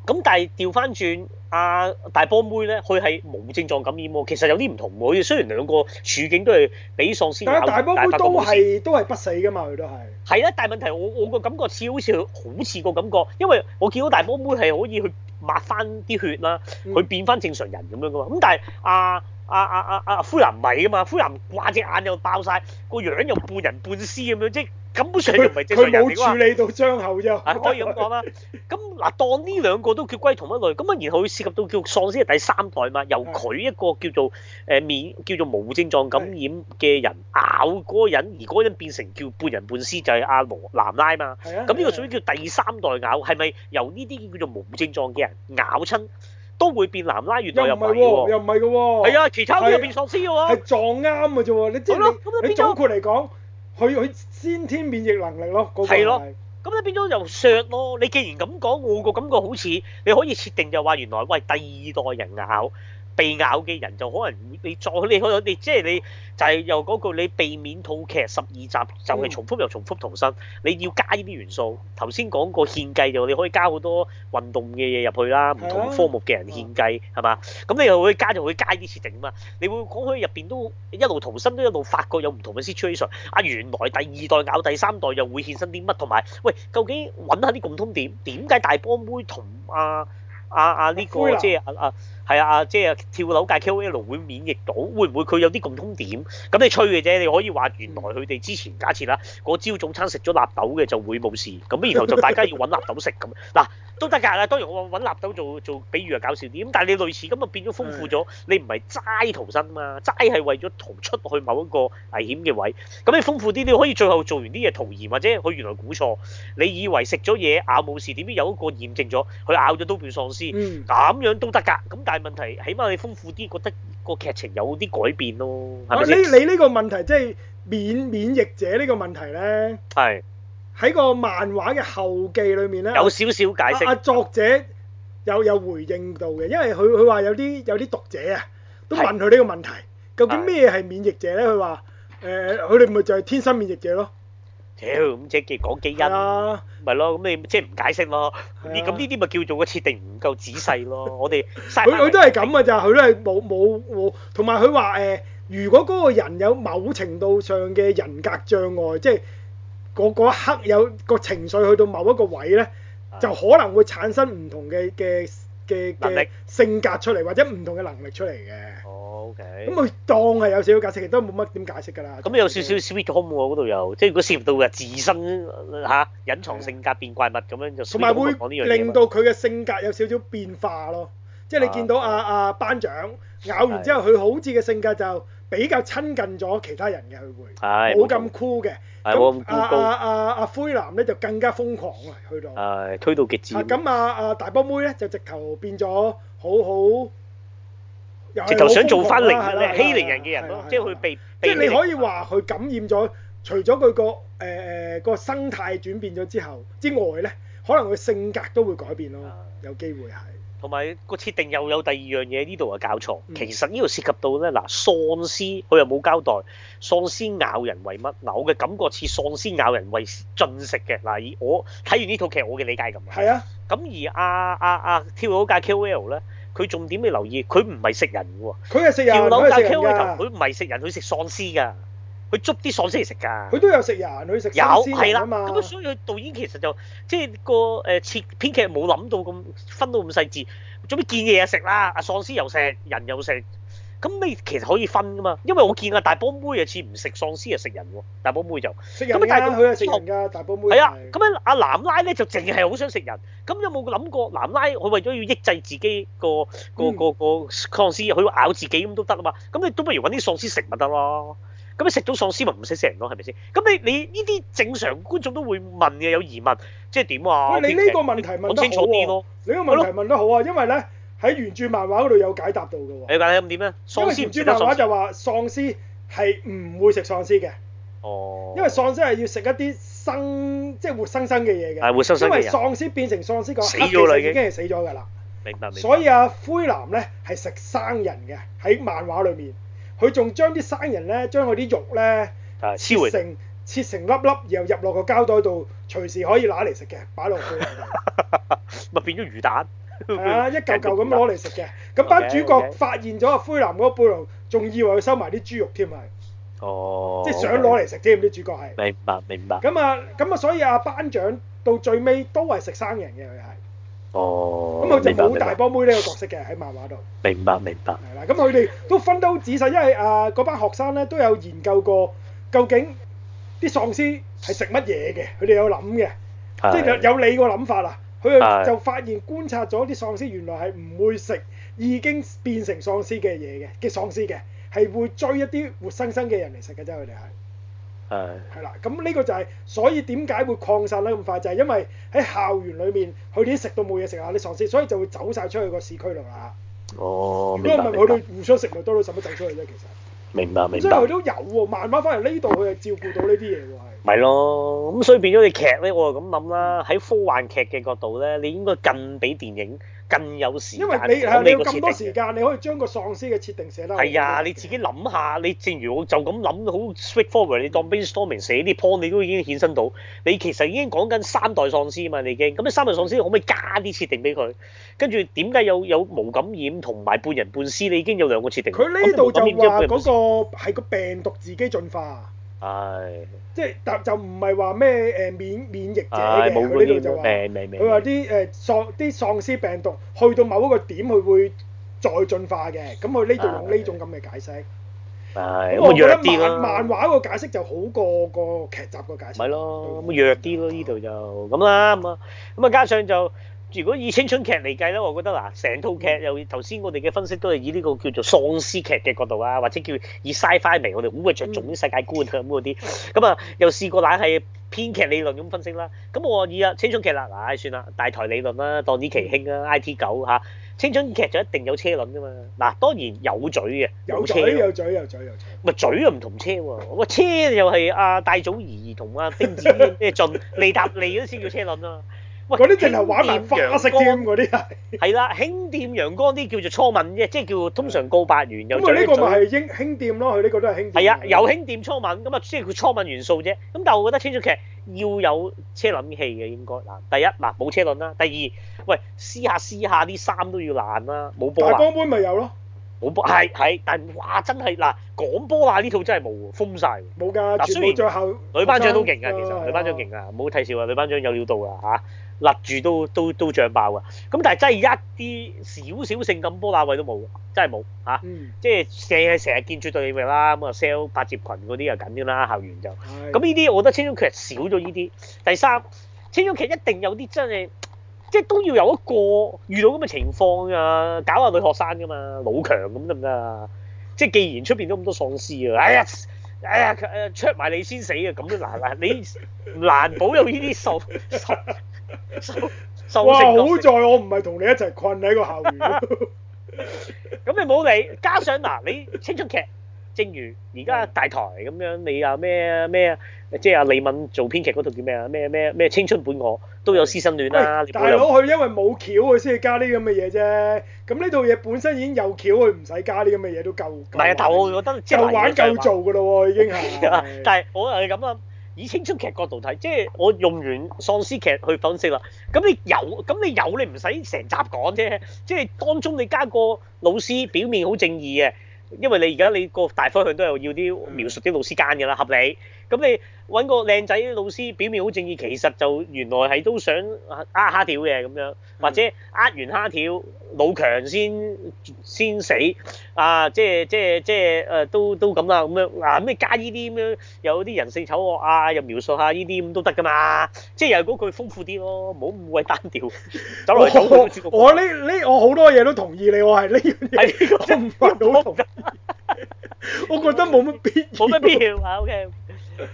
咁但係調翻轉。阿、啊、大波妹咧，佢係冇症狀感染喎。其實有啲唔同喎。雖然兩個處境都係俾喪屍咬，但大波妹都係都係不死嘅嘛。佢都係係啦，但係、啊、問題我我個感覺似好似好似個感覺，因為我見到大波妹係可以去抹翻啲血啦，佢、嗯、變翻正常人咁樣嘅嘛。咁但係阿、啊阿阿阿阿灰狼米啊，啊，啊，啊嘛，灰狼掛隻眼又爆晒，個樣又半人半屍咁樣，即根本上又唔係正常嘅。佢處理到張口啫，啊、可以咁講啦。咁嗱，當呢兩個都叫歸同一類，咁啊，然後會涉及到叫喪屍第三代嘛，由佢一個叫做誒面、呃、叫做無症狀感染嘅人咬嗰人，而嗰人變成叫半人半屍就係、是、阿、啊、羅南拉嘛。係啊。咁呢、啊、個屬於叫第三代咬，係咪由呢啲叫做無症狀嘅人咬親？都會變藍啦，原來又唔係喎，又唔係嘅喎，係啊，其他又變喪屍嘅喎，係撞啱嘅啫喎，你即係你，你總括嚟講，佢佢先天免疫能力咯，嗰個係咯，咁你變咗又削咯？你既然咁講，我個感覺好似你可以設定就話原來喂，第二代人咬。被咬嘅人就可能你再你可你，你即係你就係、是、又嗰句你避免套劇十二集就係、是、重複又重複逃生。你要加呢啲元素。頭先講過獻計，就你可以加好多運動嘅嘢入去啦，唔同科目嘅人獻計，係嘛？咁你又會加就會加啲設定啊。你會講佢入邊都一路逃生都一路發覺有唔同嘅 situation。啊，原來第二代咬第三代又會獻身啲乜？同埋喂，究竟揾下啲共通點，點解大波妹同阿阿阿呢個即係阿阿？啊啊啊係啊，即係跳樓界 KOL 會免疫到，會唔會佢有啲共通點？咁你吹嘅啫，你可以話原來佢哋之前假設啦，嗰朝早餐食咗納豆嘅就會冇事，咁然後就大家要揾納豆食咁。嗱都得㗎啦，當然我揾納豆做做比喻係搞笑啲，咁但係你類似咁啊，變咗豐富咗，你唔係齋逃生嘛，齋係為咗逃出去某一個危險嘅位。咁你豐富啲，你可以最後做完啲嘢逃而，或者佢原來估錯，你以為食咗嘢咬冇事，點知有一個驗證咗佢咬咗都變喪屍。嗯。咁樣都得㗎，咁但，但問題，起碼你豐富啲，覺得個劇情有啲改變咯。啊，你你呢個問題即係免免疫者呢個問題咧，係喺個漫畫嘅後記裏面咧，有少少解釋。作者有有回應到嘅，因為佢佢話有啲有啲讀者啊，都問佢呢個問題，究竟咩係免疫者咧？佢話誒，佢哋咪就係天生免疫者咯。屌，咁即係講基因，係啦，咪咯啊，咁你即係唔解釋咯，咁呢啲咪叫做個設定唔夠仔細咯，我哋佢佢都係咁噶咋，佢都係冇冇同埋佢話誒，如果嗰個人有某程度上嘅人格障礙，即係嗰嗰一刻有個情緒去到某一個位咧，就可能會產生唔同嘅嘅。嘅嘅性格出嚟，或者唔同嘅能力出嚟嘅。OK。咁佢當係有少少解釋，其實都冇乜點解釋㗎啦。咁有少少 Sweet Home 喎，嗰度又，即係如果涉及到嘅，自身嚇、啊、隱藏性格變怪物咁的樣就有。同埋會令到佢嘅性格有少少變化咯，即係你見到阿、啊、阿、啊、班長咬完之後，佢好似嘅性格就比較親近咗其他人嘅，佢會冇咁 cool 嘅。的咁阿阿阿阿灰男咧就更加瘋狂啊，去到誒推到極致。咁阿阿大波妹咧就直頭變咗好好，直頭想做返零嘅欺凌人嘅人咯，即係佢被即係你可以話佢感染咗，除咗佢個誒誒個生態轉變咗之後之外咧，可能佢性格都會改變咯，有機會係。同埋個設定又有第二樣嘢，呢度啊搞錯。其實呢度涉及到咧，嗱喪屍佢又冇交代，喪屍咬人為乜？我嘅感覺似喪屍咬人為進食嘅。嗱，以我睇完呢套劇，我嘅理解咁。係啊。咁而阿阿阿跳樓架 KOL 咧，佢重點你留意，佢唔係食人嘅喎。佢係食人，跳樓架 KOL，佢唔係食人，佢食，食，食喪屍㗎。佢捉啲喪屍嚟食㗎。佢都有食人，佢食喪屍有係啦，咁啊，所以佢導演其實就即係、就是那個誒設、呃、編劇冇諗到咁分到咁細緻，做咩見嘢食啦？阿喪屍又食人又食，咁你其實可以分㗎嘛？因為我見阿大波妹啊似唔食喪屍，啊食人喎，大波妹就食人㗎。咁啊，但係佢又食人㗎，大波妹。係啊，咁樣、嗯就是、阿南拉咧就淨係好想食人，咁有冇諗過南拉佢為咗要抑制自己個個個個喪屍，佢、嗯、咬自己咁都得啊嘛？咁你都不如揾啲喪屍食咪得咯？咁你食到喪屍咪唔使食人咯，係咪先？咁你你呢啲正常觀眾都會問嘅，有疑問即係點啊？餵，你呢個問題問得好啊，我清楚啲咯。你個問題問得好啊，啊因為咧喺原著漫畫嗰度有解答到嘅喎、啊。你解得咁點咩？因為原著漫畫就話喪屍係唔會食喪屍嘅。哦。因為喪屍係要食一啲生即係活生生嘅嘢嘅。係活生生嘅人。因為喪屍變成喪尸個死咗啦，啊、已經係死咗㗎啦。明白未？明白，所以阿、啊、灰藍咧係食生人嘅，喺漫畫裏面。佢仲將啲生人咧，將佢啲肉咧切成切成粒粒，然後入落個膠袋度，隨時可以攞嚟食嘅，擺落去咪變咗魚蛋係啊！一嚿嚿咁攞嚟食嘅。咁班主角發現咗阿灰藍嗰個背囊，仲以為佢收埋啲豬肉添啊！哦，即係想攞嚟食添啲主角係。明白，明白。咁啊，咁啊，所以啊班長到最尾都係食生人嘅佢係。哦，咁佢白就冇大波妹呢個角色嘅喺漫畫度。明白，明白。係啦，咁佢哋都分得好仔細，因為啊，嗰班學生咧都有研究過，究竟啲喪屍係食乜嘢嘅，佢哋有諗嘅，的即係有你個諗法啦。佢又就發現觀察咗啲喪屍，原來係唔會食已經變成喪屍嘅嘢嘅，嘅喪屍嘅係會追一啲活生生嘅人嚟食嘅啫。佢哋係。係。係啦，咁呢個就係，所以點解會擴散得咁快，就係因為喺校園裏面，佢哋食到冇嘢食啊，你喪屍，所以就會走晒出去個市區度啦。哦。因為佢哋白互相食咪多咗使乜走出去啫，其實。明白，明白。所以佢都有喎，慢慢翻嚟呢度，佢係照顧到呢啲嘢喎咪咯，咁所以變咗你劇咧，我就咁諗啦。喺科幻劇嘅角度咧，你應該近比電影。更有時間你用個你咁多時間，你可以將個喪屍嘅設定寫得。係啊，你自己諗下，你正如我就咁諗，好 straightforward。你當 Brainstorming 寫啲 point，你都已經衍生到，你其實已經講緊三代喪屍啊嘛，你已經咁，你三代喪屍，可唔可以加啲設定俾佢？跟住點解有有無感染同埋半人半屍？你已經有兩個設定。佢呢度就話說嗰個係個病毒自己進化。係，哎、即係但就唔係話咩誒，免免疫者嘅，佢呢度就話，佢話啲誒喪啲喪屍病毒去到某一個點佢會再進化嘅，咁佢呢度用呢種咁嘅解釋。係、哎。咁弱啲，咁我覺得漫漫畫個解釋就好過個劇集個解釋。咪咯、哎，咁弱啲咯，呢度就咁啦，咁啊咁啊加上就。如果以青春劇嚟計咧，我覺得嗱，成套劇又頭先我哋嘅分析都係以呢個叫做喪屍劇嘅角度啊，或者叫以 Sci-Fi 嚟，我哋會唔會着重啲世界觀咁嗰啲，咁啊又試過乃係編劇理論咁分析啦。咁我以啊青春劇啦，嗱、啊，算啦，大台理論啦，當啲奇興啦，IT 狗嚇、啊。青春劇就一定有車輪噶嘛。嗱、啊，當然有嘴嘅，有嘴有嘴有嘴有嘴。咪嘴，嘴，嘴又唔同車喎，我車就係阿大祖兒同阿丁子堅咩俊嚟搭嚟先叫車輪啊。喂，嗰啲淨係玩花式啱嗰啲係，係啦、 啊，輕掂陽光啲叫做初吻啫，即係叫通常告白完又再呢個咪係輕輕掂咯，佢呢個都係輕。係啊，有輕掂初吻，咁啊，即係叫初吻元素啫。咁但係我覺得青春劇要有車輪戲嘅應該嗱，第一，嗱冇車輪啦，第二，喂撕下撕下啲衫都要爛啦，冇波。但係大波杯咪有咯。冇波係，但係哇真係嗱、啊、講波霸，呢套真係冇喎，封曬喎。冇㗎，全的雖然在校女班長都勁㗎，嗯、其實女班長勁㗎，冇睇小啊！女班長有料到㗎嚇，立、啊、住都都都漲爆㗎。咁、啊、但係真係一啲少少性感波霸位都冇，真係冇嚇。啊嗯、即係成日成日見絕對嘢啦，咁啊 sell 八折群嗰啲又緊啲啦，校園就。咁呢啲我覺得青春劇少咗呢啲。第三，青春劇一定有啲真係。即係都要有一個遇到咁嘅情況啊，搞下女學生㗎嘛，老強咁得唔得啊？即係既然出面都咁多喪屍啊，哎呀，哎呀，出埋你先死啊！咁嗱嗱，你唔難保有呢啲獸獸獸，獸性，性。哇！好在我唔係同你一齊困喺個校園。咁你冇理，加上嗱，你青春劇。正如而家大台咁樣，你啊咩啊咩即係阿李敏做編劇嗰套叫咩啊？咩咩咩青春本我都有師生戀啦，啊。哎、大佬，佢，因為冇橋佢先要加啲咁嘅嘢啫。咁呢套嘢本身已經有橋，佢唔使加啲咁嘅嘢都夠。唔係啊，就玩我覺得玩就玩夠做嘅咯喎，玩已經係。 但係我係咁啊，以青春劇角度睇，即係我用完喪屍劇去分析啦。咁你有咁你有你唔使成集講啫，即係當中你加個老師，表面好正義嘅。 因為你而家你個大方向都係要啲描述啲老師間㗎啦，合理。咁你揾個靚仔老師，表面好正義，其實就原來係都想呃、啊、蝦條嘅咁樣，或者呃完蝦條，老強先先死啊！即係即係即係誒、呃，都都咁啦咁樣嗱，咩加依啲咁樣，樣啊、有啲人性醜惡啊，又描述下依啲咁都得㗎嘛，即係又嗰句豐富啲咯，唔好咁鬼單調。走來走去，主角。我呢呢，我，我，我好多嘢都同意你，我係呢樣嘢，係呢個， 我唔覺得冇乜必要。冇乜 必要啊！O K。Okay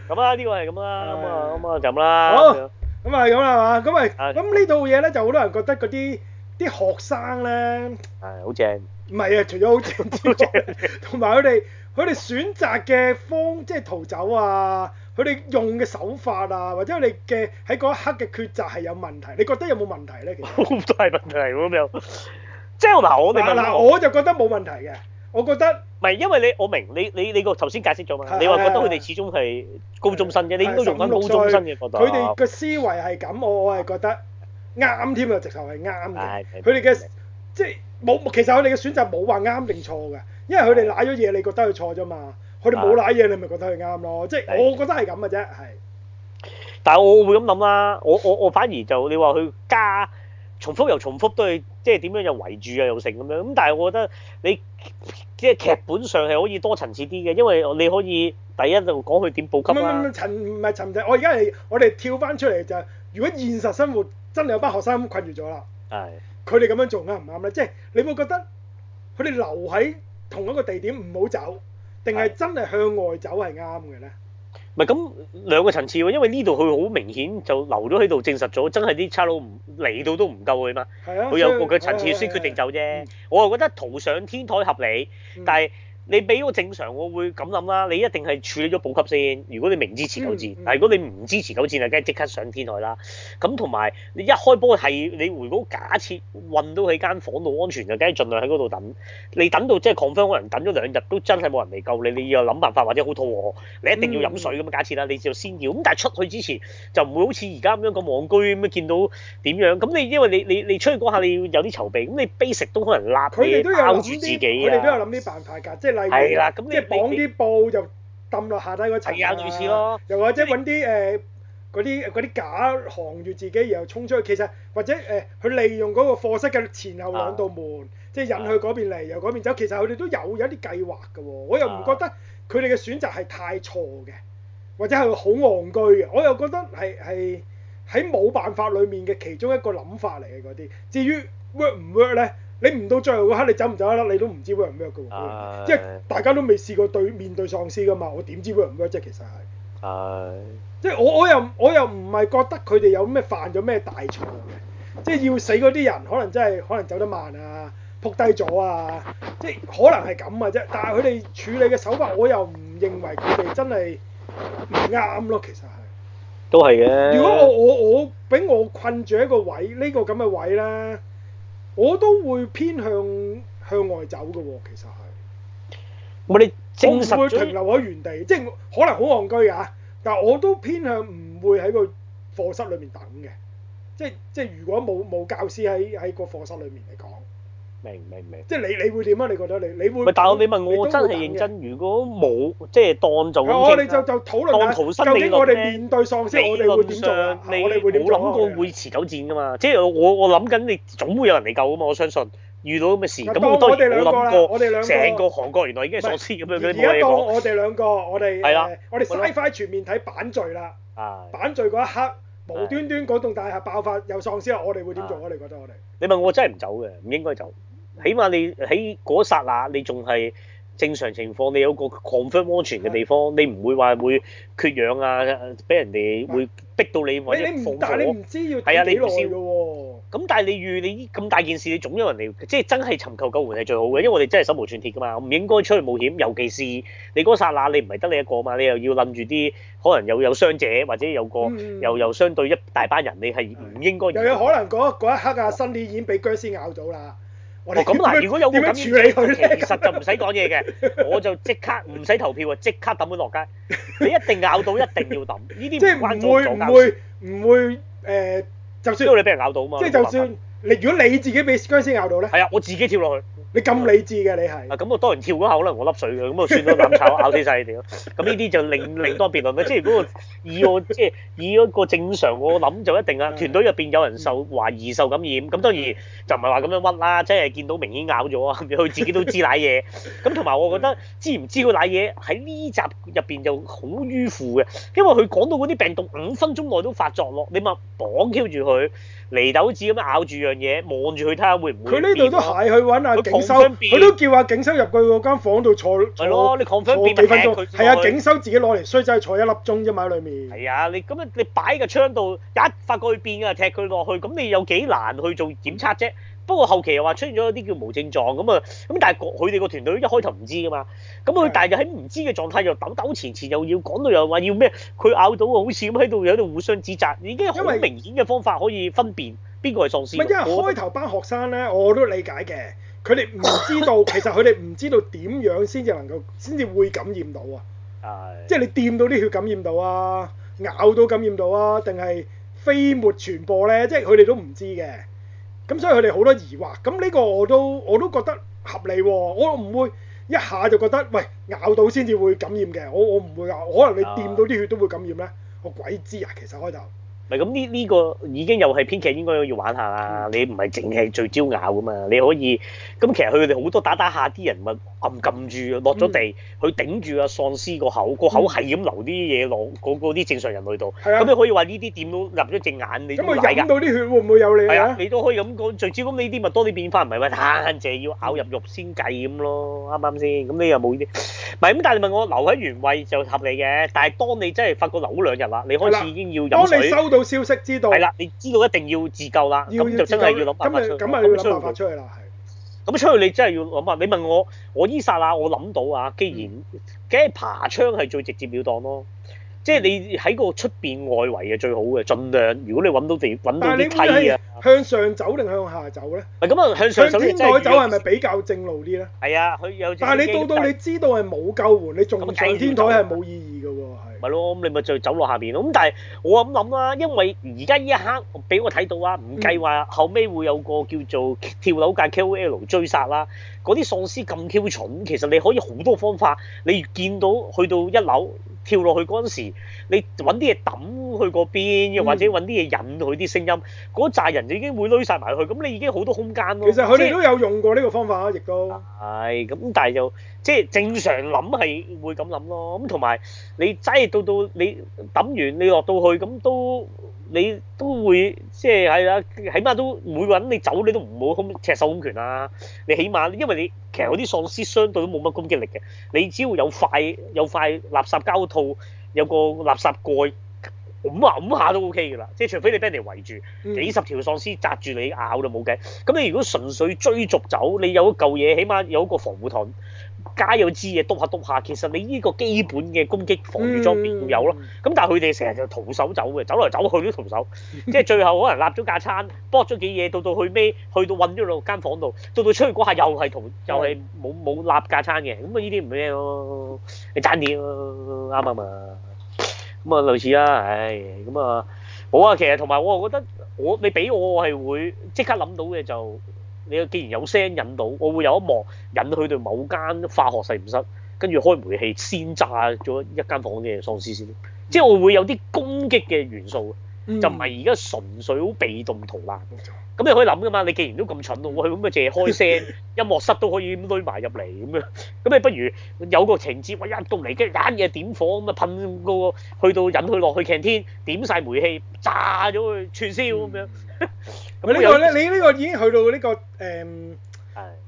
咁啊，呢個係咁啦，咁啊，咁啊，就咁啦。好，咁啊，係咁啦，嚇，咁啊，咁呢套嘢咧，就好多人覺得嗰啲啲學生咧，係好正。唔係啊，除咗好正之外，同埋佢哋佢哋選擇嘅方，即係逃走啊，佢哋用嘅手法啊，或者佢哋嘅喺嗰一刻嘅抉擇係有問題，你覺得有冇問題咧？其實都好大問題喎，咁樣，即係嗱，我明白喇，我就覺得冇問題嘅。我覺得唔係，因為你我明你你你個頭先解釋咗嘛？你話覺得佢哋始終係高中生嘅，你應該用緊高中生嘅角度。佢哋個思維係咁，我我係覺得啱添啊，直頭係啱嘅。佢哋嘅即係冇，其實佢哋嘅選擇冇話啱定錯嘅，因為佢哋揦咗嘢，你覺得佢錯啫嘛。佢哋冇揦嘢，你咪覺得佢啱咯。即係我覺得係咁嘅啫，係。但係我會咁諗啦，我我我反而就你話佢加重複又重複都係，即係點樣又圍住啊又成咁樣。咁但係我覺得你。即係劇本上係可以多層次啲嘅，因為你可以第一就講佢點報級，唔唔沉唔係陳，陳我而家係我哋跳翻出嚟就係、是，如果現實生活真係有班學生困住咗啦，係佢哋咁樣做啱唔啱咧？即係你會覺得佢哋留喺同一個地點唔好走，定係真係向外走係啱嘅咧？唔係咁兩個層次喎，因為呢度佢好明顯就留咗喺度，證實咗真係啲差佬唔嚟到都唔夠佢嘛。佢、啊、有個嘅層次先決定走啫。啊啊啊啊啊、我又覺得逃上天台合理，嗯、但係。你俾我正常，我會咁諗啦。你一定係處理咗補給先。如果你明知持久戰，嗯嗯、但如果你唔支持久戰，就梗係即刻上天台啦。咁同埋你一開波係你，如果假設運到喺間房度安全就，梗係盡量喺嗰度等。你等到即係 confirm 可能等咗兩日都真係冇人嚟救你，你要諗辦法或者好肚餓，你一定要飲水咁啊。嗯、假設啦，你就先要咁，但係出去之前就唔會好似而家咁樣咁戇居咁啊，見到點樣咁你因為你你你，你出去嗰下你要有啲籌備，咁你 basic 都可能立住自己啊。佢哋都有諗啲，佢哋都有諗啲辦法㗎，即、就是係啦，即係綁啲布就揼落下低嗰層啊，又或者揾啲誒嗰啲啲架扛住自己，然後衝出去。其實或者誒，佢、呃、利用嗰個課室嘅前後兩道門，啊、即係引去嗰邊嚟，由嗰邊走。其實佢哋都有有一啲計劃嘅喎。我又唔覺得佢哋嘅選擇係太錯嘅，或者係好戇居嘅。我又覺得係係喺冇辦法裡面嘅其中一個諗法嚟嘅嗰啲。至於 work 唔 work 咧？你唔到最後嗰刻，你走唔走得甩，你都唔知會唔會嘅喎。Uh、即係大家都未試過對面對喪屍㗎嘛，我點知會唔會啫？其實係。係、uh。即係我我又我又唔係覺得佢哋有咩犯咗咩大錯嘅，即係要死嗰啲人可能真係可能走得慢啊，仆低咗啊，即係可能係咁啊啫。但係佢哋處理嘅手法，我又唔認為佢哋真係唔啱咯。其實係。都係嘅。如果我我我俾我困住喺個位呢個咁嘅位咧？我都會偏向向外走嘅、哦、其實係。你實我你，我唔會停留喺原地，即係可能好戇居啊！但係我都偏向唔會喺個課室裏面等嘅，即係即係如果冇冇教師喺喺個課室裏面嚟講。明明明！即係你你會點啊？你覺得你你會？唔，但係你問我真係認真。如果冇，即係當做咁勁。嗱，我哋就就討論下究竟我哋面對喪屍，我哋會點做？我哋會冇諗過會持久戰㗎嘛？即係我我諗緊，你總會有人嚟救㗎嘛？我相信遇到咁嘅事，咁好多人都冇諗過。我哋兩個，成個韓國原來已經係喪屍咁樣嘅，而家我哋兩個，我哋誒，我哋 SciFi 全面睇版聚啦。版聚嗰一刻，無端端嗰棟大廈爆發有喪屍，我哋會點做？我哋覺得我哋？你問我真係唔走嘅，唔應該走。起碼你喺嗰剎那，你仲係正常情況，你有個 confirm 安全嘅地方，的你唔會話會缺氧啊，俾人哋會逼到你的或者火火你。你知要的你唔但係你唔知要等幾耐喎。咁但係你預你咁大件事，你總有人嚟，即係真係尋求救援係最好嘅，因為我哋真係手無寸鐵㗎嘛，我唔應該出去冒險。尤其是你嗰剎那，你唔係得你一個嘛，你又要諗住啲可能又有，有傷者，或者有個、嗯、又又相對一大班人，你係唔應該。的又有可能嗰一刻啊，心理已經俾殭屍咬咗啦。咁嗱，如果有咁處理佢，其實就唔使講嘢嘅，我就即刻唔使投票啊，即刻抌佢落街。你一定咬到，一定要抌。 呢啲唔即係唔會唔會唔會誒？就算即係你俾人咬到嘛！即係就算你如果你自己俾僵屍先咬到咧，係啊，我自己跳落去。你咁理智嘅，你係、嗯，啊、嗯、咁我當然跳咗下，可能我粒水嘅，咁、嗯、我算咗，諗炒咬死晒你哋咯。咁呢啲就另另當別論啦。即係如果以我，即係以一個正常我諗就一定啦。團隊入邊有人受懷疑受感染，咁當然就唔係話咁樣屈啦。即係見到明顯咬咗啊，佢 自己都知舐嘢。咁同埋我覺得知唔知佢舐嘢喺呢集入邊就好迂腐嘅，因為佢講到嗰啲病毒五分鐘內都發作落，你咪綁 Q 住佢。泥豆子咁樣咬住樣嘢，望住佢睇下會唔會佢呢度都係去揾阿、啊、警修，佢都叫阿警修入佢嗰間房度坐。係咯，你幾分鐘係啊，警修自己攞嚟衰仔坐一粒鐘啫嘛，喺裏面。係啊，你咁樣你擺個窗度，一發覺佢變啊，踢佢落去，咁你有幾難去做檢測啫？嗯不過後期又話出現咗一啲叫無症狀咁啊，咁但係佢哋個團隊一開頭唔知㗎嘛，咁佢但係喺唔知嘅狀態又抖抖前前又要講到又話要咩佢咬到啊，好似咁喺度喺度互相指責，已經好明顯嘅方法可以分辨邊個係喪屍因。因為開頭班學生咧，我都理解嘅，佢哋唔知道 其實佢哋唔知道點樣先至能夠先至會感染到啊， 即係你掂到啲血感染到啊，咬到感染到啊，定係飛沫傳播咧？即係佢哋都唔知嘅。咁所以佢哋好多疑惑，咁呢個我都我都覺得合理喎、哦，我唔會一下就覺得喂，咬到先至會感染嘅，我我唔會咬，可能你掂到啲血都會感染咧，我鬼知啊，其實開頭，唔係咁呢呢個已經又係編劇應該要玩下啦，嗯、你唔係淨係最招咬㗎嘛，你可以咁其實佢哋好多打打下啲人物。暗冚住啊！落咗地，佢頂住啊！喪屍個口，個口係咁流啲嘢落嗰啲正常人類度。咁的你可以話呢啲點都入咗隻眼會會，你都計㗎。咁飲到啲血會唔會有你？係啊，你都可以咁講。最主要呢啲咪多啲變化唔係咪？坦、啊、淨要咬入肉先計咁咯，啱唔啱先？咁你又冇呢啲，唔係咁。但係你問我留喺原位就合理嘅，但係當你真係發覺留咗兩日啦，你開始已經要飲水。當你收到消息知道係啦，你知道一定要自救啦，咁就真係要諗辦法出嚟。咁咪要出嚟啦。咁出去你真係要諗下，你問我，我伊薩拉我諗到啊，既然梗係爬窗係最直接了當咯，嗯、即係你喺個出邊外圍嘅最好嘅，儘量如果你揾到地揾到啲梯啊，向向，向上走定向下走咧？咁啊，向上天台走係咪比較正路啲咧？係啊，佢有。但係你到到你知道係冇救援，你仲唔上天台係冇意義。嗯咪咯，咁你咪就走落下邊咯。咁但係我咁諗啦，因為而家呢一刻俾我睇到啊，唔計話後尾會有個叫做跳樓間 K.O.L 追殺啦。嗰啲喪屍咁 Q 蠢，其實你可以好多方法。你見到去到一樓跳落去嗰陣時，你揾啲嘢揼去嗰邊嘅，嗯、又或者揾啲嘢引佢啲聲音。嗰扎人就已經會攞晒埋去，咁你已經好多空間咯。其實佢哋都有用過呢個方法、就是、啊，亦都係咁，但係就。即係正常諗係會咁諗咯，咁同埋你擠到到你揼完你落到去咁，都你都會即係係啦，起碼都每個人你走你都唔好咁赤手空拳啊。你起碼因為你其實嗰啲喪屍相對都冇乜攻擊力嘅，你只要有塊有塊垃圾膠套，有個垃圾蓋咁諗下都 OK 㗎啦。即係除非你俾人圍住，幾十條喪屍扎住你咬就冇計。咁你如果純粹追逐走，你有嚿嘢，起碼有一個防護盾。加有支嘢督下督下，其實你呢個基本嘅攻擊防禦裝備要有咯。咁但係佢哋成日就徒手走嘅，走嚟走去都徒手，即係最後可能立咗架撐，博咗幾嘢，到到去尾，去到混咗落間房度，到到出去嗰下又係逃，又係冇冇立架撐嘅。咁啊呢啲唔咩咯？你賺點咯，啱唔啱啊？咁啊類似啦、啊，唉、哎，咁啊冇啊。其實同埋我覺得，我你俾我係會即刻諗到嘅就。你既然有聲引到，我會有一幕引去到某間化學實驗室，跟住開煤氣先炸咗一間房嘅喪屍先，即係我會有啲攻擊嘅元素，就唔係而家純粹好被動逃難。咁你可以諗㗎嘛，你既然都咁蠢我係咁咪借開聲，音樂室都可以咁堆埋入嚟咁樣，咁你不如有個情節，哇一到嚟跟住揀嘢點火咁啊，噴個去到引佢落去擎天點晒煤氣炸咗佢串燒咁樣。呢個咧，你呢個已經去到呢個誒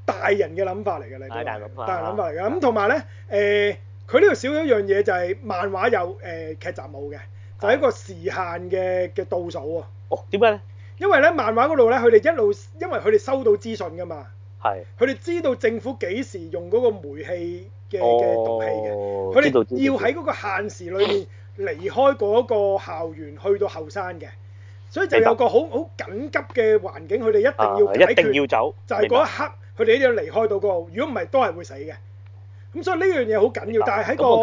大人嘅諗法嚟㗎啦，大人諗法，嚟㗎咁。同埋咧，誒佢呢度少咗一樣嘢就係漫畫有誒劇集冇嘅，就係一個時限嘅嘅倒數喎。哦，點解咧？因為咧漫畫嗰度咧，佢哋一路因為佢哋收到資訊㗎嘛，係，佢哋知道政府幾時用嗰個煤氣嘅嘅毒氣嘅，佢哋要喺嗰個限時裏面離開嗰個校園去到後山嘅。所以就有個好好緊急嘅環境，佢哋一定要要走，就係嗰一刻，佢哋一定要離開到嗰個。如果唔係，都係會死嘅。咁所以呢樣嘢好緊要，但係喺個喺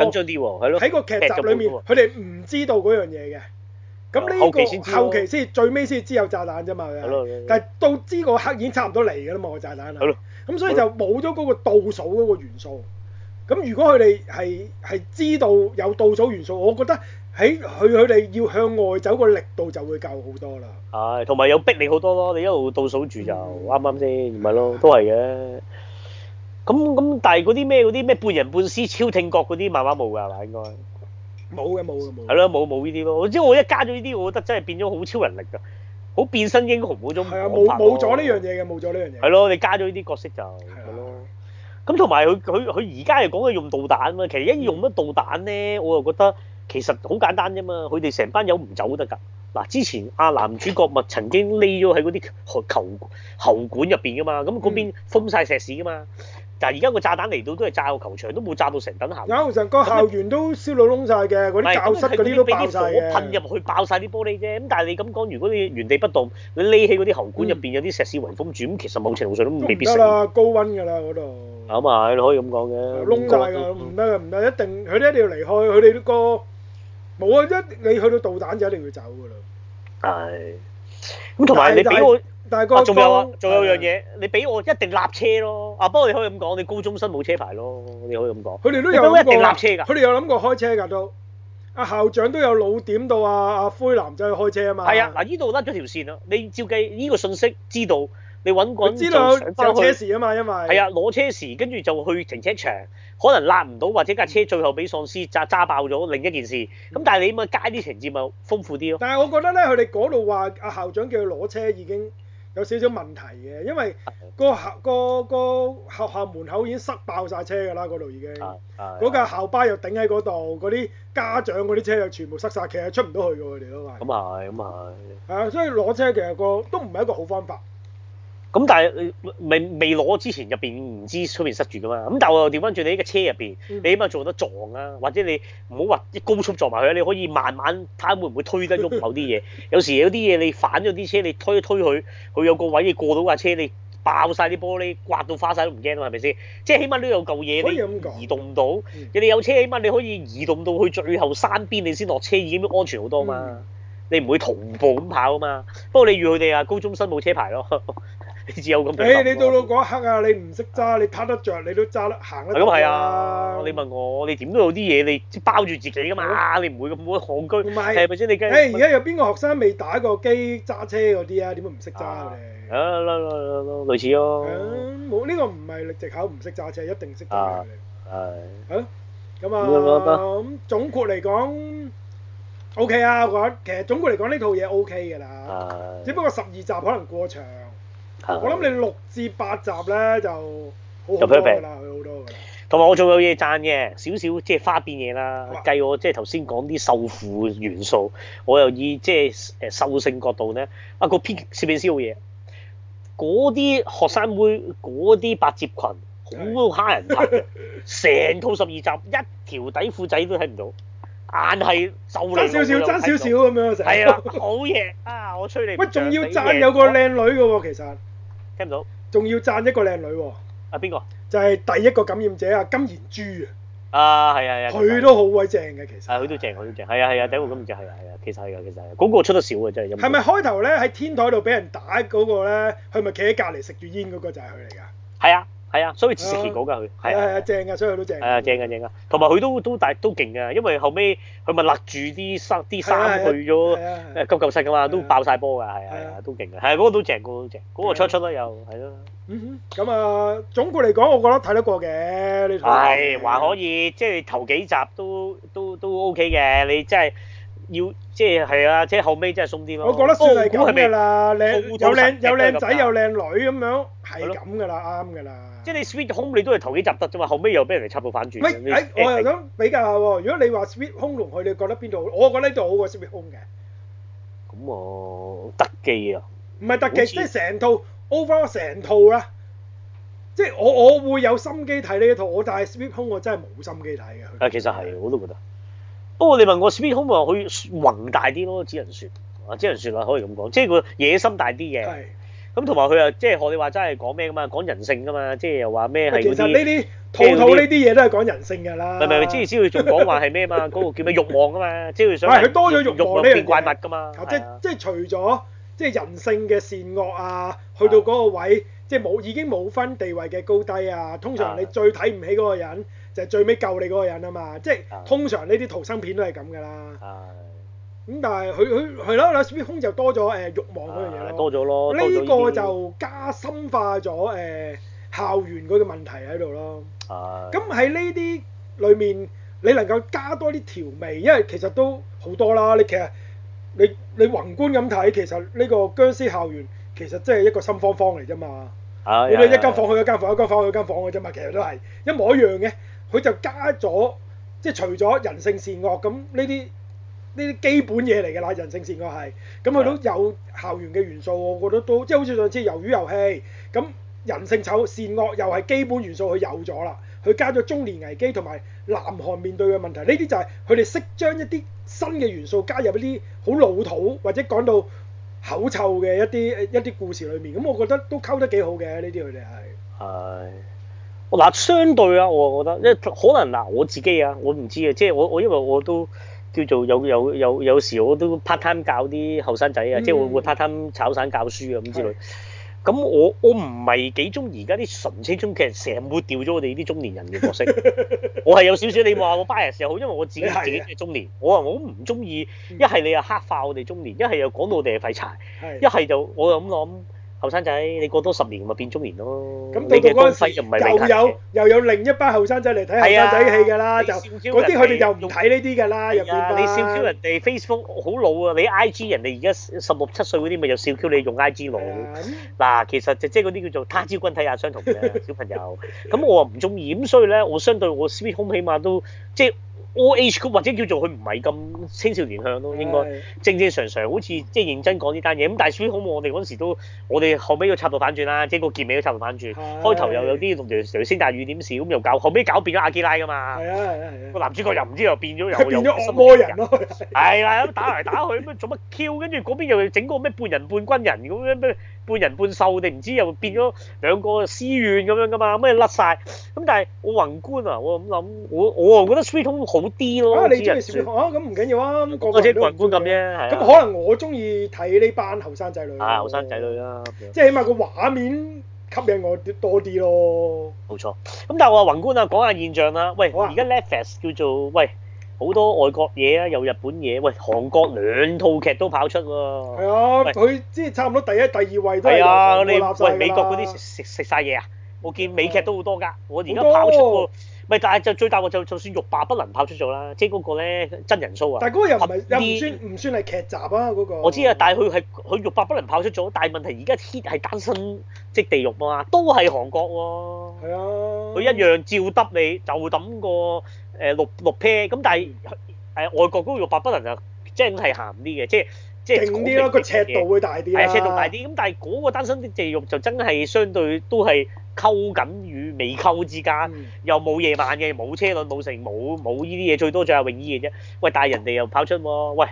個劇集裏面，佢哋唔知道嗰樣嘢嘅。咁呢個後期先至，最尾先至知有炸彈啫嘛。但係到知個刻已經差唔多嚟㗎啦嘛，個炸彈。咁所以就冇咗嗰個倒數嗰個元素。咁如果佢哋係係知道有倒數元素，我覺得，喺佢佢哋要向外走個力度就會夠好多啦。係、哎，同埋又逼你好多咯。你一路倒數住就啱啱、嗯、先？唔係、嗯、咯，都係嘅。咁咁，但係嗰啲咩啲咩半人半屍超聽覺嗰啲，冇㗎係嘛？應該冇嘅，冇嘅，冇。係咯，冇冇呢啲咯。我知我一加咗呢啲，我覺得真係變咗好超人力㗎，好變身英雄嗰種冇冇咗呢樣嘢嘅，冇咗呢樣嘢。係咯，你加咗呢啲角色就係咯。咁同埋佢佢佢而家又講緊用導彈啊嘛，其實一用乜導彈咧，我又覺得、嗯。嗯其實好簡單啫嘛，佢哋成班友唔走得㗎。嗱，之前阿、啊、男主角咪曾經匿咗喺嗰啲球喉管入邊㗎嘛，咁嗰邊封晒石屎㗎嘛。但係而家個炸彈嚟到都係炸個球場，都冇炸到成等校。啱啊，成個你校園都燒到窿晒嘅，啲教室嗰啲都畀啲火噴入去爆晒啲玻璃啫。咁但係你咁講，如果你原地不動，你匿喺嗰啲喉管入邊、嗯、有啲石屎圍封住，咁其實某程度上都未必死。唔得啦，高溫㗎啦嗰度。咁你可以咁講嘅。窿曬唔得唔得，一定，佢哋一定要離開，佢哋都。哥。冇啊！一你去到導彈就一定要走噶啦。係。咁同埋你俾我，大哥、就是，仲、啊、有仲、啊、有樣嘢，是的 你俾我一定立車咯。啊，不過你可以咁講，你高中生冇車牌咯，你可以咁講。佢哋都有一定立車㗎。佢哋有諗過開車㗎都。阿校長都有老點到阿、啊、阿、啊、灰男仔去開車啊嘛。係啊，嗱，呢度甩咗條線啊。你照計呢個信息知道。你揾個知道，攞車匙啊嘛，因為係啊，攞車匙跟住就去停車場，可能擸唔到或者架車最後俾喪屍揸揸爆咗，另一件事。咁但係你點啊？加啲情節咪豐富啲咯。但係我覺得咧，佢哋嗰度話阿校長叫佢攞車已經有少少問題嘅，因為個校個個學校門口已經塞爆晒車㗎啦，嗰度已經。嗰架、啊啊、校巴又頂喺嗰度，嗰啲家長嗰啲車又全部塞晒，其實出唔到去㗎，佢哋嗰個。咁、啊、係，咁、啊、係。係啊，所以攞車其實個都唔係一個好方法。咁、嗯、但係未未攞之前入邊唔知出邊塞住噶嘛？咁、嗯嗯、但係我調翻轉你依個車入邊，你起碼做得撞啊，或者你唔好話一高速撞埋佢、啊，你可以慢慢睇會唔會推得喐某啲嘢。 有時有啲嘢你反咗啲車，你推一推佢，佢有個位你過到架車，你爆晒啲玻璃，刮到花晒都唔驚啊嘛？係咪先？即係起碼都有嚿嘢你移動到，你哋有車起碼你可以移動到去最後山邊，你先落車，已經安全好多嘛。 你唔會同步咁跑啊嘛。不過你遇佢哋啊，高中生冇車牌咯。 你只有咁。誒，你到到嗰刻啊，你唔識揸，你拍得着，你都揸得行得、啊。咁係啊！你問我，你點都有啲嘢，你包住自己噶嘛？樣你唔會咁好戇居，係咪先？你跟而家有邊個學生未打過機揸車嗰啲啊？點解唔識揸咧？啊，類似咯、哦。呢、啊這個唔係藉口唔識揸車，一定識揸嘅。係。咁啊。咁總括嚟講，OK 啊！我覺得其實總括嚟講呢套嘢 OK 㗎啦。啊、只不過十二集可能過長。我諗你六至八集咧就就好多啦，好多。同埋我仲有嘢贊嘅，少少即係花邊嘢啦。計哇我即係頭先講啲瘦褲元素，我又以即係誒、呃、秀性角度咧，啊個攝影師好嘢，嗰啲學生妹嗰啲百褶裙好蝦人拍嘅，成對套十二集 一條底褲仔都睇唔到，硬係瘦嚟。差少,少少，爭少少咁樣成。係啊， 好嘢啊！我吹你。喂，仲要贊有個靚女嘅喎，其實。仲要讚一個靚女喎！啊邊個？就係第一個感染者啊，金賢珠啊！啊，係啊係啊！佢都好鬼正嘅，其實係佢都正，佢都正，係啊係啊，第一個感染者係啊係啊，其實係啊，其實係。嗰個出得少嘅真係。係咪開頭咧喺天台度俾人打嗰個咧？佢咪企喺隔離食住煙嗰個就係佢嚟㗎？係啊！係啊，所以只食結稿㗎佢，係啊，正㗎，所以佢都正。係啊，正啊，正啊。同埋佢都都但都勁㗎，因為後尾佢咪勒住啲衫啲衫去咗急救室㗎嘛，都爆晒波㗎，係啊，係啊，都勁㗎，係嗰個都正，嗰個都正，嗰個出出得又係咯。嗯哼，咁啊，總括嚟講，我覺得睇得過嘅呢套。係還可以，即係頭幾集都都都 O K 嘅，你真係要即係係啊，即係後尾真係鬆啲。我覺得算係咁㗎啦，靚又靚又靚仔又靚女咁樣，係咁㗎啦，啱㗎啦。即係你 Sweet Home 你都係頭幾集得啫嘛，後尾又俾人哋插到反轉。我又想比較下喎。如果你話 Sweet Home 龍去，你覺得邊度？我覺得呢度好過 Sweet Home 嘅。咁啊，特技啊？唔係特技，即係成套 overall 成套啦。即係我我會有心機睇呢一套，我但係 Sweet Home 我真係冇心機睇啊。誒，其實係我都覺得。不過的、哦、你問我 Sweet Home，咪佢宏大啲咯，只能說。啊，只能說啦，可以咁講，即係個野心大啲嘅。的咁同埋佢又即係我哋話真係講咩噶嘛？講、就是、人性噶、 那個、嘛？就是、說說即係又話咩係？其實呢啲套套呢啲嘢都係講人性㗎啦。唔係唔係，之前只要仲講話係咩嘛？嗰個叫咩欲望㗎嘛？即係想變咩怪物㗎嘛？即係即係除咗即係人性嘅善惡啊，去到嗰個位，啊、即係冇已經冇分地位嘅高低啊。通常你最睇唔起嗰個人，啊啊啊、就係最尾救你嗰個人啊嘛。即係通常呢啲逃生片都係咁㗎啦。啊啊啊咁但係佢佢係咯，Sweet Home 就多咗誒慾望嗰樣嘢咯。多咗咯。呢個就加深化咗誒、呃、校園佢嘅問題喺度咯。咁喺呢啲裡面，你能夠加多啲調味，因為其實都好多啦。你其實你你宏觀咁睇，其實呢個僵屍校園其實真係一個心慌方嚟啫嘛。啊。你一間房去一間房，一間房去一間房嘅啫嘛，其實都係一模一樣嘅。佢就加咗即係除咗人性善惡咁呢啲。呢啲基本嘢嚟嘅啦，人性善惡係，咁佢都有校園嘅元素，我覺得都即係好似上次《魷魚遊戲》，咁人性醜善惡又係基本元素，佢有咗啦，佢加咗中年危機同埋南韓面對嘅問題，呢啲就係佢哋識將一啲新嘅元素加入一啲好老土或者講到口臭嘅一啲一啲故事裏面，咁我覺得都溝得幾好嘅，呢啲佢哋係。係。嗱、哎，相對啊，我覺得，因為可能嗱、啊，我自己啊，我唔知啊，即係我我因為我都。叫做有有有有時我都 part time 教啲後生仔啊，嗯、即係會會 part time 炒散教書啊咁之類。咁的我我唔係幾中意而家啲純青春劇成日抹掉咗我哋呢啲中年人嘅角色。 我係有少少你話我 bias 又好，因為我自己自己即係中年，我話我唔中意。一係你又黑化我哋中年，一係又講到我哋係廢柴，一係的就我就咁諗。後生仔，你過多十年咪變中年咯。咁你嘅消費就唔係零，又有又有另一班後生仔嚟睇後生仔戲㗎啦，就嗰啲佢哋又唔睇呢啲㗎啦。入邊。你笑 Q 人哋 Facebook 好老啊，你 IG 人哋而家十六七歲嗰啲咪又笑 Q 你用 IG 老？嗱，其實就即係嗰啲叫做他朝君體也相同嘅小朋友。咁我話唔中意，咁所以咧，我相對我 Sweet Home 起碼都即係。O r H 或者叫做佢唔係咁青少年向咯，應該正正常常好似即係認真講呢單嘢。咁大師兄，好冇我哋嗰時都，我哋後尾都插到反轉啦，即係個結尾都插到反轉。開頭又有啲同蛇先大雨點事，咁又搞，後尾搞變咗阿基拉噶嘛。係啊，個、啊啊、男主角又唔知又變咗又又惡魔人咯、啊。係啦，打嚟打去咁做乜 Q？跟住嗰邊又整嗰個咩半人半軍人咁樣咩？半人半獸定唔知又變咗兩個私怨咁樣噶嘛咩甩晒？咁但係我宏觀啊，我咁諗我我啊覺得 three 通好啲咯。啊、你中意 t h r e 咁唔緊要啊，那個個,個都。或者宏觀咁啫，係咁、啊啊、可能我中意睇呢班後生仔女啊，後生仔女啦，即係起碼個畫面吸引我多啲咯。冇錯、啊。咁但係我話宏觀啊，講下現象啦。喂，而家 n e t 叫做喂。好多外國嘢啊，又日本嘢，喂，韓國兩套劇都跑出喎。係啊，佢即係差唔多第一、第二位都係啊，你喂，美國嗰啲食食食曬嘢啊！我見美劇都好多㗎，我而家跑出個，咪、哦、但係就最大就就算《慾罷不能》跑出咗啦，即係嗰個咧真人 show 啊。 但係嗰個又唔係又唔算唔算係劇集啊，嗰、嗰個。我知啊，但係佢係佢慾罷不能跑出咗，但係問題而家 hit 係單身即係地獄嘛，都係韓國喎。係啊。佢 一樣照得你，就抌個。誒六六 pair，咁但係誒、呃、外國嗰個慾罷不能就真係鹹啲嘅，即係即係啲咯，個尺度會大啲，係尺度大啲。咁但係嗰個單身啲地獄就真係相對都係溝緊與未溝之間，又冇夜晚嘅，冇車輪，冇成，冇冇依啲嘢，最多仲有泳衣嘅啫。喂，但係人哋又跑出喎、啊，喂，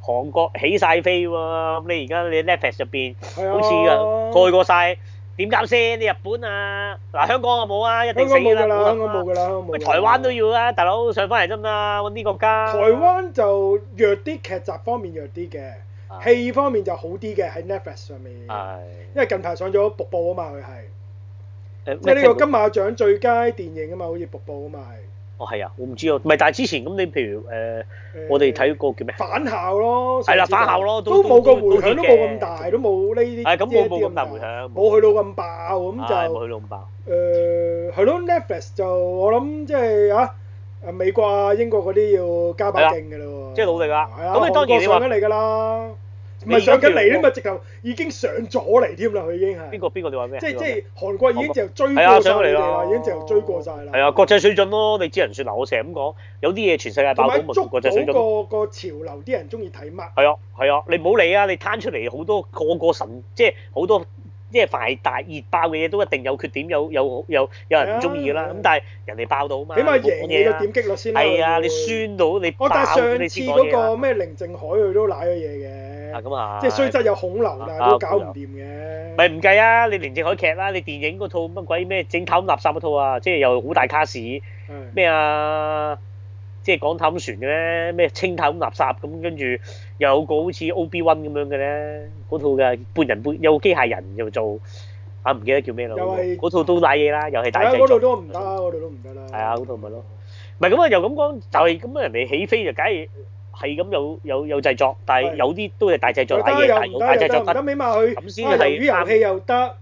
韓國起晒飛喎、啊，咁你而家你 Netflix 入邊好似又蓋過晒。哎點搞先？你日本啊，嗱香港有冇啊，一定死啦，冇香港冇㗎啦。咩吧台灣都要啊，大佬上翻嚟啫嘛，揾啲國家。台灣就弱啲，劇集方面弱啲嘅，啊、戲方面就好啲嘅喺 Netflix 上面，啊、因為近排上咗瀑布啊嘛，佢係，即係呢個金馬獎最佳電影啊嘛，好似瀑布啊嘛係。哦係啊，我唔知啊。唔係，但係之前咁你譬如誒，我哋睇個叫咩？返校咯。係啦，返校咯，都冇個迴響都冇咁大，都冇呢啲呢冇咁大迴響，冇去到咁爆，咁就冇去到咁爆，誒係咯，Netflix 就我諗即係啊誒美國啊英國嗰啲要加把勁㗎咯。即係努力啦，咁、就是、你當然呢啦。唔係上緊嚟咧嘛，直頭已經上咗嚟添啦。佢已經係邊個邊個？你話咩？即係即係韓國已經直頭追過曬你哋，已經直頭追過晒啦。係啊，國際水準咯，你只能說嗱，我成日咁講，有啲嘢全世界爆都冇國際水準。同埋個個潮流，啲人中意睇乜？係啊係啊，你唔好理啊！你攤出嚟好多個個神，即係好多即係凡係大熱爆嘅嘢，都一定有缺點，有有有有人唔中意噶啦。咁但係人哋爆到啊嘛。起碼贏嘅點擊率先啦。係啊，你酸到你你先我但上次嗰個咩寧靜海，佢都舐咗嘢嘅。啊咁啊！即係雖則有恐龍，啊。都、啊、搞唔掂嘅。咪唔計啊，啊，啊，啊，啊，啊！你連正海劇啦，你電影嗰套乜鬼咩整貪垃圾嗰套啊！即係又好大卡士，咩、嗯、啊？即係港貪船嘅咧，咩清貪垃圾咁，跟住又有個好似 O B One 咁樣嘅咧，嗰套嘅半人半有機械人又做啊唔記得叫咩啦。嗰套都賴嘢啦，又係大製作。嗰套都唔得，啦，我哋都唔得啦。係啊，嗰套咪咯。唔係咁啊，又咁講就係咁啊，啊人哋起飛就梗係。係咁有有有製作，但係有啲都係大製作大嘢嚟，大製作得，起碼佢啊，魷魚遊戲又得，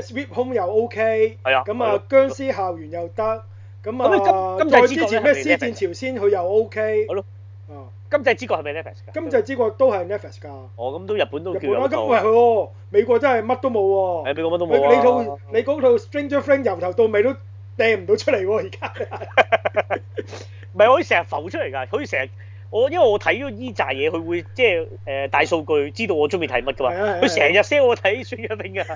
誒，Sweet Home 又 OK，係啊，咁啊，殭屍校園又得，咁啊，再之前咩？屍戰朝鮮佢又 OK，好咯，啊，今際之國係咪 Netflix？今際之國都係 Netflix 㗎。哦，咁都日本都叫今日去喎，美國真係乜都冇喎。美國乜都冇，你套你套《Stranger Friend》由頭到尾都掟唔到出嚟喎，而家。咪可以成日浮出嚟㗎，可以成日。我因為我睇咗依扎嘢，佢會即係誒大數據知道我中意睇乜噶嘛。佢成日 send 我睇孫一兵噶。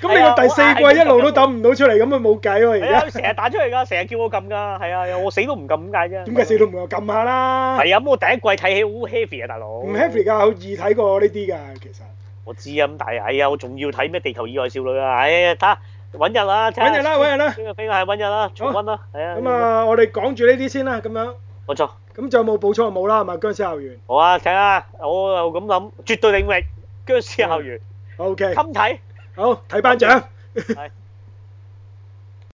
咁你個第四季一路都等唔到出嚟，咁咪冇計喎而家。成日打出嚟噶，成日叫我撳噶，係啊，我死都唔撳嘅啫。點解死都唔撳？撳下啦。係啊，咁我第一季睇戲好 heavy 啊，大佬。唔 heavy 㗎，好易睇過呢啲㗎其實。我知啊，咁但係，哎呀，我仲要睇咩地球以外少女啊，哎呀，睇下，揾日啦，揾日啦，揾日啦，孫楊兵啊，揾日啦，重溫啦，係啊。咁啊，我哋講住呢啲先啦，咁樣。冇錯。咁仲有冇補充？冇啦，係咪，殭屍校園？好啊，睇下，我就咁諗，絕對領域，殭屍校園。O.K. 襟睇。好，睇班長。係。